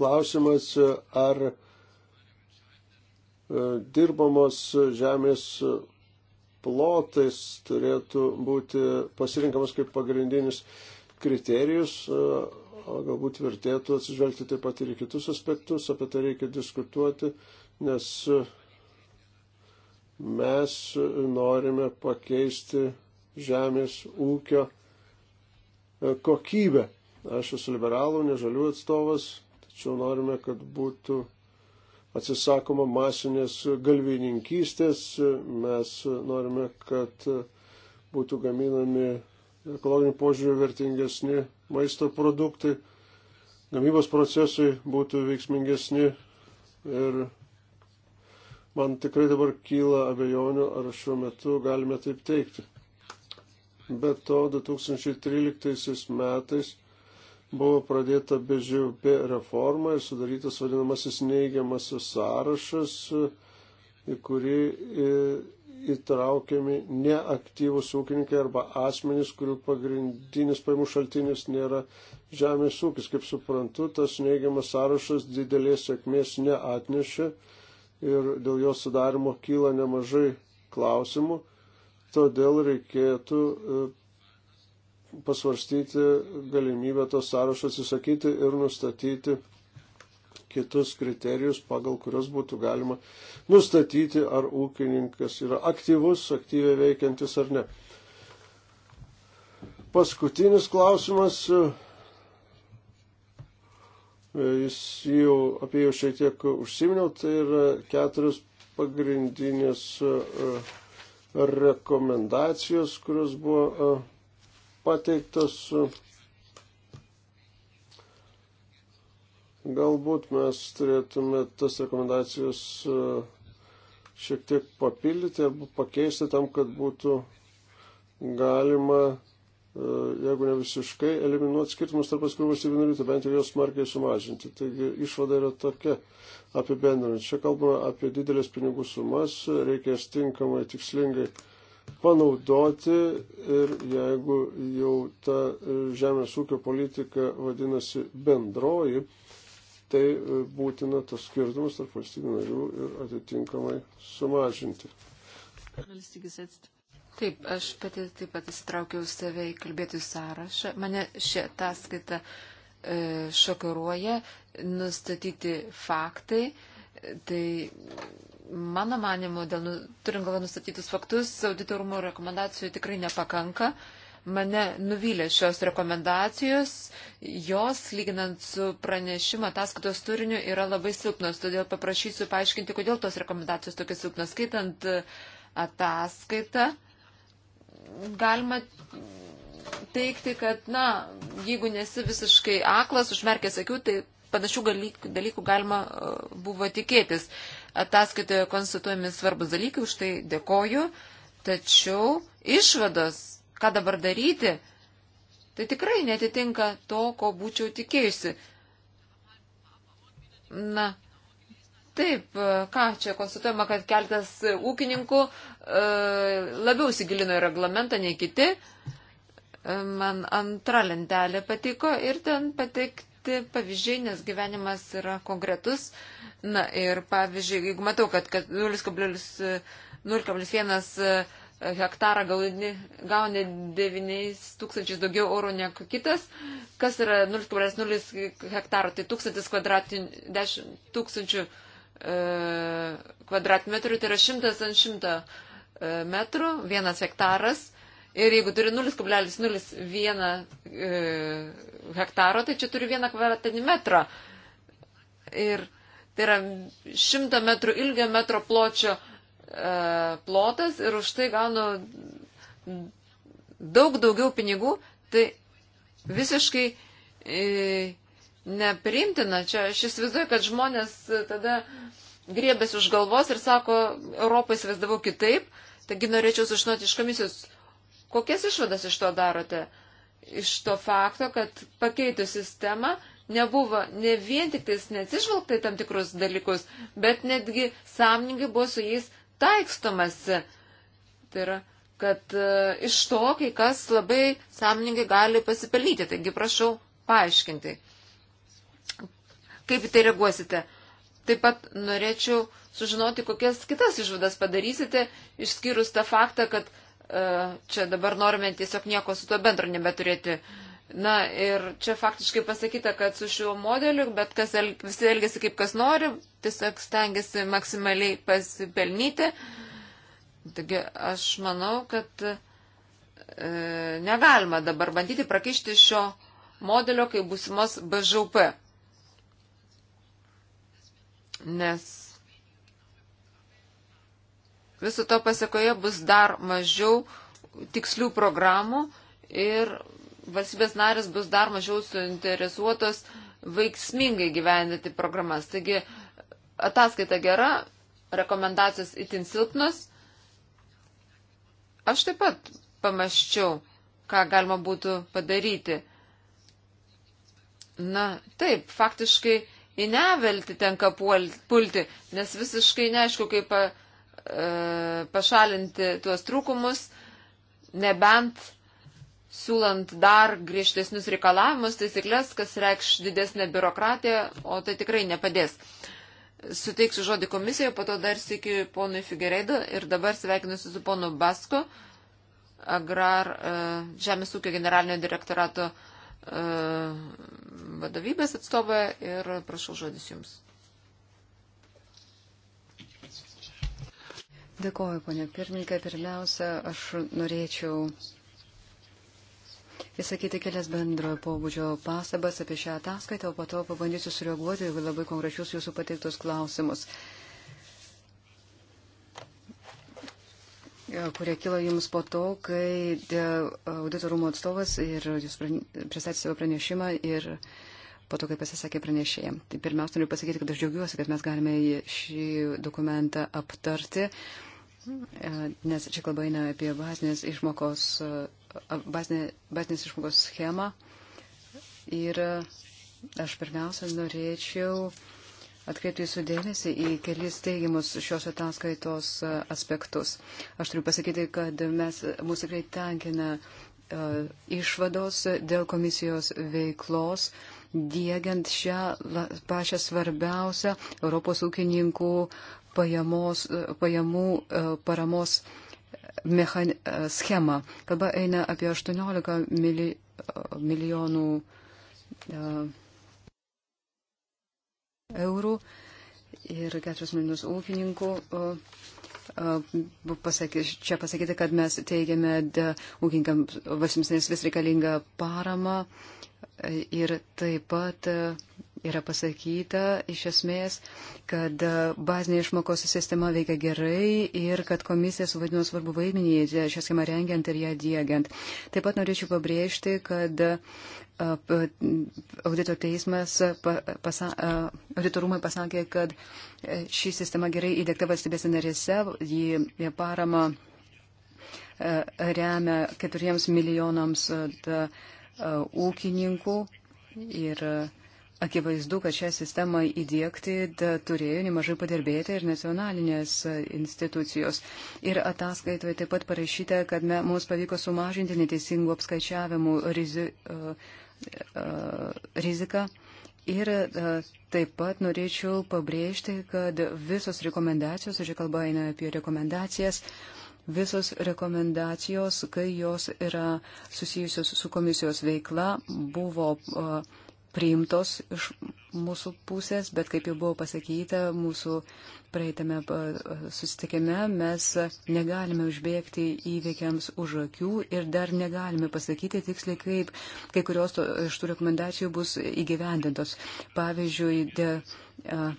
Klausimas, ar E, dirbamos žemės plotais turėtų būti pasirinkamas kaip pagrindinis kriterijus, e, o galbūt vertėtų atsižvelgti taip pat ir į kitus aspektus, apie tai reikia diskutuoti, nes e, mes norime pakeisti žemės ūkio kokybę. Aš esu liberalų, nežalių atstovas, tačiau norime, kad būtų atsisakoma masinės galvininkystės, mes norime, kad būtų gaminami ekologinių požiūrių vertingesni maisto produktai, gamybos procesai būtų veiksmingesni ir man tikrai dabar kyla abejonių, ar šiuo metu galime taip teikti. Be to, 2013 metais buvo pradėta BŽUP reforma ir sudarytas vadinamasis neigiamas sąrašas, į kurį e, įtraukiami neaktyvus ūkininkai arba asmenys, kurių pagrindinis paimų šaltinis nėra žemės ūkis. Kaip suprantu, tas neigiamas sąrašas didelės sėkmės neatnešė ir dėl jo sudarimo kyla nemažai klausimų. Todėl reikėtų e, pasvarstyti galimybę tos sąrašo atsisakyti ir nustatyti kitus kriterijus, pagal kurios būtų galima nustatyti, ar ūkininkas yra aktyvus, aktyviai veikiantis ar ne. Paskutinis klausimas, jis jau apie jau šiek tiek užsiminiau, tai yra keturios pagrindinės e, rekomendacijos, kurios buvo e, pateiktas. Galbūt mes turėtume tas rekomendacijas e, šiek tiek papildyti arba pakeisti tam, kad būtų galima, e, jeigu ne visiškai, eliminuoti skirtumus tarp atskirų valstybių narių, tai bent jau juos smarkiai sumažinti. Taigi išvada yra tokia apibendrinant. Čia kalbame apie didelės pinigų sumas, reikės tinkamai, tikslingai panaudoti ir jeigu jau ta žemės ūkio politika vadinasi bendroji, tai būtina tos skirtumus tarp valstybių narių ir atitinkamai sumažinti. Taip, aš pati taip pat įsitraukiau save į kalbėtojų sąrašą. Mane šią ataskaitą e, šokiruoja nustatyti faktai, Tai mano manimu, dėl, nu, turint galvo nustatytus faktus, auditorumo rekomendacijų tikrai nepakanka. Mane nuvylė šios rekomendacijos, jos, lyginant su pranešimo ataskaitos turiniu, yra labai silpnos, todėl paprašysiu paaiškinti, kodėl tos rekomendacijos tokios silpnos. Skaitant e, ataskaitą, galima teikti, kad, na, jeigu nesi visiškai aklas, užmerkęs akių, tai panašių dalykų galima e, buvo tikėtis. Ataskaitoje konstatuojami svarbus dalykai, už tai dėkoju, tačiau išvados, ką dabar daryti, tai tikrai netitinka to, ko būčiau tikėjusi. Na, Taip, e, ką čia konstatuojama, kad keltas ūkininkų e, labiau įsigilino į reglamentą nei kiti. E, man antra lentelė patiko ir ten patik, pateikti pavyzdžiai, nes gyvenimas yra konkretus. Na ir pavyzdžiui, jeigu matau, kad, kad 0,1 e, hektarą gauni, gauni 9 tūkstančiais daugiau eurų negu kitas, kas yra 0,0 hektaro, tai 1000 kvadratinių, 10 tūkstančių e, kvadratmetrų, tai yra 100 ant 100 e, metrų, vienas hektaras. Ir jeigu turi 0,01 e, hektaro, tai čia turi 1 kvadratinį metrą. Ir tai yra 100 metrų ilgio metro pločio e, plotas ir už tai gaunu daug daugiau pinigų. Tai visiškai e, nepriimtina. Čia aš įsivaizduoju, kad žmonės tada griebės už galvos ir sako, Europą įsivaizdavau kitaip. Taigi norėčiau sužinoti iš komisijos Kokias išvadas iš to darote? Iš to fakto, kad pakeitus sistemą nebuvo ne vien tik tais neatsižvelgta į tam tikrus dalykus, bet netgi sąmoningai buvo su jais taikstomasi. Tai yra, kad uh, iš to kai kas labai sąmoningai gali pasipelnyti. Taigi prašau paaiškinti, kaip į tai reaguosite. Taip pat norėčiau sužinoti, kokias kitas išvadas padarysite, išskyrus tą faktą, kad E, čia dabar norime tiesiog nieko su tuo bendro nebeturėti. Na ir čia faktiškai pasakyta, kad su šiuo modeliu, bet kas el, visi elgesi kaip kas nori, tiesiog stengiasi maksimaliai pasipelnyti. Taigi aš manau, kad e, negalima dabar bandyti prakišti šio modelio kaip būsimos BŽP. Nes Viso to pasakoje bus dar mažiau tikslių programų ir valstybės narės bus dar mažiau suinteresuotos veiksmingai gyvendyti programas. Taigi ataskaita gera, rekomendacijos itin silpnos. Aš taip pat pamaščiau, ką galima būtų padaryti. Na, taip, faktiškai į nevelti tenka pulti, nes visiškai neaišku, kaip E, pašalinti tuos trūkumus, nebent siūlant dar griežtesnius reikalavimus, taisyklės, kas reikš didesnę biurokratiją, o tai tikrai nepadės. Suteiksiu žodį komisijoje, po to dar sėkiu ponui Figereido ir dabar sveikinusiu su ponu Basko, Agrar e, Žemės ūkio generalinio direktorato e, vadovybės atstovė ir prašau žodis jums. Dėkoju, ponė pirmininkė. Pirmiausia, aš norėčiau įsakyti kelias bendrojo pobūdžio pastabas apie šią ataskaitą, o po to pabandysiu sureaguoti į labai konkrečius jūsų pateiktus klausimus, kurie kilo jums po to, kai auditorumo atstovas ir jūs pristatė savo pranešimą ir po to, kai pasisakė pranešėjai. Tai pirmiausia, noriu pasakyti, kad aš džiaugiuosi, kad mes galime šį dokumentą aptarti. Uh, E, nes čia kalba eina apie bazinės išmokos, e, bazinė, bazinės išmokos schemą. Ir aš pirmiausia norėčiau atkreipti jūsų dėmesį į kelis teigiamus šios ataskaitos e, aspektus. Aš turiu pasakyti, kad mes, mūsų tikrai tenkina išvados dėl komisijos veiklos, dėgiant šią pačią svarbiausią Europos ūkininkų uh, pajamos, e, pajamų e, paramos mechan, e, schemą. Kalba eina apie 18 mili, milijonų eurų ir 4 milijonus ūkininkų. Pasakė, čia pasakyti, kad mes teigiame ūkininkams valstybės vis reikalingą paramą ir taip pat yra pasakyta iš esmės, kad e, bazinė išmokos sistema veikia gerai ir kad komisija suvaidino svarbu vaidmenį šią schemą rengiant ir ją diegiant. Taip pat norėčiau pabrėžti, kad e, audito teismas, pasa, e, auditorumai pasakė, kad ši sistema gerai įdėkta valstybės narėse, jį parama remia keturiems milijonams ūkininkų ir Akivaizdu, kad šią sistemą įdėkti da, turėjo nemažai padirbėti ir nacionalinės e, institucijos. Ir ataskaitoje taip pat parašyta, kad me, mums pavyko sumažinti neteisingų apskaičiavimų rizi, uh, uh, riziką. Ir uh, taip pat norėčiau pabrėžti, kad visos rekomendacijos, aš kalba eina apie rekomendacijas, visos rekomendacijos, kai jos yra susijusios su komisijos veikla, buvo. Uh, priimtos iš mūsų pusės, bet kaip jau buvo pasakyta, mūsų praeitame susitikime mes negalime užbėgti įveikiams už akių ir dar negalime pasakyti tiksliai, kaip kai kurios to, iš tų rekomendacijų bus įgyvendintos. Pavyzdžiui, de, a,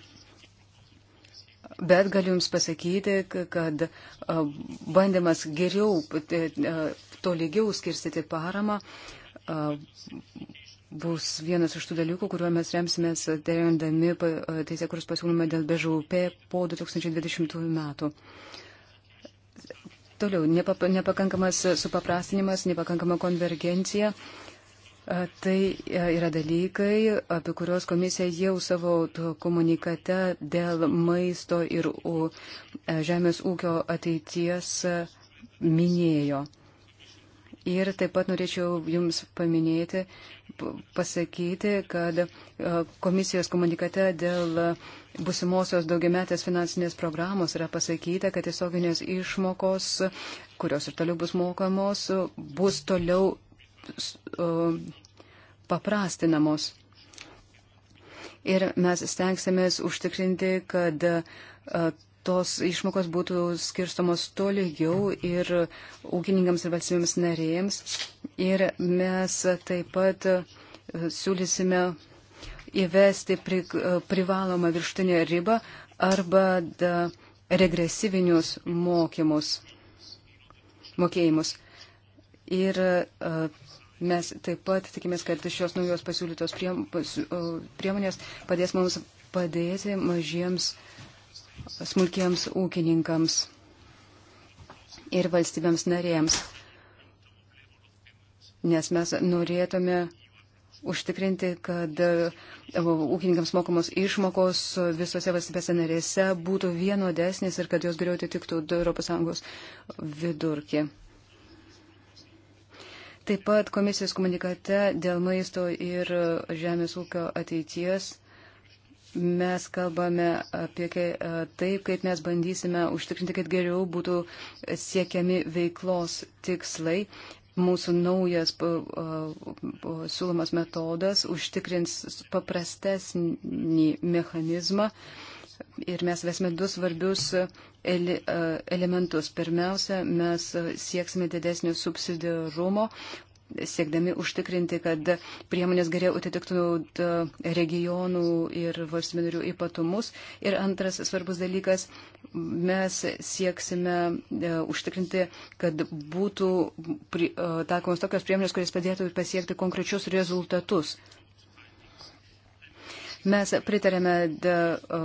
Bet galiu Jums pasakyti, kad bandymas geriau, tolygiau skirstyti paramą bus vienas iš tų dalykų, kuriuo mes remsimės e, derindami e, teisė, kuris pasiūlymą dėl BŽUP po 2020 metų. Toliau, nepakankamas supaprastinimas, nepakankama konvergencija. E, tai yra dalykai, apie kuriuos komisija jau savo komunikate dėl maisto ir žemės ūkio ateities minėjo. Ir taip pat norėčiau Jums paminėti, pasakyti, kad e, komisijos komunikate dėl busimosios daugiametės finansinės programos yra pasakyta, kad tiesioginės išmokos, kurios ir toliau bus mokamos, bus toliau paprastinamos. Ir mes stengsimės užtikrinti, kad e, tos išmokos būtų skirstomos tolygiau ir ūkininkams ir valstybėms narėjams. Ir mes taip pat e, siūlysime įvesti pri, e, privalomą virštinę ribą arba da, regresyvinius mokymus, mokėjimus. Ir e, mes taip pat tikimės, kad šios naujos pasiūlytos priemonės padės mums padėti mažiems uh, smulkiems ūkininkams ir valstybėms narėms, nes mes norėtume užtikrinti, kad e, ūkininkams mokamos išmokos visose valstybėse narėse būtų vienodesnės ir kad jos geriau atitiktų ES vidurkį. Taip pat komisijos komunikate dėl maisto ir žemės ūkio ateities mes kalbame apie e, taip, kaip mes bandysime užtikrinti, kad geriau būtų siekiami veiklos tikslai. Mūsų naujas e, siūlomas metodas užtikrins paprastesnį mechanizmą ir mes vesime du svarbius ele, e, elementus. Pirmiausia, mes sieksime didesnio subsidiarumo, siekdami užtikrinti, kad priemonės geriau atitiktų e, regionų ir valstybinarių ypatumus. Ir antras svarbus dalykas, mes sieksime e, užtikrinti, kad būtų e, taikomos tokios priemonės, kurias padėtų pasiekti konkrečius rezultatus. Mes pritarėme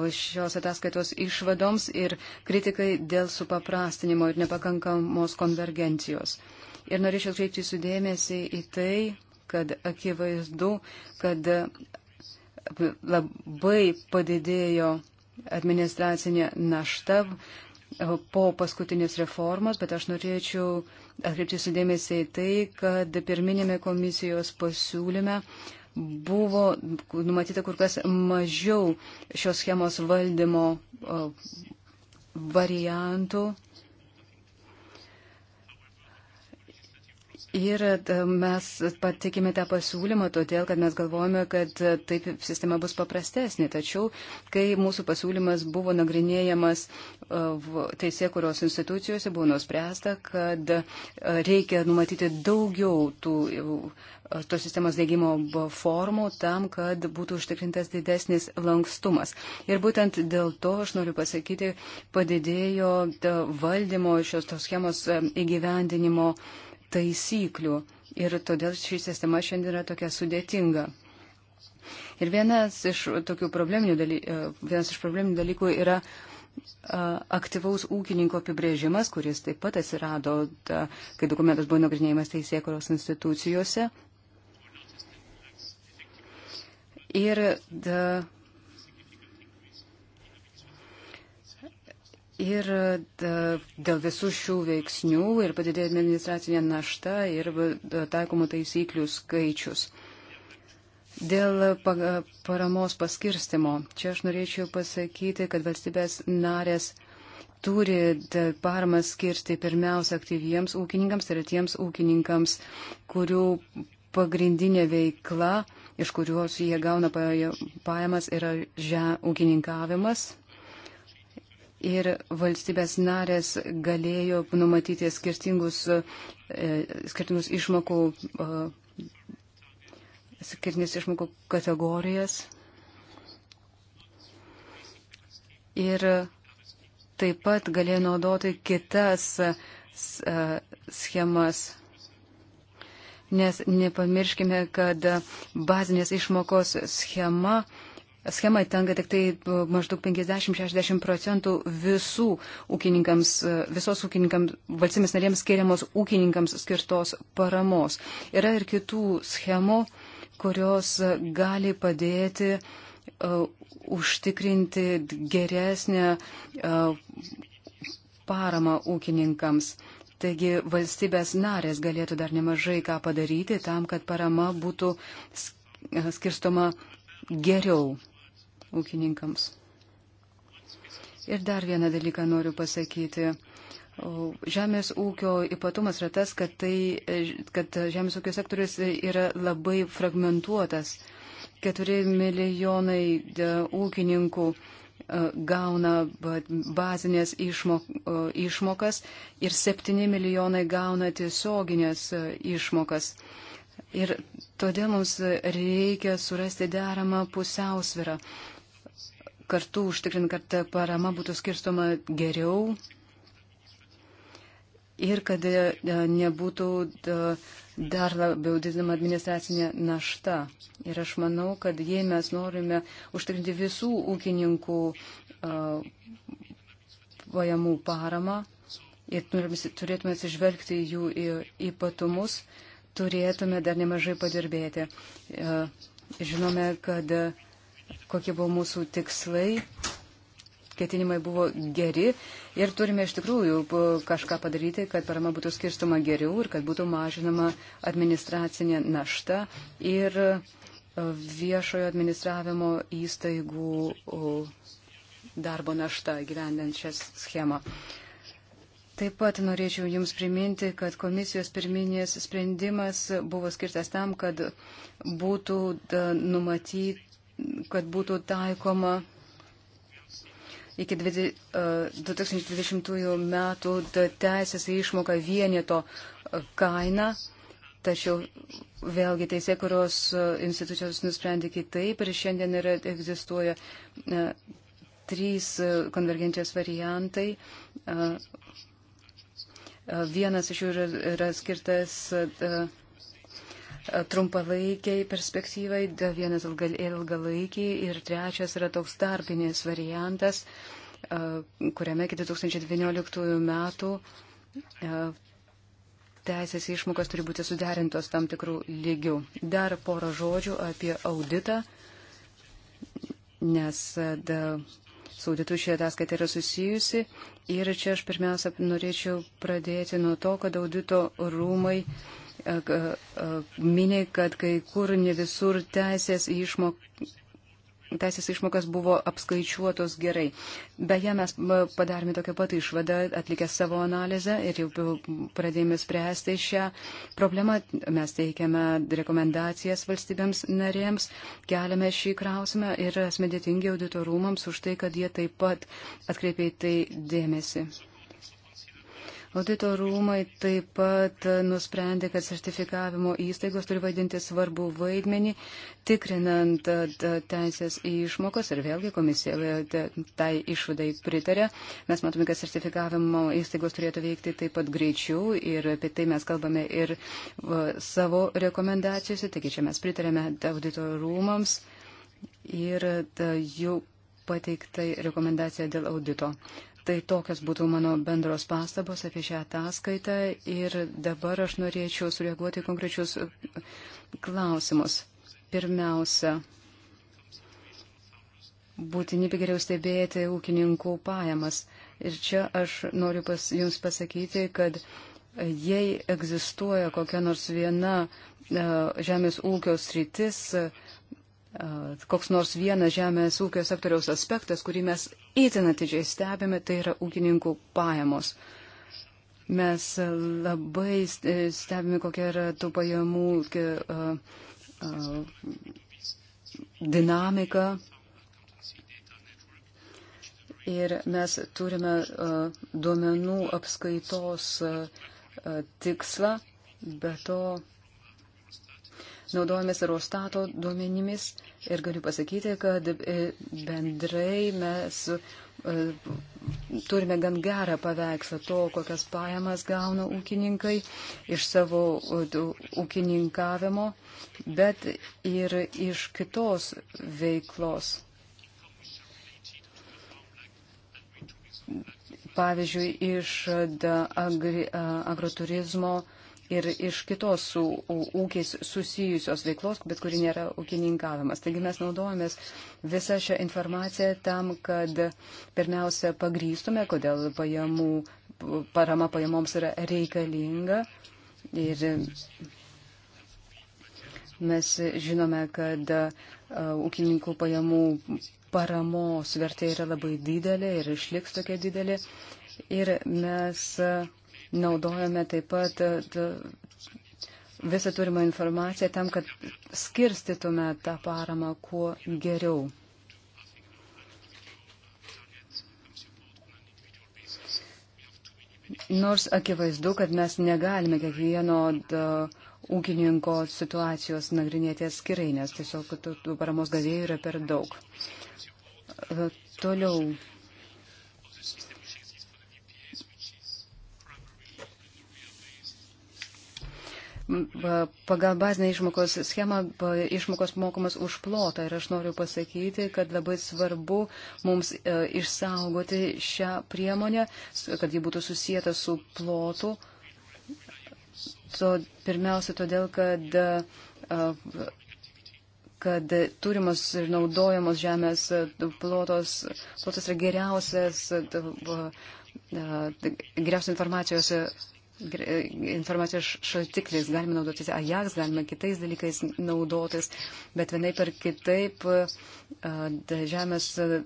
šios ataskaitos išvadoms ir kritikai dėl supaprastinimo ir nepakankamos konvergencijos. Ir norėčiau kreipti sudėmėsi į tai, kad akivaizdu, kad labai padidėjo administracinė našta po paskutinės reformos, bet aš norėčiau atkreipti sudėmėsi į tai, kad pirminėme komisijos pasiūlyme buvo numatyta kur kas mažiau šios schemos valdymo variantų Ir e, mes patikime tą pasiūlymą, todėl kad mes galvojame, kad e, taip sistema bus paprastesnė. Tačiau, kai mūsų pasiūlymas buvo nagrinėjamas e, teisė, kurios institucijose buvo nuspręsta, kad reikia numatyti daugiau tų, tos sistemos dėgymo formų tam, kad būtų užtikrintas didesnis lankstumas. Ir būtent dėl to, aš noriu pasakyti, padidėjo valdymo šios tos schemos įgyvendinimo taisyklių ir todėl ši sistema šiandien yra tokia sudėtinga. Ir vienas iš tokių probleminių dalykų, e, vienas iš probleminių dalykų yra e, aktyvaus ūkininko apibrėžimas, kuris taip pat atsirado, kai dokumentas buvo nagrinėjimas teisėkuros institucijose. Ir da, Ir dėl visų šių veiksnių ir padidėjo administracinė našta ir taikomų taisyklių skaičius. Dėl paramos paskirstimo. Čia aš norėčiau pasakyti, kad valstybės narės turi paramą skirti pirmiausia aktyviems ūkininkams, tai yra tiems ūkininkams, kurių pagrindinė veikla, iš kurios jie gauna pajamas, yra žem, ūkininkavimas, ir valstybės narės galėjo numatyti skirtingus, e, skirtingus išmokų, e, skirtingas išmokų kategorijas. Ir taip pat galėjo naudoti kitas e, schemas. Nes nepamirškime, kad bazinės išmokos schema uh, schemai tenka tik tai e, maždaug 50-60 procentų visų ūkininkams, e, visos ūkininkams, valstybės narėms skiriamos ūkininkams skirtos paramos. Yra ir kitų schemų, kurios e, gali padėti uh, užtikrinti geresnę uh, paramą ūkininkams. Taigi valstybės narės galėtų dar nemažai ką padaryti tam, kad parama būtų skirstoma geriau ūkininkams. Ir dar vieną dalyką noriu pasakyti. Žemės ūkio ypatumas yra tas, kad, tai, kad žemės ūkio sektorius yra labai fragmentuotas. 4 milijonai e, ūkininkų e, gauna bazinės išmok, e, išmokas ir 7 milijonai gauna tiesioginės išmokas. Ir todėl mums reikia surasti deramą pusiausvirą kartu užtikrint, kad parama būtų skirstoma geriau ir kad e, e, nebūtų e, dar labiau didinama administracinė našta. Ir aš manau, kad jei mes norime užtikrinti visų ūkininkų pajamų paramą ir turėtume atsižvelgti jų ypatumus, turėtume dar nemažai padirbėti. Žinome, kad kokie buvo mūsų tikslai, ketinimai buvo geri ir turime iš tikrųjų kažką padaryti, kad parama būtų skirstoma geriau ir kad būtų mažinama administracinė našta ir e, viešojo administravimo įstaigų darbo našta gyvendant šią schemą. Taip pat norėčiau Jums priminti, kad komisijos pirminės sprendimas buvo skirtas tam, kad būtų e, numatyt, kad būtų taikoma iki 2020 e, metų teisės į išmoką vienieto e, kainą. Tačiau vėlgi teisė, kurios e, institucijos nusprendė kitaip ir šiandien yra, egzistuoja a, trys konvergencijos variantai. A, a, vienas iš jų yra, yra skirtas. A, trumpalaikiai perspektyvai, vienas ilgalaikiai ir trečias yra toks tarpinis variantas, kuriame iki 2019 metų teisės išmokas turi būti suderintos tam tikrų lygių. Dar porą žodžių apie auditą, nes da, su auditu šie ataskaita yra susijusi. Ir čia aš pirmiausia norėčiau pradėti nuo to, kad audito rūmai uh, mini, kad kai kur ne visur teisės išmok. Teisės išmokas buvo apskaičiuotos gerai. Beje, mes padarėme tokią pat išvadą, atlikę savo analizę ir jau pradėjome spręsti šią problemą. Mes teikiame rekomendacijas valstybėms narėms, keliame šį klausimą ir esame dėtingi auditorumams už tai, kad jie taip pat atkreipė į tai dėmesį. Audito rūmai taip pat nusprendė, kad sertifikavimo įstaigos turi vaidinti svarbų vaidmenį, tikrinant teisės į išmokas ir vėlgi komisija tai išvadai pritarė. Mes matome, kad sertifikavimo įstaigos turėtų veikti taip pat greičiau ir apie tai mes kalbame ir savo rekomendacijose, taigi čia mes pritarėme audito rūmams ir jų pateiktai rekomendacija dėl audito. Tai tokios būtų mano bendros pastabos apie šią ataskaitą ir dabar aš norėčiau sureaguoti konkrečius klausimus. Pirmiausia, būtinybė geriau stebėti ūkininkų pajamas. Ir čia aš noriu pas, Jums pasakyti, kad jei egzistuoja kokia nors viena e, žemės ūkio sritis, koks nors vienas žemės ūkio sektoriaus aspektas, kurį mes įtin atidžiai stebime, tai yra ūkininkų pajamos. Mes labai stebime, kokia yra tų pajamų dinamika. Ir mes turime duomenų apskaitos tikslą, bet to naudojamės Eurostato duomenimis ir galiu pasakyti, kad e, bendrai mes e, turime gan gerą paveikslą to, kokias pajamas gauna ūkininkai iš savo e, ūkininkavimo, bet ir iš kitos veiklos. Pavyzdžiui, iš agri, agroturizmo ir iš kitos su ūkiais susijusios veiklos, bet kuri nėra ūkininkavimas. Taigi mes naudojamės visą šią informaciją tam, kad pirmiausia pagrystume, kodėl pajamų, parama pajamoms yra reikalinga. Ir mes žinome, kad ūkininkų pajamų paramos vertė yra labai didelė ir išliks tokia didelė. Ir mes uh, naudojame taip pat e, visą turimą informaciją tam, kad skirstytume tą paramą kuo geriau. Nors akivaizdu, kad mes negalime kiekvieno da, e, ūkininko situacijos nagrinėti atskirai, nes tiesiog tų, tų paramos gavėjų yra per daug. E, toliau pagal bazinę išmokos schemą išmokos mokomas už plotą. Ir aš noriu pasakyti, kad labai svarbu mums e, išsaugoti šią priemonę, kad ji būtų susijęta su plotu. To, pirmiausia, todėl, kad e, kad turimos ir naudojamos žemės e, plotos, plotos yra geriausias, geriausios informacijos E, informacijos šaltikliais, galime naudotis AJAX, galime kitais dalykais naudotis, bet vienai per kitaip e, žemės e,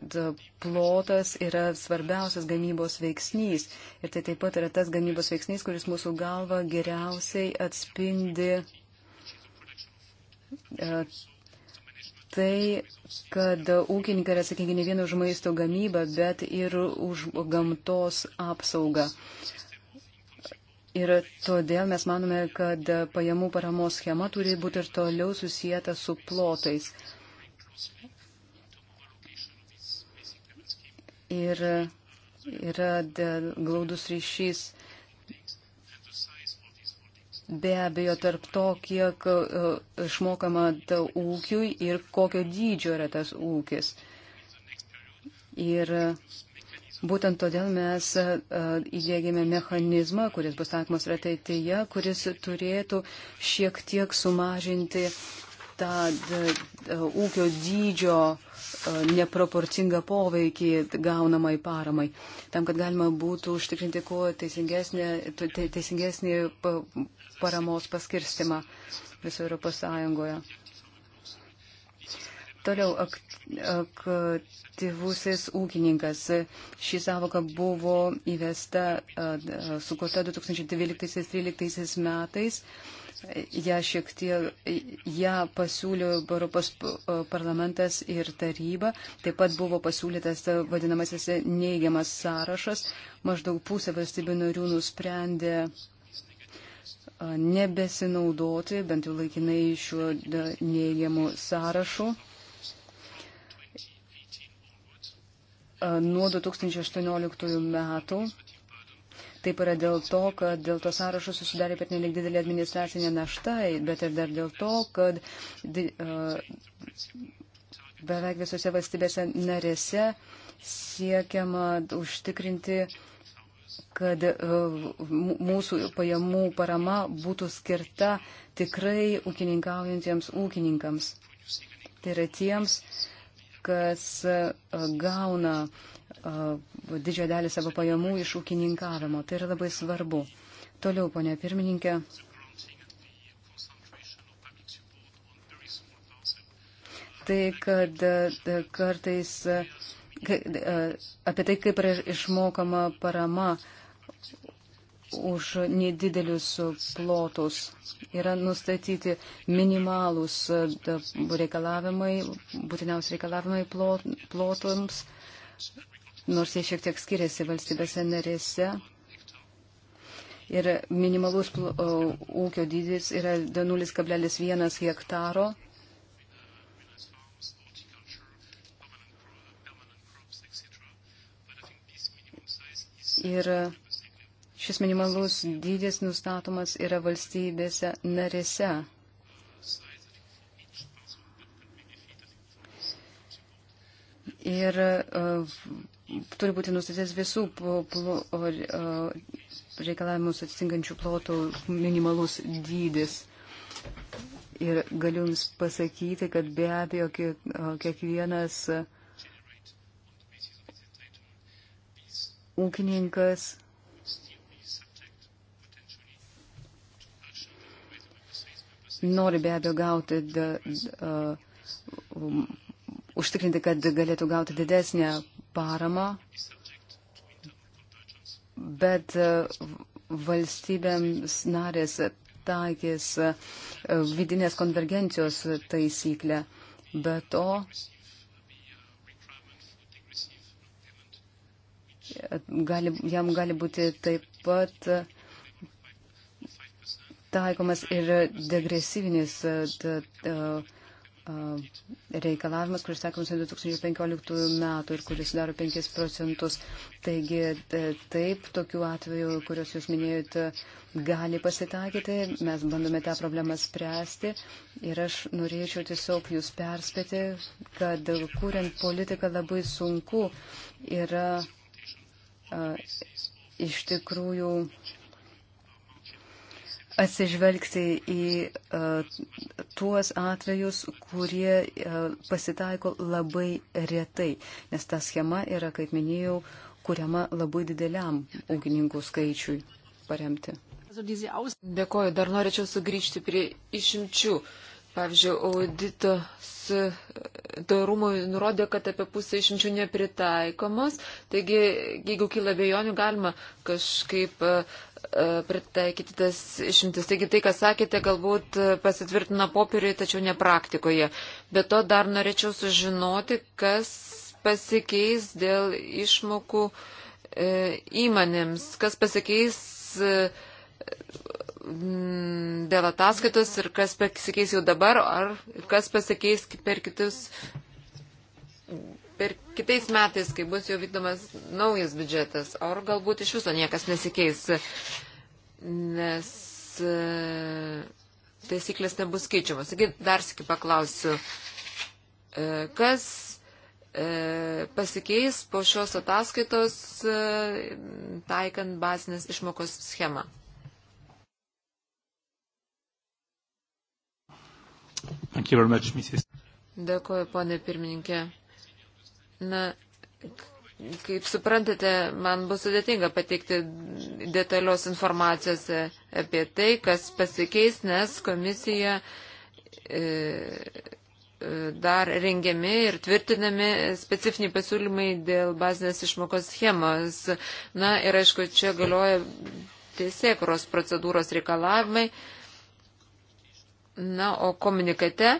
plotas yra svarbiausias gamybos veiksnys. Ir tai taip pat yra tas gamybos veiksnys, kuris mūsų galva geriausiai atspindi tai, kad ūkininkai yra atsakingi ne vien už maisto gamybą, bet ir už gamtos apsaugą. Uh, Ir todėl mes manome, kad pajamų paramos schema turi būti ir toliau susijęta su plotais. Ir yra glaudus ryšys be abejo tarp to, kiek e, išmokama ta ūkiui ir kokio dydžio yra tas ūkis. Ir Būtent todėl mes e, įdėgėme mechanizmą, kuris bus taikomas ir ateityje, kuris turėtų šiek tiek sumažinti tą e, ūkio dydžio e, neproporcingą poveikį gaunamai paramai, tam, kad galima būtų užtikrinti kuo teisingesnį paramos paskirstimą visoje Europos Sąjungoje. Toliau aktyvusis ūkininkas. Ši savoka buvo įvesta, sukurta 2012-2013 metais. Ja šiek tiek, ja pasiūlė Europos parlamentas ir taryba. Taip pat buvo pasiūlytas vadinamasis neigiamas sąrašas. Maždaug pusė valstybių narių nusprendė nebesinaudoti, bent jau laikinai šiuo neigiamu sąrašu. nuo 2018 metų. Taip yra dėl to, kad dėl to sąrašo susidarė per nelik didelį administracinę naštą, bet ir dar dėl to, kad di, uh, beveik visose valstybėse narėse siekiama užtikrinti, kad uh, mūsų pajamų parama būtų skirta tikrai ūkininkaujantiems ūkininkams. Tai yra tiems, uh, kas e, gauna e, didžiąją dalį savo pajamų iš ūkininkavimo. Tai yra labai svarbu. Toliau, ponia pirmininkė. Tai, kad e, kartais apie tai, kaip yra išmokama parama uh, už nedidelius plotus. Yra nustatyti minimalūs reikalavimai, būtiniausi reikalavimai plot, plotams, nors jie šiek tiek skiriasi valstybėse narėse. Ir minimalus plo, ūkio dydis yra 0,1 hektaro. Ir Šis minimalus dydis nustatomas yra valstybėse narėse. Ir uh, turi būti nustatytas visų plo, uh, e, reikalavimus atitinkančių plotų minimalus dydis. Ir galiu Jums pasakyti, kad be abejo kiek, uh, kiekvienas uh, ūkininkas uh, nori be abejo gauti, da, da, um, užtikrinti, kad galėtų gauti didesnę paramą, bet valstybėms narės taikys vidinės konvergencijos taisyklę. Be to, gali, jam gali būti taip pat uh, taikomas ir degresyvinis e, e, e, reikalavimas, kuris taikomas nuo 2015 metų ir kuris daro 5 procentus. Taigi taip, tokių atvejų, kuriuos jūs minėjote, gali pasitakyti. Mes bandome tą problemą spręsti ir aš norėčiau tiesiog jūs perspėti, kad kuriant politiką labai sunku yra a, iš tikrųjų atsižvelgti į uh, tuos atvejus, kurie uh, pasitaiko labai retai, nes ta schema yra, kaip minėjau, kuriama labai dideliam ūkininkų skaičiui paremti. Dėkoju, dar norėčiau sugrįžti prie išimčių. Pavyzdžiui, auditas e, darumui nurodė, kad apie pusę išimčių nepritaikomos, taigi jeigu kyla bejonių, galima kažkaip uh, E, pritaikyti tas išimtis. Taigi tai, ką sakėte, galbūt pasitvirtina popieriui, tačiau ne praktikoje. Bet to dar norėčiau sužinoti, kas pasikeis dėl išmokų e, įmonėms, kas pasikeis e, dėl ataskaitos ir kas pasikeis jau dabar, ar kas pasikeis per kitus per kitais metais, kai bus jau vykdomas naujas biudžetas, ar galbūt iš viso niekas nesikeis, nes e, taisyklės nebus keičiamas. Taigi dar sėki paklausiu, e, kas e, pasikeis po šios ataskaitos taikant bazinės išmokos schemą. Much, Dėkuoju, ponė pirmininkė. Na, kaip suprantate, man bus sudėtinga pateikti detalios informacijos apie tai, kas pasikeis, nes komisija e, e, dar rengiami ir tvirtinami specifiniai pasiūlymai dėl bazinės išmokos schemos. Na ir aišku, čia galioja tiesiekros procedūros reikalavimai. Na, o komunikate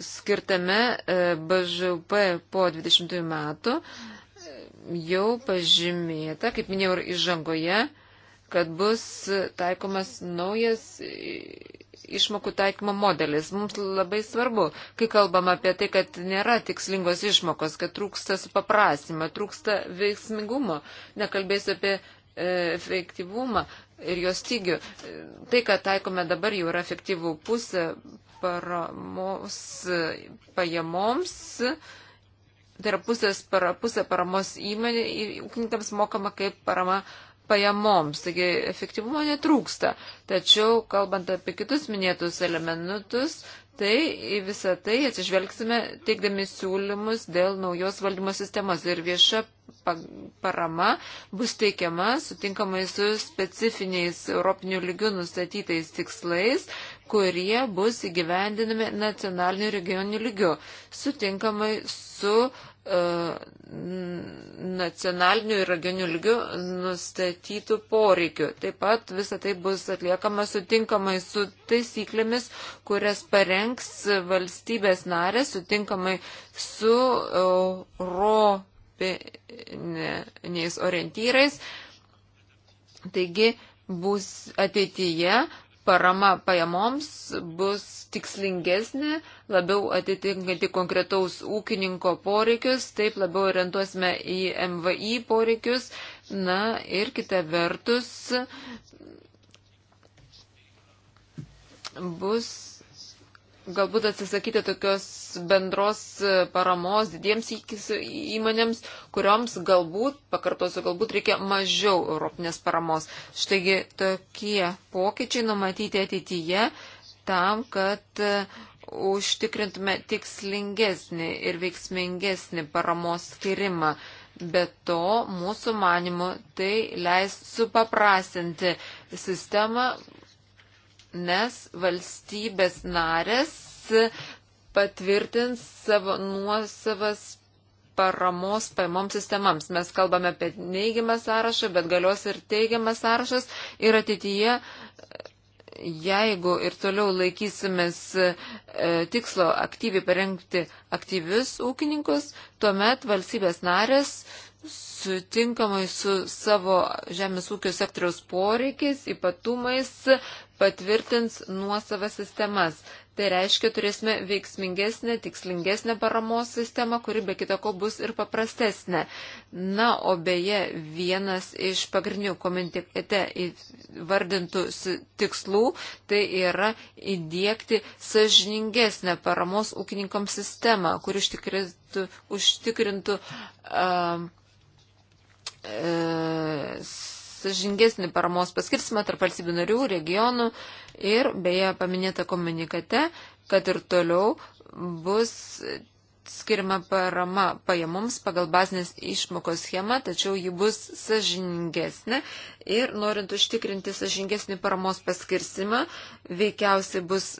skirtame e, BŽP po 20 metų e, jau pažymėta, kaip minėjau ir įžangoje, kad bus taikomas naujas išmokų taikymo modelis. Mums labai svarbu, kai kalbam apie tai, kad nėra tikslingos išmokos, kad trūksta supaprasimo, trūksta veiksmingumo. Nekalbėsiu apie efektyvumą ir jos stygių. Tai, ką taikome dabar, jau yra efektyvų pusė paramos pajamoms. Tai yra pusės para, pusė paramos įmonė, ūkininkams mokama kaip parama pajamoms, taigi efektyvumo netrūksta. Tačiau, kalbant apie kitus minėtus elementus, tai į visą tai atsižvelgsime teikdami siūlymus dėl naujos valdymo sistemos ir vieša parama bus teikiama sutinkamai su specifiniais Europinių lygių nustatytais tikslais, kurie bus įgyvendinami nacionaliniu regioniniu lygiu, sutinkamai su E, nacionalinių ir regionių lygių nustatytų poreikių. Taip pat visa tai bus atliekama sutinkamai su taisyklėmis, kurias parengs valstybės narės sutinkamai su europiniais orientyrais. Taigi, bus ateityje parama pajamoms bus tikslingesnė, labiau atitinkanti konkretaus ūkininko poreikius, taip labiau orientuosime į MVI poreikius, na ir kita vertus bus galbūt atsisakyti tokios bendros e, paramos didiems įmonėms, kurioms galbūt, pakartosiu, galbūt reikia mažiau europinės paramos. Štaigi tokie pokyčiai numatyti ateityje tam, kad e, užtikrintume tikslingesnį ir veiksmingesnį paramos skirimą. Be to, mūsų manimu, tai leis supaprastinti sistemą, nes valstybės narės patvirtins savo nuosavas paramos paimom sistemams. Mes kalbame apie neigiamą sąrašą, bet galios ir teigiamas sąrašas ir ateityje, jeigu ir toliau laikysimės e, tikslo aktyviai parengti aktyvius ūkininkus, tuomet valstybės narės sutinkamai su savo žemės ūkio sektoriaus poreikiais, ypatumais patvirtins nuosavas sistemas. Tai reiškia, turėsime veiksmingesnę, tikslingesnę paramos sistemą, kuri be kita ko bus ir paprastesnė. Na, o beje, vienas iš pagrindinių komitete vardintų tikslų tai yra įdėkti sažiningesnę paramos ūkininkams sistemą, kuri užtikrintų, užtikrintų uh, um, e, sažingesnį paramos paskirstimą tarp valstybių narių, regionų ir beje paminėta komunikate, kad ir toliau bus skirima parama pajamoms pagal bazinės išmokos schemą, tačiau ji bus sažingesnė ir norint užtikrinti sažingesnį paramos paskirstimą, veikiausiai bus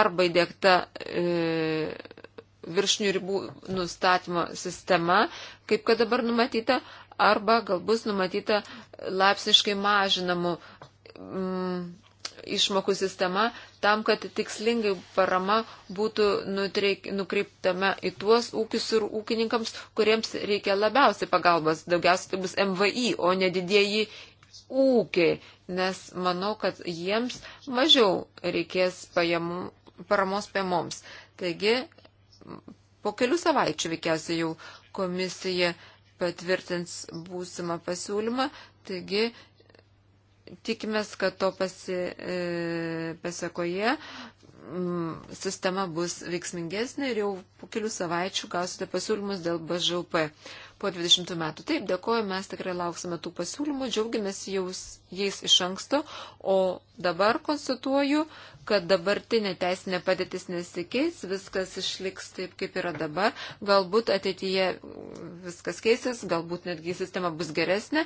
arba įdėkta e, viršnių ribų nustatymo sistema, kaip kad dabar numatyta, arba gal bus numatyta lapsiškai mažinamų mm, išmokų sistema tam, kad tikslingai parama būtų nutreik, nukreiptama į tuos ūkius ir ūkininkams, kuriems reikia labiausiai pagalbos. Daugiausiai tai bus MVI, o ne didieji ūkiai, nes manau, kad jiems mažiau reikės pajamų, paramos pajamoms. Taigi, po kelių savaičių veikiausiai jau komisija patvirtins būsimą pasiūlymą. Taigi, tikimės, kad to pasi, e, pasakoje mm, sistema bus veiksmingesnė ir jau po kelių savaičių gausite pasiūlymus dėl BŽP po 20 metų. Taip, dėkoju, mes tikrai lauksime tų pasiūlymų, džiaugiamės jaus, jais iš anksto, o dabar konstatuoju, kad dabartinė teisinė padėtis nesikeis, viskas išliks taip, kaip yra dabar, galbūt ateityje viskas keisis, galbūt netgi sistema bus geresnė.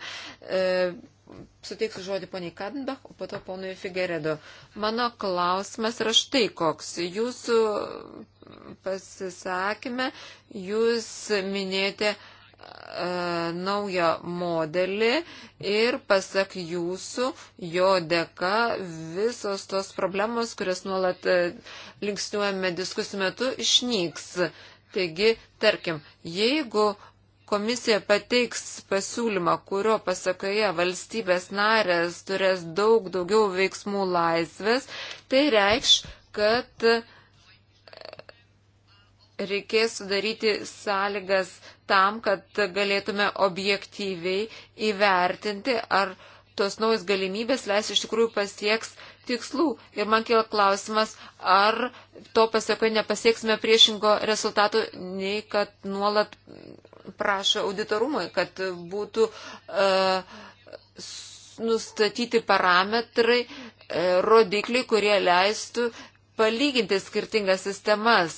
E, Suteiksiu žodį poniai Kadenbach, o po to ponui Figeredo. Mano klausimas yra štai koks. Jūsų pasisakime, jūs minėjote E, naują modelį ir pasak jūsų, jo dėka visos tos problemos, kurias nuolat e, linksniuojame diskusijų metu, išnyks. Taigi, tarkim, jeigu komisija pateiks pasiūlymą, kurio pasakoje valstybės narės turės daug daugiau veiksmų laisvės, tai reikš, kad uh, reikės sudaryti sąlygas tam, kad galėtume objektyviai įvertinti, ar tos naujos galimybės leis iš tikrųjų pasieks tikslų. Ir man kila klausimas, ar to pasiekoje nepasieksime priešingo rezultato, nei kad nuolat prašo auditorumai, kad būtų uh, nustatyti parametrai, uh, rodikliai, kurie leistų uh, palyginti skirtingas sistemas.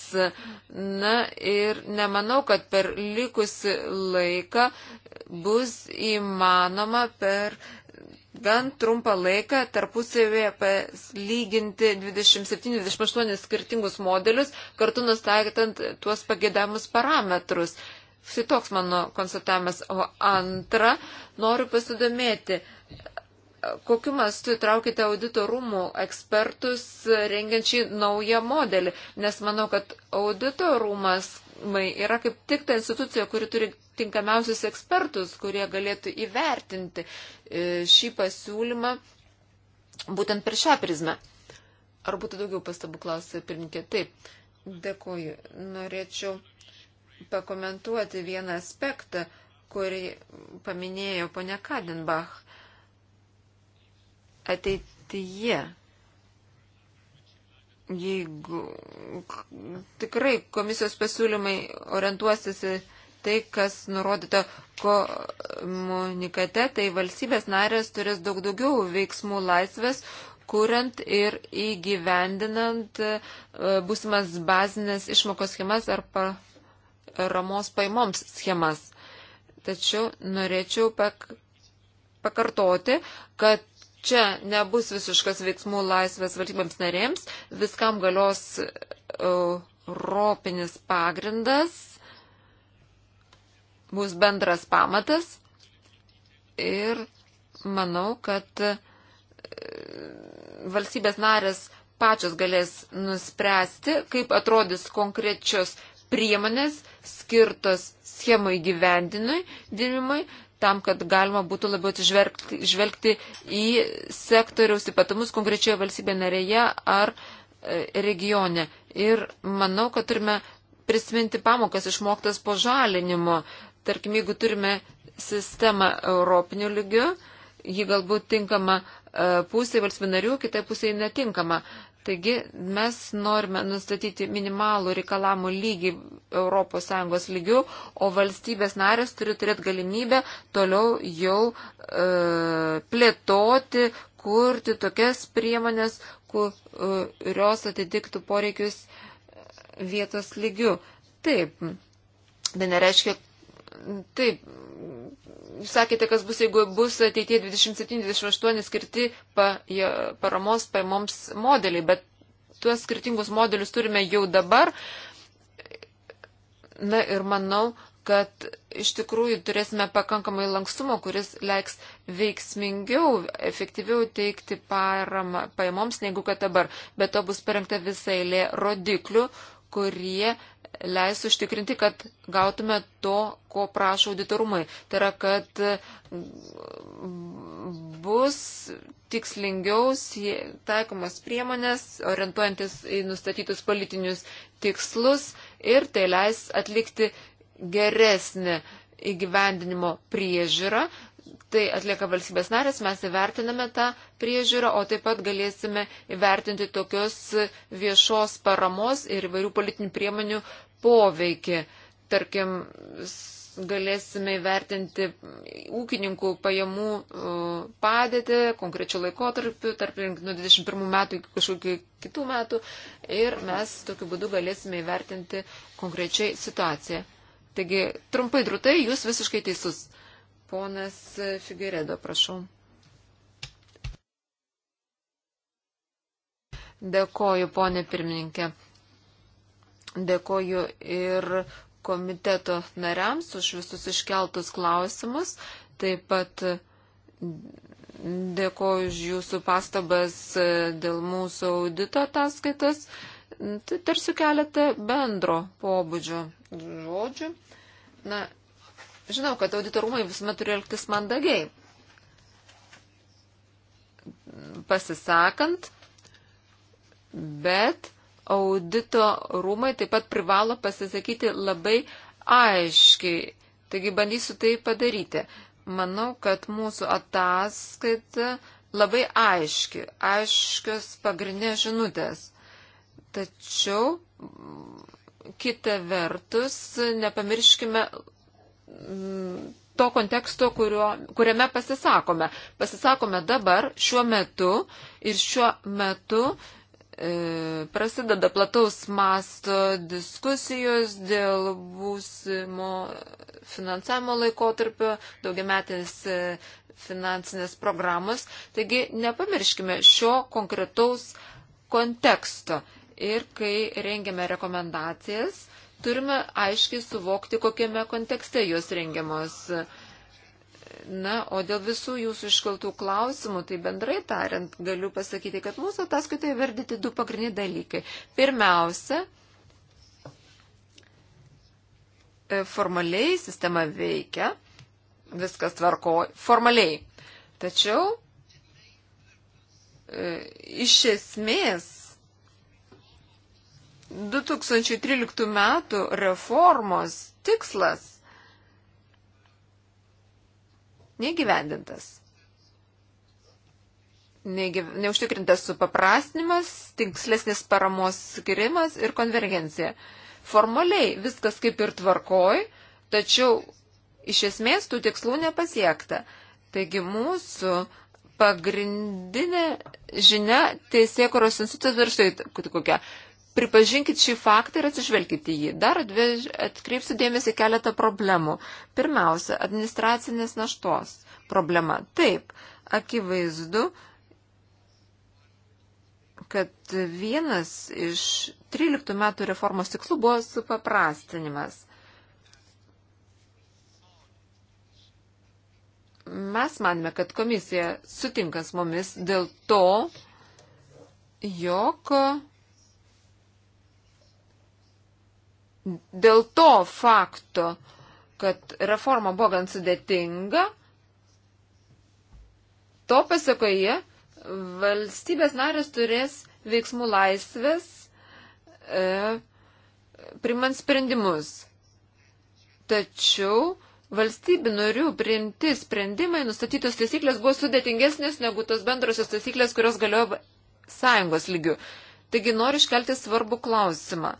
Na ir nemanau, kad per likusi laiką bus įmanoma per gan trumpą laiką tarpusavėje lyginti 27-28 skirtingus modelius, kartu nustatant tuos pagėdamus parametrus. Šitoks mano konstatavimas. O antra, noriu pasidomėti, kokiu mastu įtraukite auditorumų ekspertus e, rengiančiai naują modelį, nes manau, kad auditorumas yra kaip tik ta institucija, kuri turi tinkamiausius ekspertus, kurie galėtų įvertinti e, šį pasiūlymą būtent per šią prizmę. Ar būtų daugiau pastabų klausė pirmininkė? Taip, dėkuoju. Norėčiau pakomentuoti vieną aspektą, kurį paminėjo ponia Kadenbach ateityje, jeigu tikrai komisijos pasiūlymai orientuosis į tai, kas nurodyta komunikate, tai valstybės narės turės daug daugiau veiksmų laisvės, kuriant ir įgyvendinant e, būsimas bazinės išmokos schemas ar paramos paimoms schemas. Tačiau norėčiau pak pakartoti, kad čia nebus visiškas veiksmų laisvės valstybėms narėms, viskam galios e, europinis pagrindas, bus bendras pamatas ir manau, kad e, valstybės narės pačios galės nuspręsti, kaip atrodys konkrečios priemonės skirtos schemų įgyvendinimui, tam, kad galima būtų labiau atsižvelgti į sektoriaus ypatumus konkrečioje valstybė narėje ar e, regione. Ir manau, kad turime prisiminti pamokas išmoktas po žalinimo. Tarkim, jeigu turime sistemą europinių lygių, ji galbūt tinkama e, pusė valstybė narių, kitai pusė netinkama. Taigi mes norime nustatyti minimalų reikalamų lygį ES lygių, o valstybės narės turi turėti galimybę toliau jau e, plėtoti, kurti tokias priemonės, kurios atitiktų poreikius vietos lygių. Taip. Tai nereiškia, Taip, jūs sakėte, kas bus, jeigu bus ateitie 27-28 skirti pa, ja, paramos paimoms modeliai, bet tuos skirtingus modelius turime jau dabar. Na ir manau, kad iš tikrųjų turėsime pakankamai lankstumo, kuris leiks veiksmingiau, efektyviau teikti paramą paimoms negu kad dabar. Bet to bus parengta visai lė rodiklių, kurie leis užtikrinti, kad gautume to, ko prašo auditorumai. Tai yra, kad mm, bus tikslingiau taikomas priemonės, orientuojantis į nustatytus politinius tikslus ir tai leis atlikti geresnį įgyvendinimo priežiūrą, tai atlieka valstybės narės, mes įvertiname tą priežiūrą, o taip pat galėsime įvertinti tokios viešos paramos ir įvairių politinių priemonių poveikį. Tarkim, galėsime įvertinti ūkininkų pajamų padėtį konkrečiu laikotarpiu, tarp nuo 21 metų iki kažkokių kitų metų ir mes tokiu būdu galėsime įvertinti konkrečiai situaciją. Taigi, trumpai drutai, jūs visiškai teisus. Ponas Figueredo, prašau. Dėkoju, ponė pirmininkė. Dėkoju ir komiteto nariams už visus iškeltus klausimus. Taip pat dėkoju už jūsų pastabas dėl mūsų audito ataskaitas. Tai tarsi keletą bendro pobūdžio žodžių. Na, Žinau, kad auditorumai visuomet turi elgtis mandagiai. Pasisakant, bet audito rūmai taip pat privalo pasisakyti labai aiškiai. Taigi bandysiu tai padaryti. Manau, kad mūsų ataskaita labai aiški, aiškios pagrindinės žinutės. Tačiau, kita vertus, nepamirškime to konteksto, kurio, kuriame pasisakome. Pasisakome dabar, šiuo metu ir šiuo metu e, prasideda plataus masto diskusijos dėl būsimo finansavimo laikotarpio, daugiametės e, finansinės programos. Taigi nepamirškime šio konkretaus konteksto. Ir kai rengiame rekomendacijas, e, turime aiškiai suvokti, kokiame kontekste jos rengiamos. Na, o dėl visų jūsų iškaltų klausimų, tai bendrai tariant, galiu pasakyti, kad mūsų ataskaitoje verdyti du pagrindiniai dalykai. Pirmiausia, e, formaliai sistema veikia, viskas tvarko formaliai. Tačiau e, iš esmės 2013 metų reformos tikslas negyvendintas. Negyv... Neužtikrintas supaprastinimas, tikslesnis paramos skirimas ir konvergencija. Formaliai viskas kaip ir tvarkoj, tačiau iš esmės tų tikslų nepasiekta. Taigi mūsų pagrindinė žinia teisėkuros institucijos ir štai kokia pripažinkit šį faktą ir atsižvelkite jį. Dar atkreipsiu dėmesį keletą problemų. Pirmiausia, administracinės naštos problema. Taip, akivaizdu, kad vienas iš 13 metų reformos tikslų buvo supaprastinimas. Mes manime, kad komisija sutinkas mumis dėl to, jog dėl to fakto, kad reforma buvo gan sudėtinga, to pasakoje valstybės narės turės veiksmų laisvės e, primant sprendimus. Tačiau valstybių narių priimti sprendimai nustatytos taisyklės buvo sudėtingesnės negu tos bendrosios taisyklės, kurios galiojo sąjungos lygių. Taigi noriu iškelti svarbų klausimą.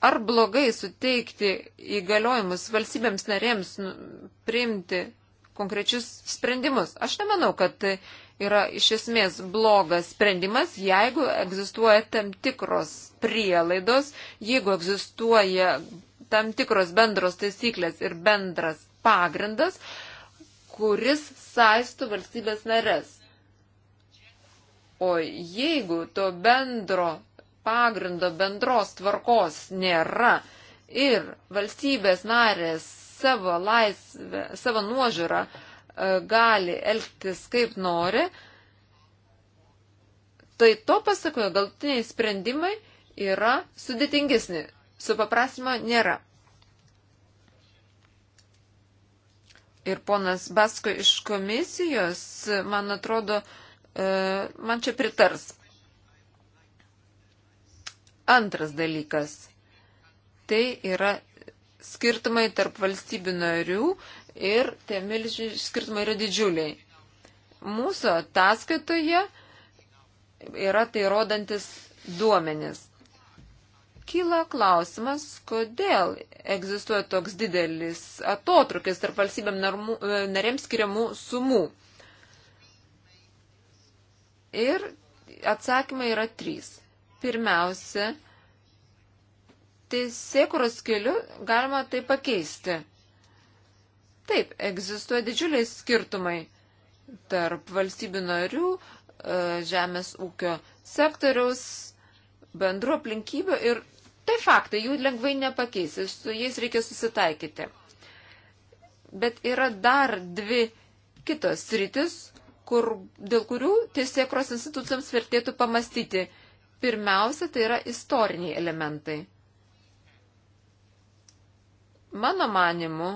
Ar blogai suteikti įgaliojimus valstybėms narėms nu, priimti konkrečius sprendimus? Aš nemanau, kad tai yra iš esmės blogas sprendimas, jeigu egzistuoja tam tikros prielaidos, jeigu egzistuoja tam tikros bendros taisyklės ir bendras pagrindas, kuris saistų valstybės narės. O jeigu to bendro pagrindo bendros tvarkos nėra ir valstybės narės savo laisvę, savo nuožiūrą e, gali elgtis kaip nori, tai to pasakoju, galtiniai sprendimai yra sudėtingesni, supaprasimo nėra. Ir ponas Basko iš komisijos, man atrodo, e, man čia pritars. Antras dalykas - tai yra skirtumai tarp valstybių narių ir tie milžiniai skirtumai yra didžiuliai. Mūsų ataskaitoje yra tai rodantis duomenis. Kyla klausimas, kodėl egzistuoja toks didelis atotrukis tarp valstybėm e, narėms skiriamų sumų. Ir atsakymai yra trys pirmiausia, teisėkuros keliu galima tai pakeisti. Taip, egzistuoja didžiuliai skirtumai tarp valstybių narių, e, žemės ūkio sektoriaus, bendru aplinkybių ir tai faktai, jų lengvai nepakeisi, su jais reikia susitaikyti. Bet yra dar dvi kitos sritis, kur, dėl kurių teisėkros institucijams vertėtų pamastyti Pirmiausia, tai yra istoriniai elementai. Mano manimu,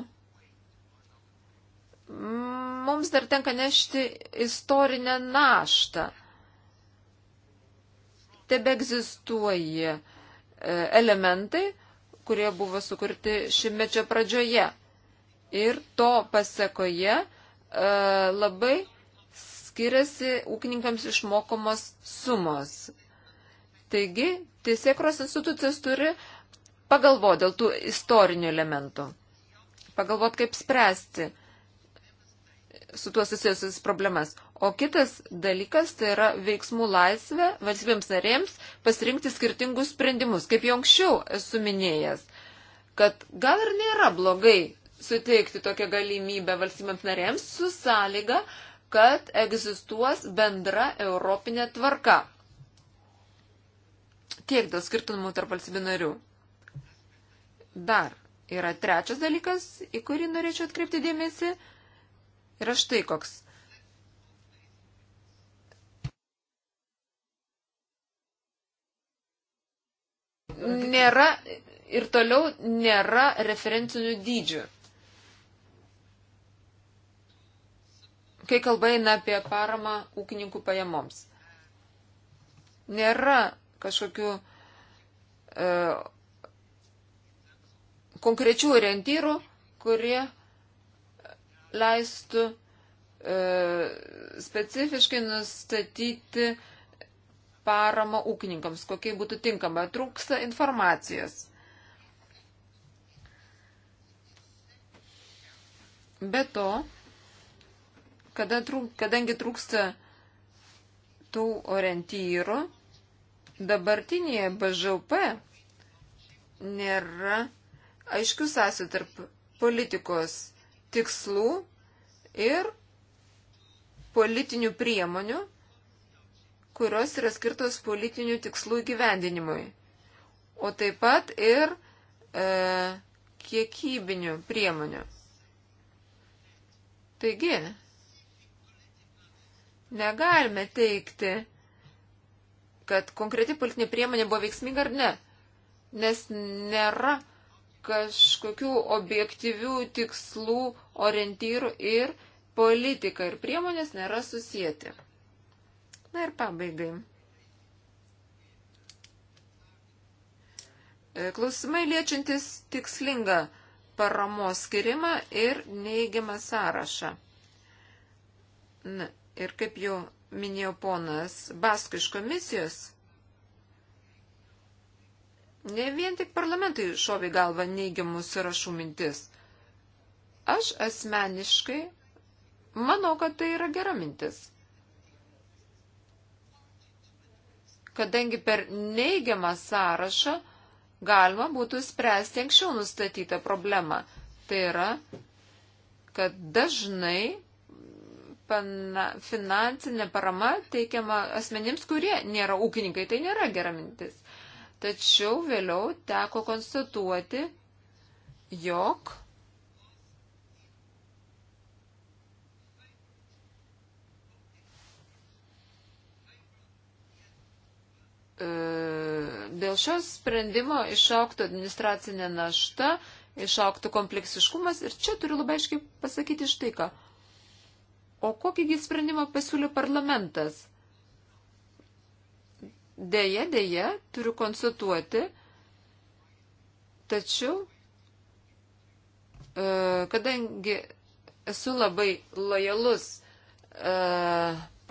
mums dar tenka nešti istorinę naštą. Tebe egzistuoja e, elementai, kurie buvo sukurti šimmečio pradžioje. Ir to pasakoje e, labai skiriasi ūkininkams išmokomos sumos. Taigi, teisėkros institucijos turi pagalvoti dėl tų istorinių elementų, pagalvoti, kaip spręsti su tuo susijusius problemas. O kitas dalykas tai yra veiksmų laisvė valstybėms narėms pasirinkti skirtingus sprendimus, kaip jau anksčiau esu minėjęs, kad gal ir nėra blogai suteikti tokią galimybę valstybėms narėms su sąlyga, kad egzistuos bendra europinė tvarka. Tiek dėl skirtumų tarp valstybių narių. Dar yra trečias dalykas, į kurį norėčiau atkreipti dėmesį, yra štai koks. Nėra ir toliau nėra referencinių dydžių. Kai kalba eina apie paramą ūkininkų pajamoms. Nėra kažkokiu e, konkrečių orientyrų, kurie leistų e, specifiškai nustatyti paramą ūkininkams, kokie būtų tinkama. Trūksta informacijos. Be to, kada trūk, kadangi trūksta tų orientyrų, dabartinėje BŽP nėra aiškių sąsių tarp politikos tikslų ir politinių priemonių, kurios yra skirtos politinių tikslų gyvendinimui, o taip pat ir e, kiekybinių priemonių. Taigi, negalime teikti, kad konkreti politinė priemonė buvo veiksminga ar ne. Nes nėra kažkokių objektyvių tikslų, orientyrų ir politika ir priemonės nėra susijęti. Na ir pabaigai. E, klausimai liečiantis tikslingą paramos skirimą ir neįgimą sąrašą. Na, ir kaip jau minėjo ponas Basko iš komisijos, ne vien tik parlamentai šovė galvą neigiamų sąrašų mintis. Aš asmeniškai manau, kad tai yra gera mintis. Kadangi per neigiamą sąrašą galima būtų spręsti anksčiau nustatytą problemą. Tai yra, kad dažnai pana, finansinė parama teikiama asmenims, kurie nėra ūkininkai. Tai nėra gera mintis. Tačiau vėliau teko konstatuoti, jog e, dėl šios sprendimo išauktų administracinė našta, išauktų kompleksiškumas ir čia turiu labai aiškiai pasakyti štai ką. O kokįgi sprendimą pasiūlė parlamentas? Deja, deja, turiu konstatuoti, tačiau, e, kadangi esu labai lojalus e,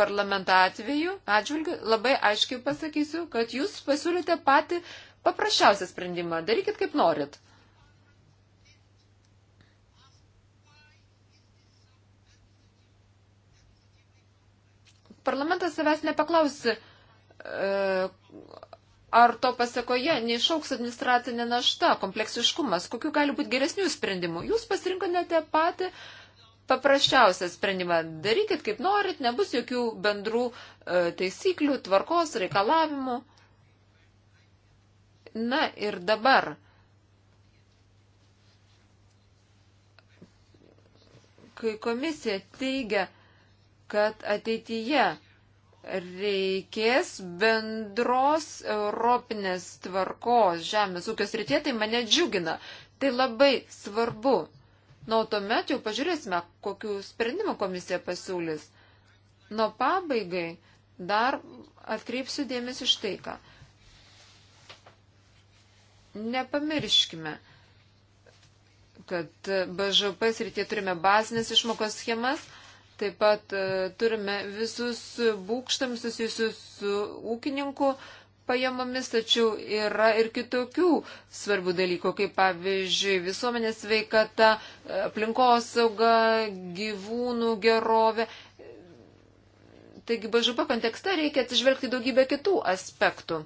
parlamento atveju, atžvilgiu, labai aiškiai pasakysiu, kad jūs pasiūlėte patį paprasčiausią sprendimą. Darykit kaip norit. parlamentas savęs nepaklausi, e, ar to pasakoje neišauks administracinė našta, kompleksiškumas, kokiu gali būti geresnių sprendimų. Jūs pasirinkote patį paprasčiausią sprendimą. Darykit kaip norit, nebus jokių bendrų e, taisyklių, tvarkos, reikalavimų. Na ir dabar. Kai komisija teigia, kad ateityje reikės bendros europinės tvarkos žemės ūkio srityje, tai mane džiugina. Tai labai svarbu. Na, o tuomet jau pažiūrėsime, kokiu sprendimu komisija pasiūlys. Nuo pabaigai dar atkreipsiu dėmesį štai ką. Nepamirškime, kad BŽP srityje turime bazinės išmokos schemas, Taip pat e, turime visus būkštams susijusius su ūkininku pajamomis, tačiau yra ir kitokių svarbių dalykų, kaip pavyzdžiui visuomenės veikata, e, aplinkosauga, gyvūnų gerovė. Taigi, bažupa kontekste reikia atsižvelgti daugybę kitų aspektų.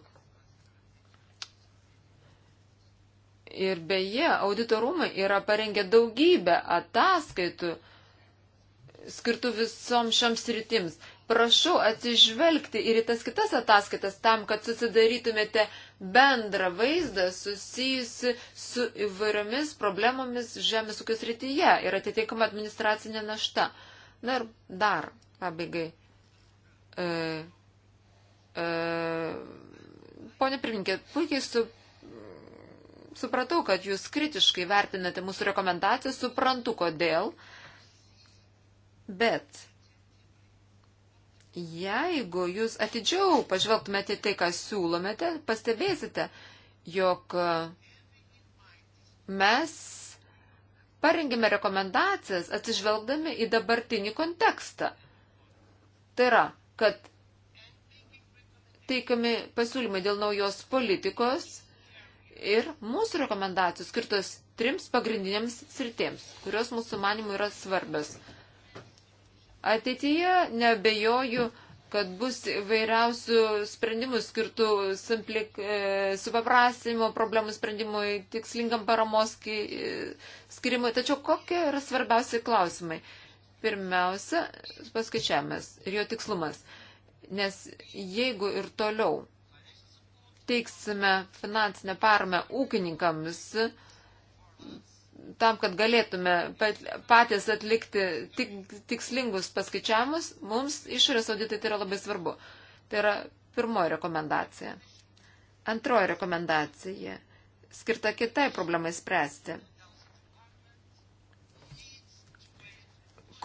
Ir beje, auditorumai yra parengę daugybę ataskaitų skirtų visom šioms rytims. Prašau atsižvelgti ir į tas kitas ataskaitas tam, kad susidarytumėte bendrą vaizdą susijusi su įvairiomis problemomis žemės ūkio srityje ir atitinkama administracinė našta. Na ir dar pabaigai. E, e, Pone pirmininkė, puikiai su supratau, kad jūs kritiškai vertinate mūsų rekomendacijas, suprantu kodėl. Bet jeigu jūs atidžiau pažvelgtumėte tai, ką siūlomėte, pastebėsite, jog e, mes parengėme rekomendacijas atsižvelgdami į dabartinį kontekstą. Tai yra, kad teikiami pasiūlymai dėl naujos politikos ir mūsų rekomendacijos skirtos trims pagrindiniams sritėms, kurios mūsų manimų yra svarbios. Ateityje nebejoju, kad bus vairiausių sprendimų skirtų e, supaprasimo, problemų sprendimui, tikslingam paramos e, skirimui. Tačiau kokie yra svarbiausi klausimai? Pirmiausia, paskaičiavimas ir jo tikslumas. Nes jeigu ir toliau teiksime finansinę parmę ūkininkams, tam, kad galėtume patys atlikti tik, tikslingus paskaičiavimus, mums išorės auditai tai yra labai svarbu. Tai yra pirmoji rekomendacija. Antroji rekomendacija skirta kitai problemai spręsti.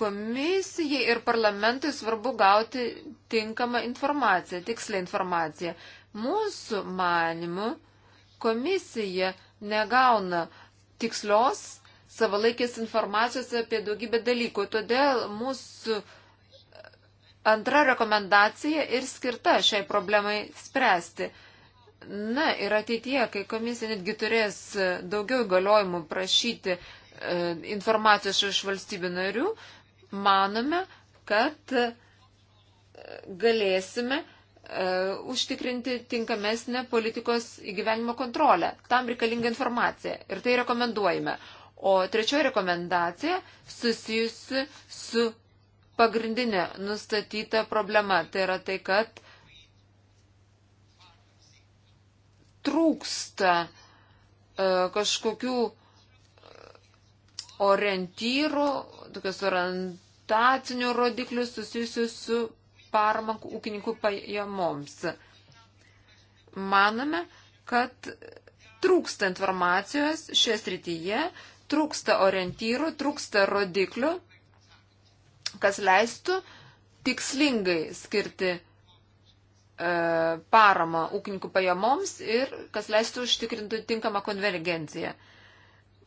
Komisijai ir parlamentui svarbu gauti tinkamą informaciją, tikslę informaciją. Mūsų manimu komisija negauna uh, tikslios savalaikės informacijos apie daugybę dalykų. Todėl mūsų antra rekomendacija ir skirta šiai problemai spręsti. Na ir ateitie, kai komisija netgi turės daugiau galiojimų prašyti e, informacijos iš valstybių narių, manome, kad e, galėsime E, užtikrinti tinkamesnę politikos įgyvenimo kontrolę. Tam reikalinga informacija ir tai rekomenduojame. O trečioji rekomendacija susijusi su pagrindinė nustatyta problema. Tai yra tai, kad trūksta e, kažkokių orientyrų, tokios orientacinių rodiklių susijusių su paramą ūkininkų pajamoms. Manome, kad trūksta informacijos šioje srityje, trūksta orientyrų, trūksta rodiklių, kas leistų tikslingai skirti e, paramą ūkininkų pajamoms ir kas leistų užtikrinti tinkamą konvergenciją.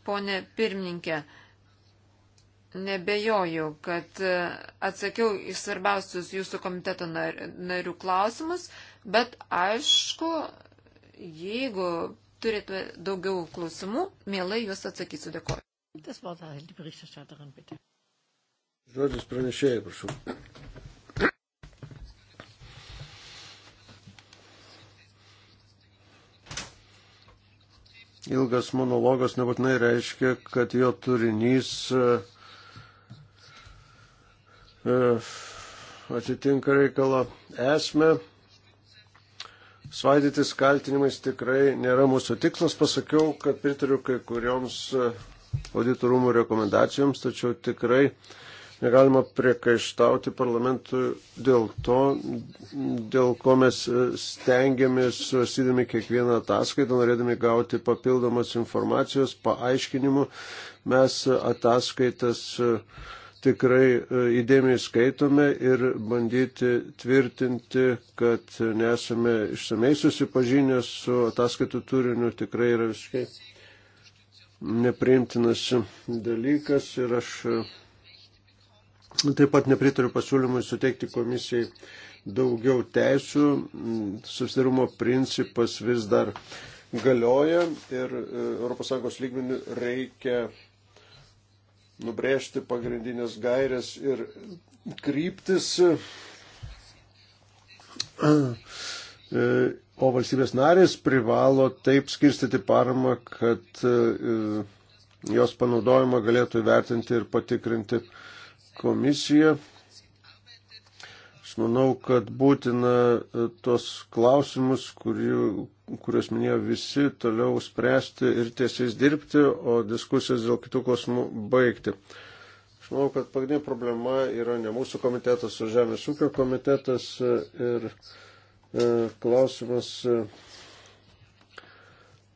Pone pirmininkė, e, Nebejoju, kad e, atsakiau į svarbiausius jūsų komiteto narių klausimus, bet aišku, jeigu turite daugiau klausimų, mielai juos atsakysiu. Dėkoju. Žodis pranešėjai, prašau. Ilgas monologas nebūtinai reiškia, kad jo turinys uh, E, atitinka reikalo esmę. Svaidytis kaltinimais tikrai nėra mūsų tikslas. Pasakiau, kad pritariu kai kurioms e, auditorumų rekomendacijoms, tačiau tikrai negalima priekaištauti parlamentui dėl to, dėl ko mes e, stengiamės, svarstydami kiekvieną ataskaitą, norėdami gauti papildomos informacijos, paaiškinimų, mes ataskaitas uh, tikrai e, įdėmiai skaitome ir bandyti tvirtinti, kad nesame išsamei susipažinę su ataskaitų turiniu, tikrai yra visiškai nepriimtinas dalykas ir aš e, taip pat nepritariu pasiūlymui suteikti komisijai daugiau teisų, susidarumo principas vis dar galioja ir ES lygmenių reikia nubrėžti pagrindinės gairės ir kryptis, o valstybės narės privalo taip skirstyti paramą, kad e, jos panaudojimą galėtų įvertinti ir patikrinti komisija. Aš manau, kad būtina e, tos klausimus, kurių, kuriuos minėjo visi, toliau spręsti ir tiesiais dirbti, o diskusijas dėl kitų klausimų baigti. Aš manau, kad pagrindinė problema yra ne mūsų komitetas, o Žemės ūkio komitetas e, ir e, klausimas. E,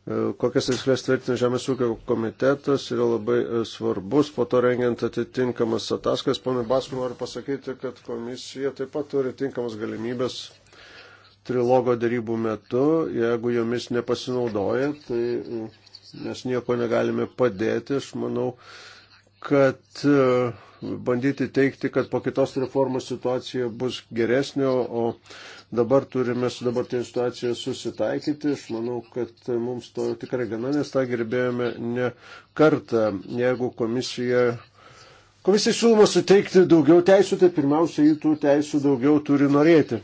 E, kokias taisyklės tvirtina Žemės ūkio komitetas, yra labai e, svarbus, po to rengiant atitinkamas ataskas. Pane Basku, noriu pasakyti, kad komisija taip pat turi tinkamas galimybės trilogo darybų metu, jeigu jomis nepasinaudoja, tai e, mes nieko negalime padėti. Aš manau, kad bandyti teikti, kad po kitos reformos situacija bus geresnė, o dabar turime su dabartinė situacija susitaikyti. Aš manau, kad mums to tikrai gana, nes tą gerbėjome ne kartą. Jeigu komisija. Komisija siūloma suteikti daugiau teisų, tai pirmiausia, jų tų teisų daugiau turi norėti.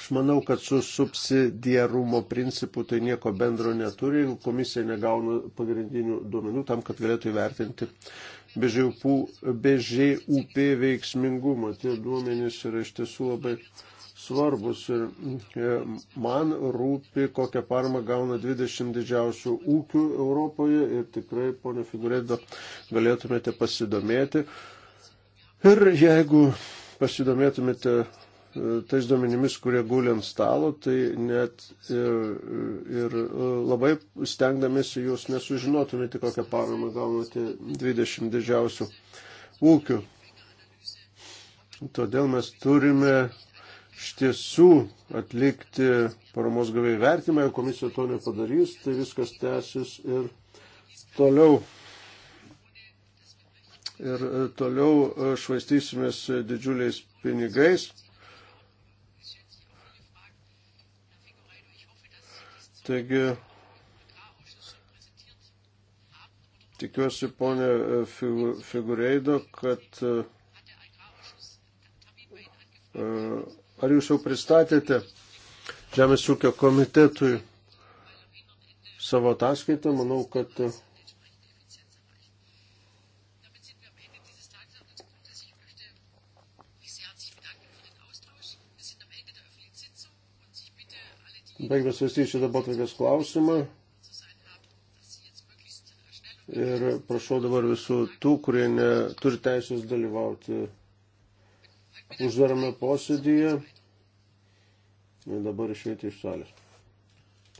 Aš manau, kad su subsidiarumo principu tai nieko bendro neturi, jeigu komisija negauna pagrindinių duomenų tam, kad galėtų įvertinti BŽUP veiksmingumą. Tie duomenys yra iš tiesų labai svarbus ir e, man rūpi, kokią paramą gauna 20 didžiausių ūkių Europoje ir tikrai, ponė Figurėdo, galėtumėte pasidomėti. Ir jeigu pasidomėtumėte e, tais duomenimis, kurie guli ant stalo, tai net ir, ir e, labai stengdamėsi jūs nesužinotumėte, kokią paramą gaunate 20 didžiausių ūkių. Todėl mes turime iš tiesų atlikti paramos gavėjų vertimą, jeigu komisija to nepadarys, tai viskas tęsis ir toliau. Ir e, toliau e, švaistysimės didžiuliais pinigais. Taigi, tikiuosi, ponė e, Figureido, kad Ar jūs jau pristatėte Žemės ūkio komitetui savo ataskaitą? Manau, kad e, Baigime svarstyti dabar tokias klausimą. Ir prašau dabar visų tų, kurie neturi teisės dalyvauti uždarame posėdyje. Ir dabar išėti iš salės.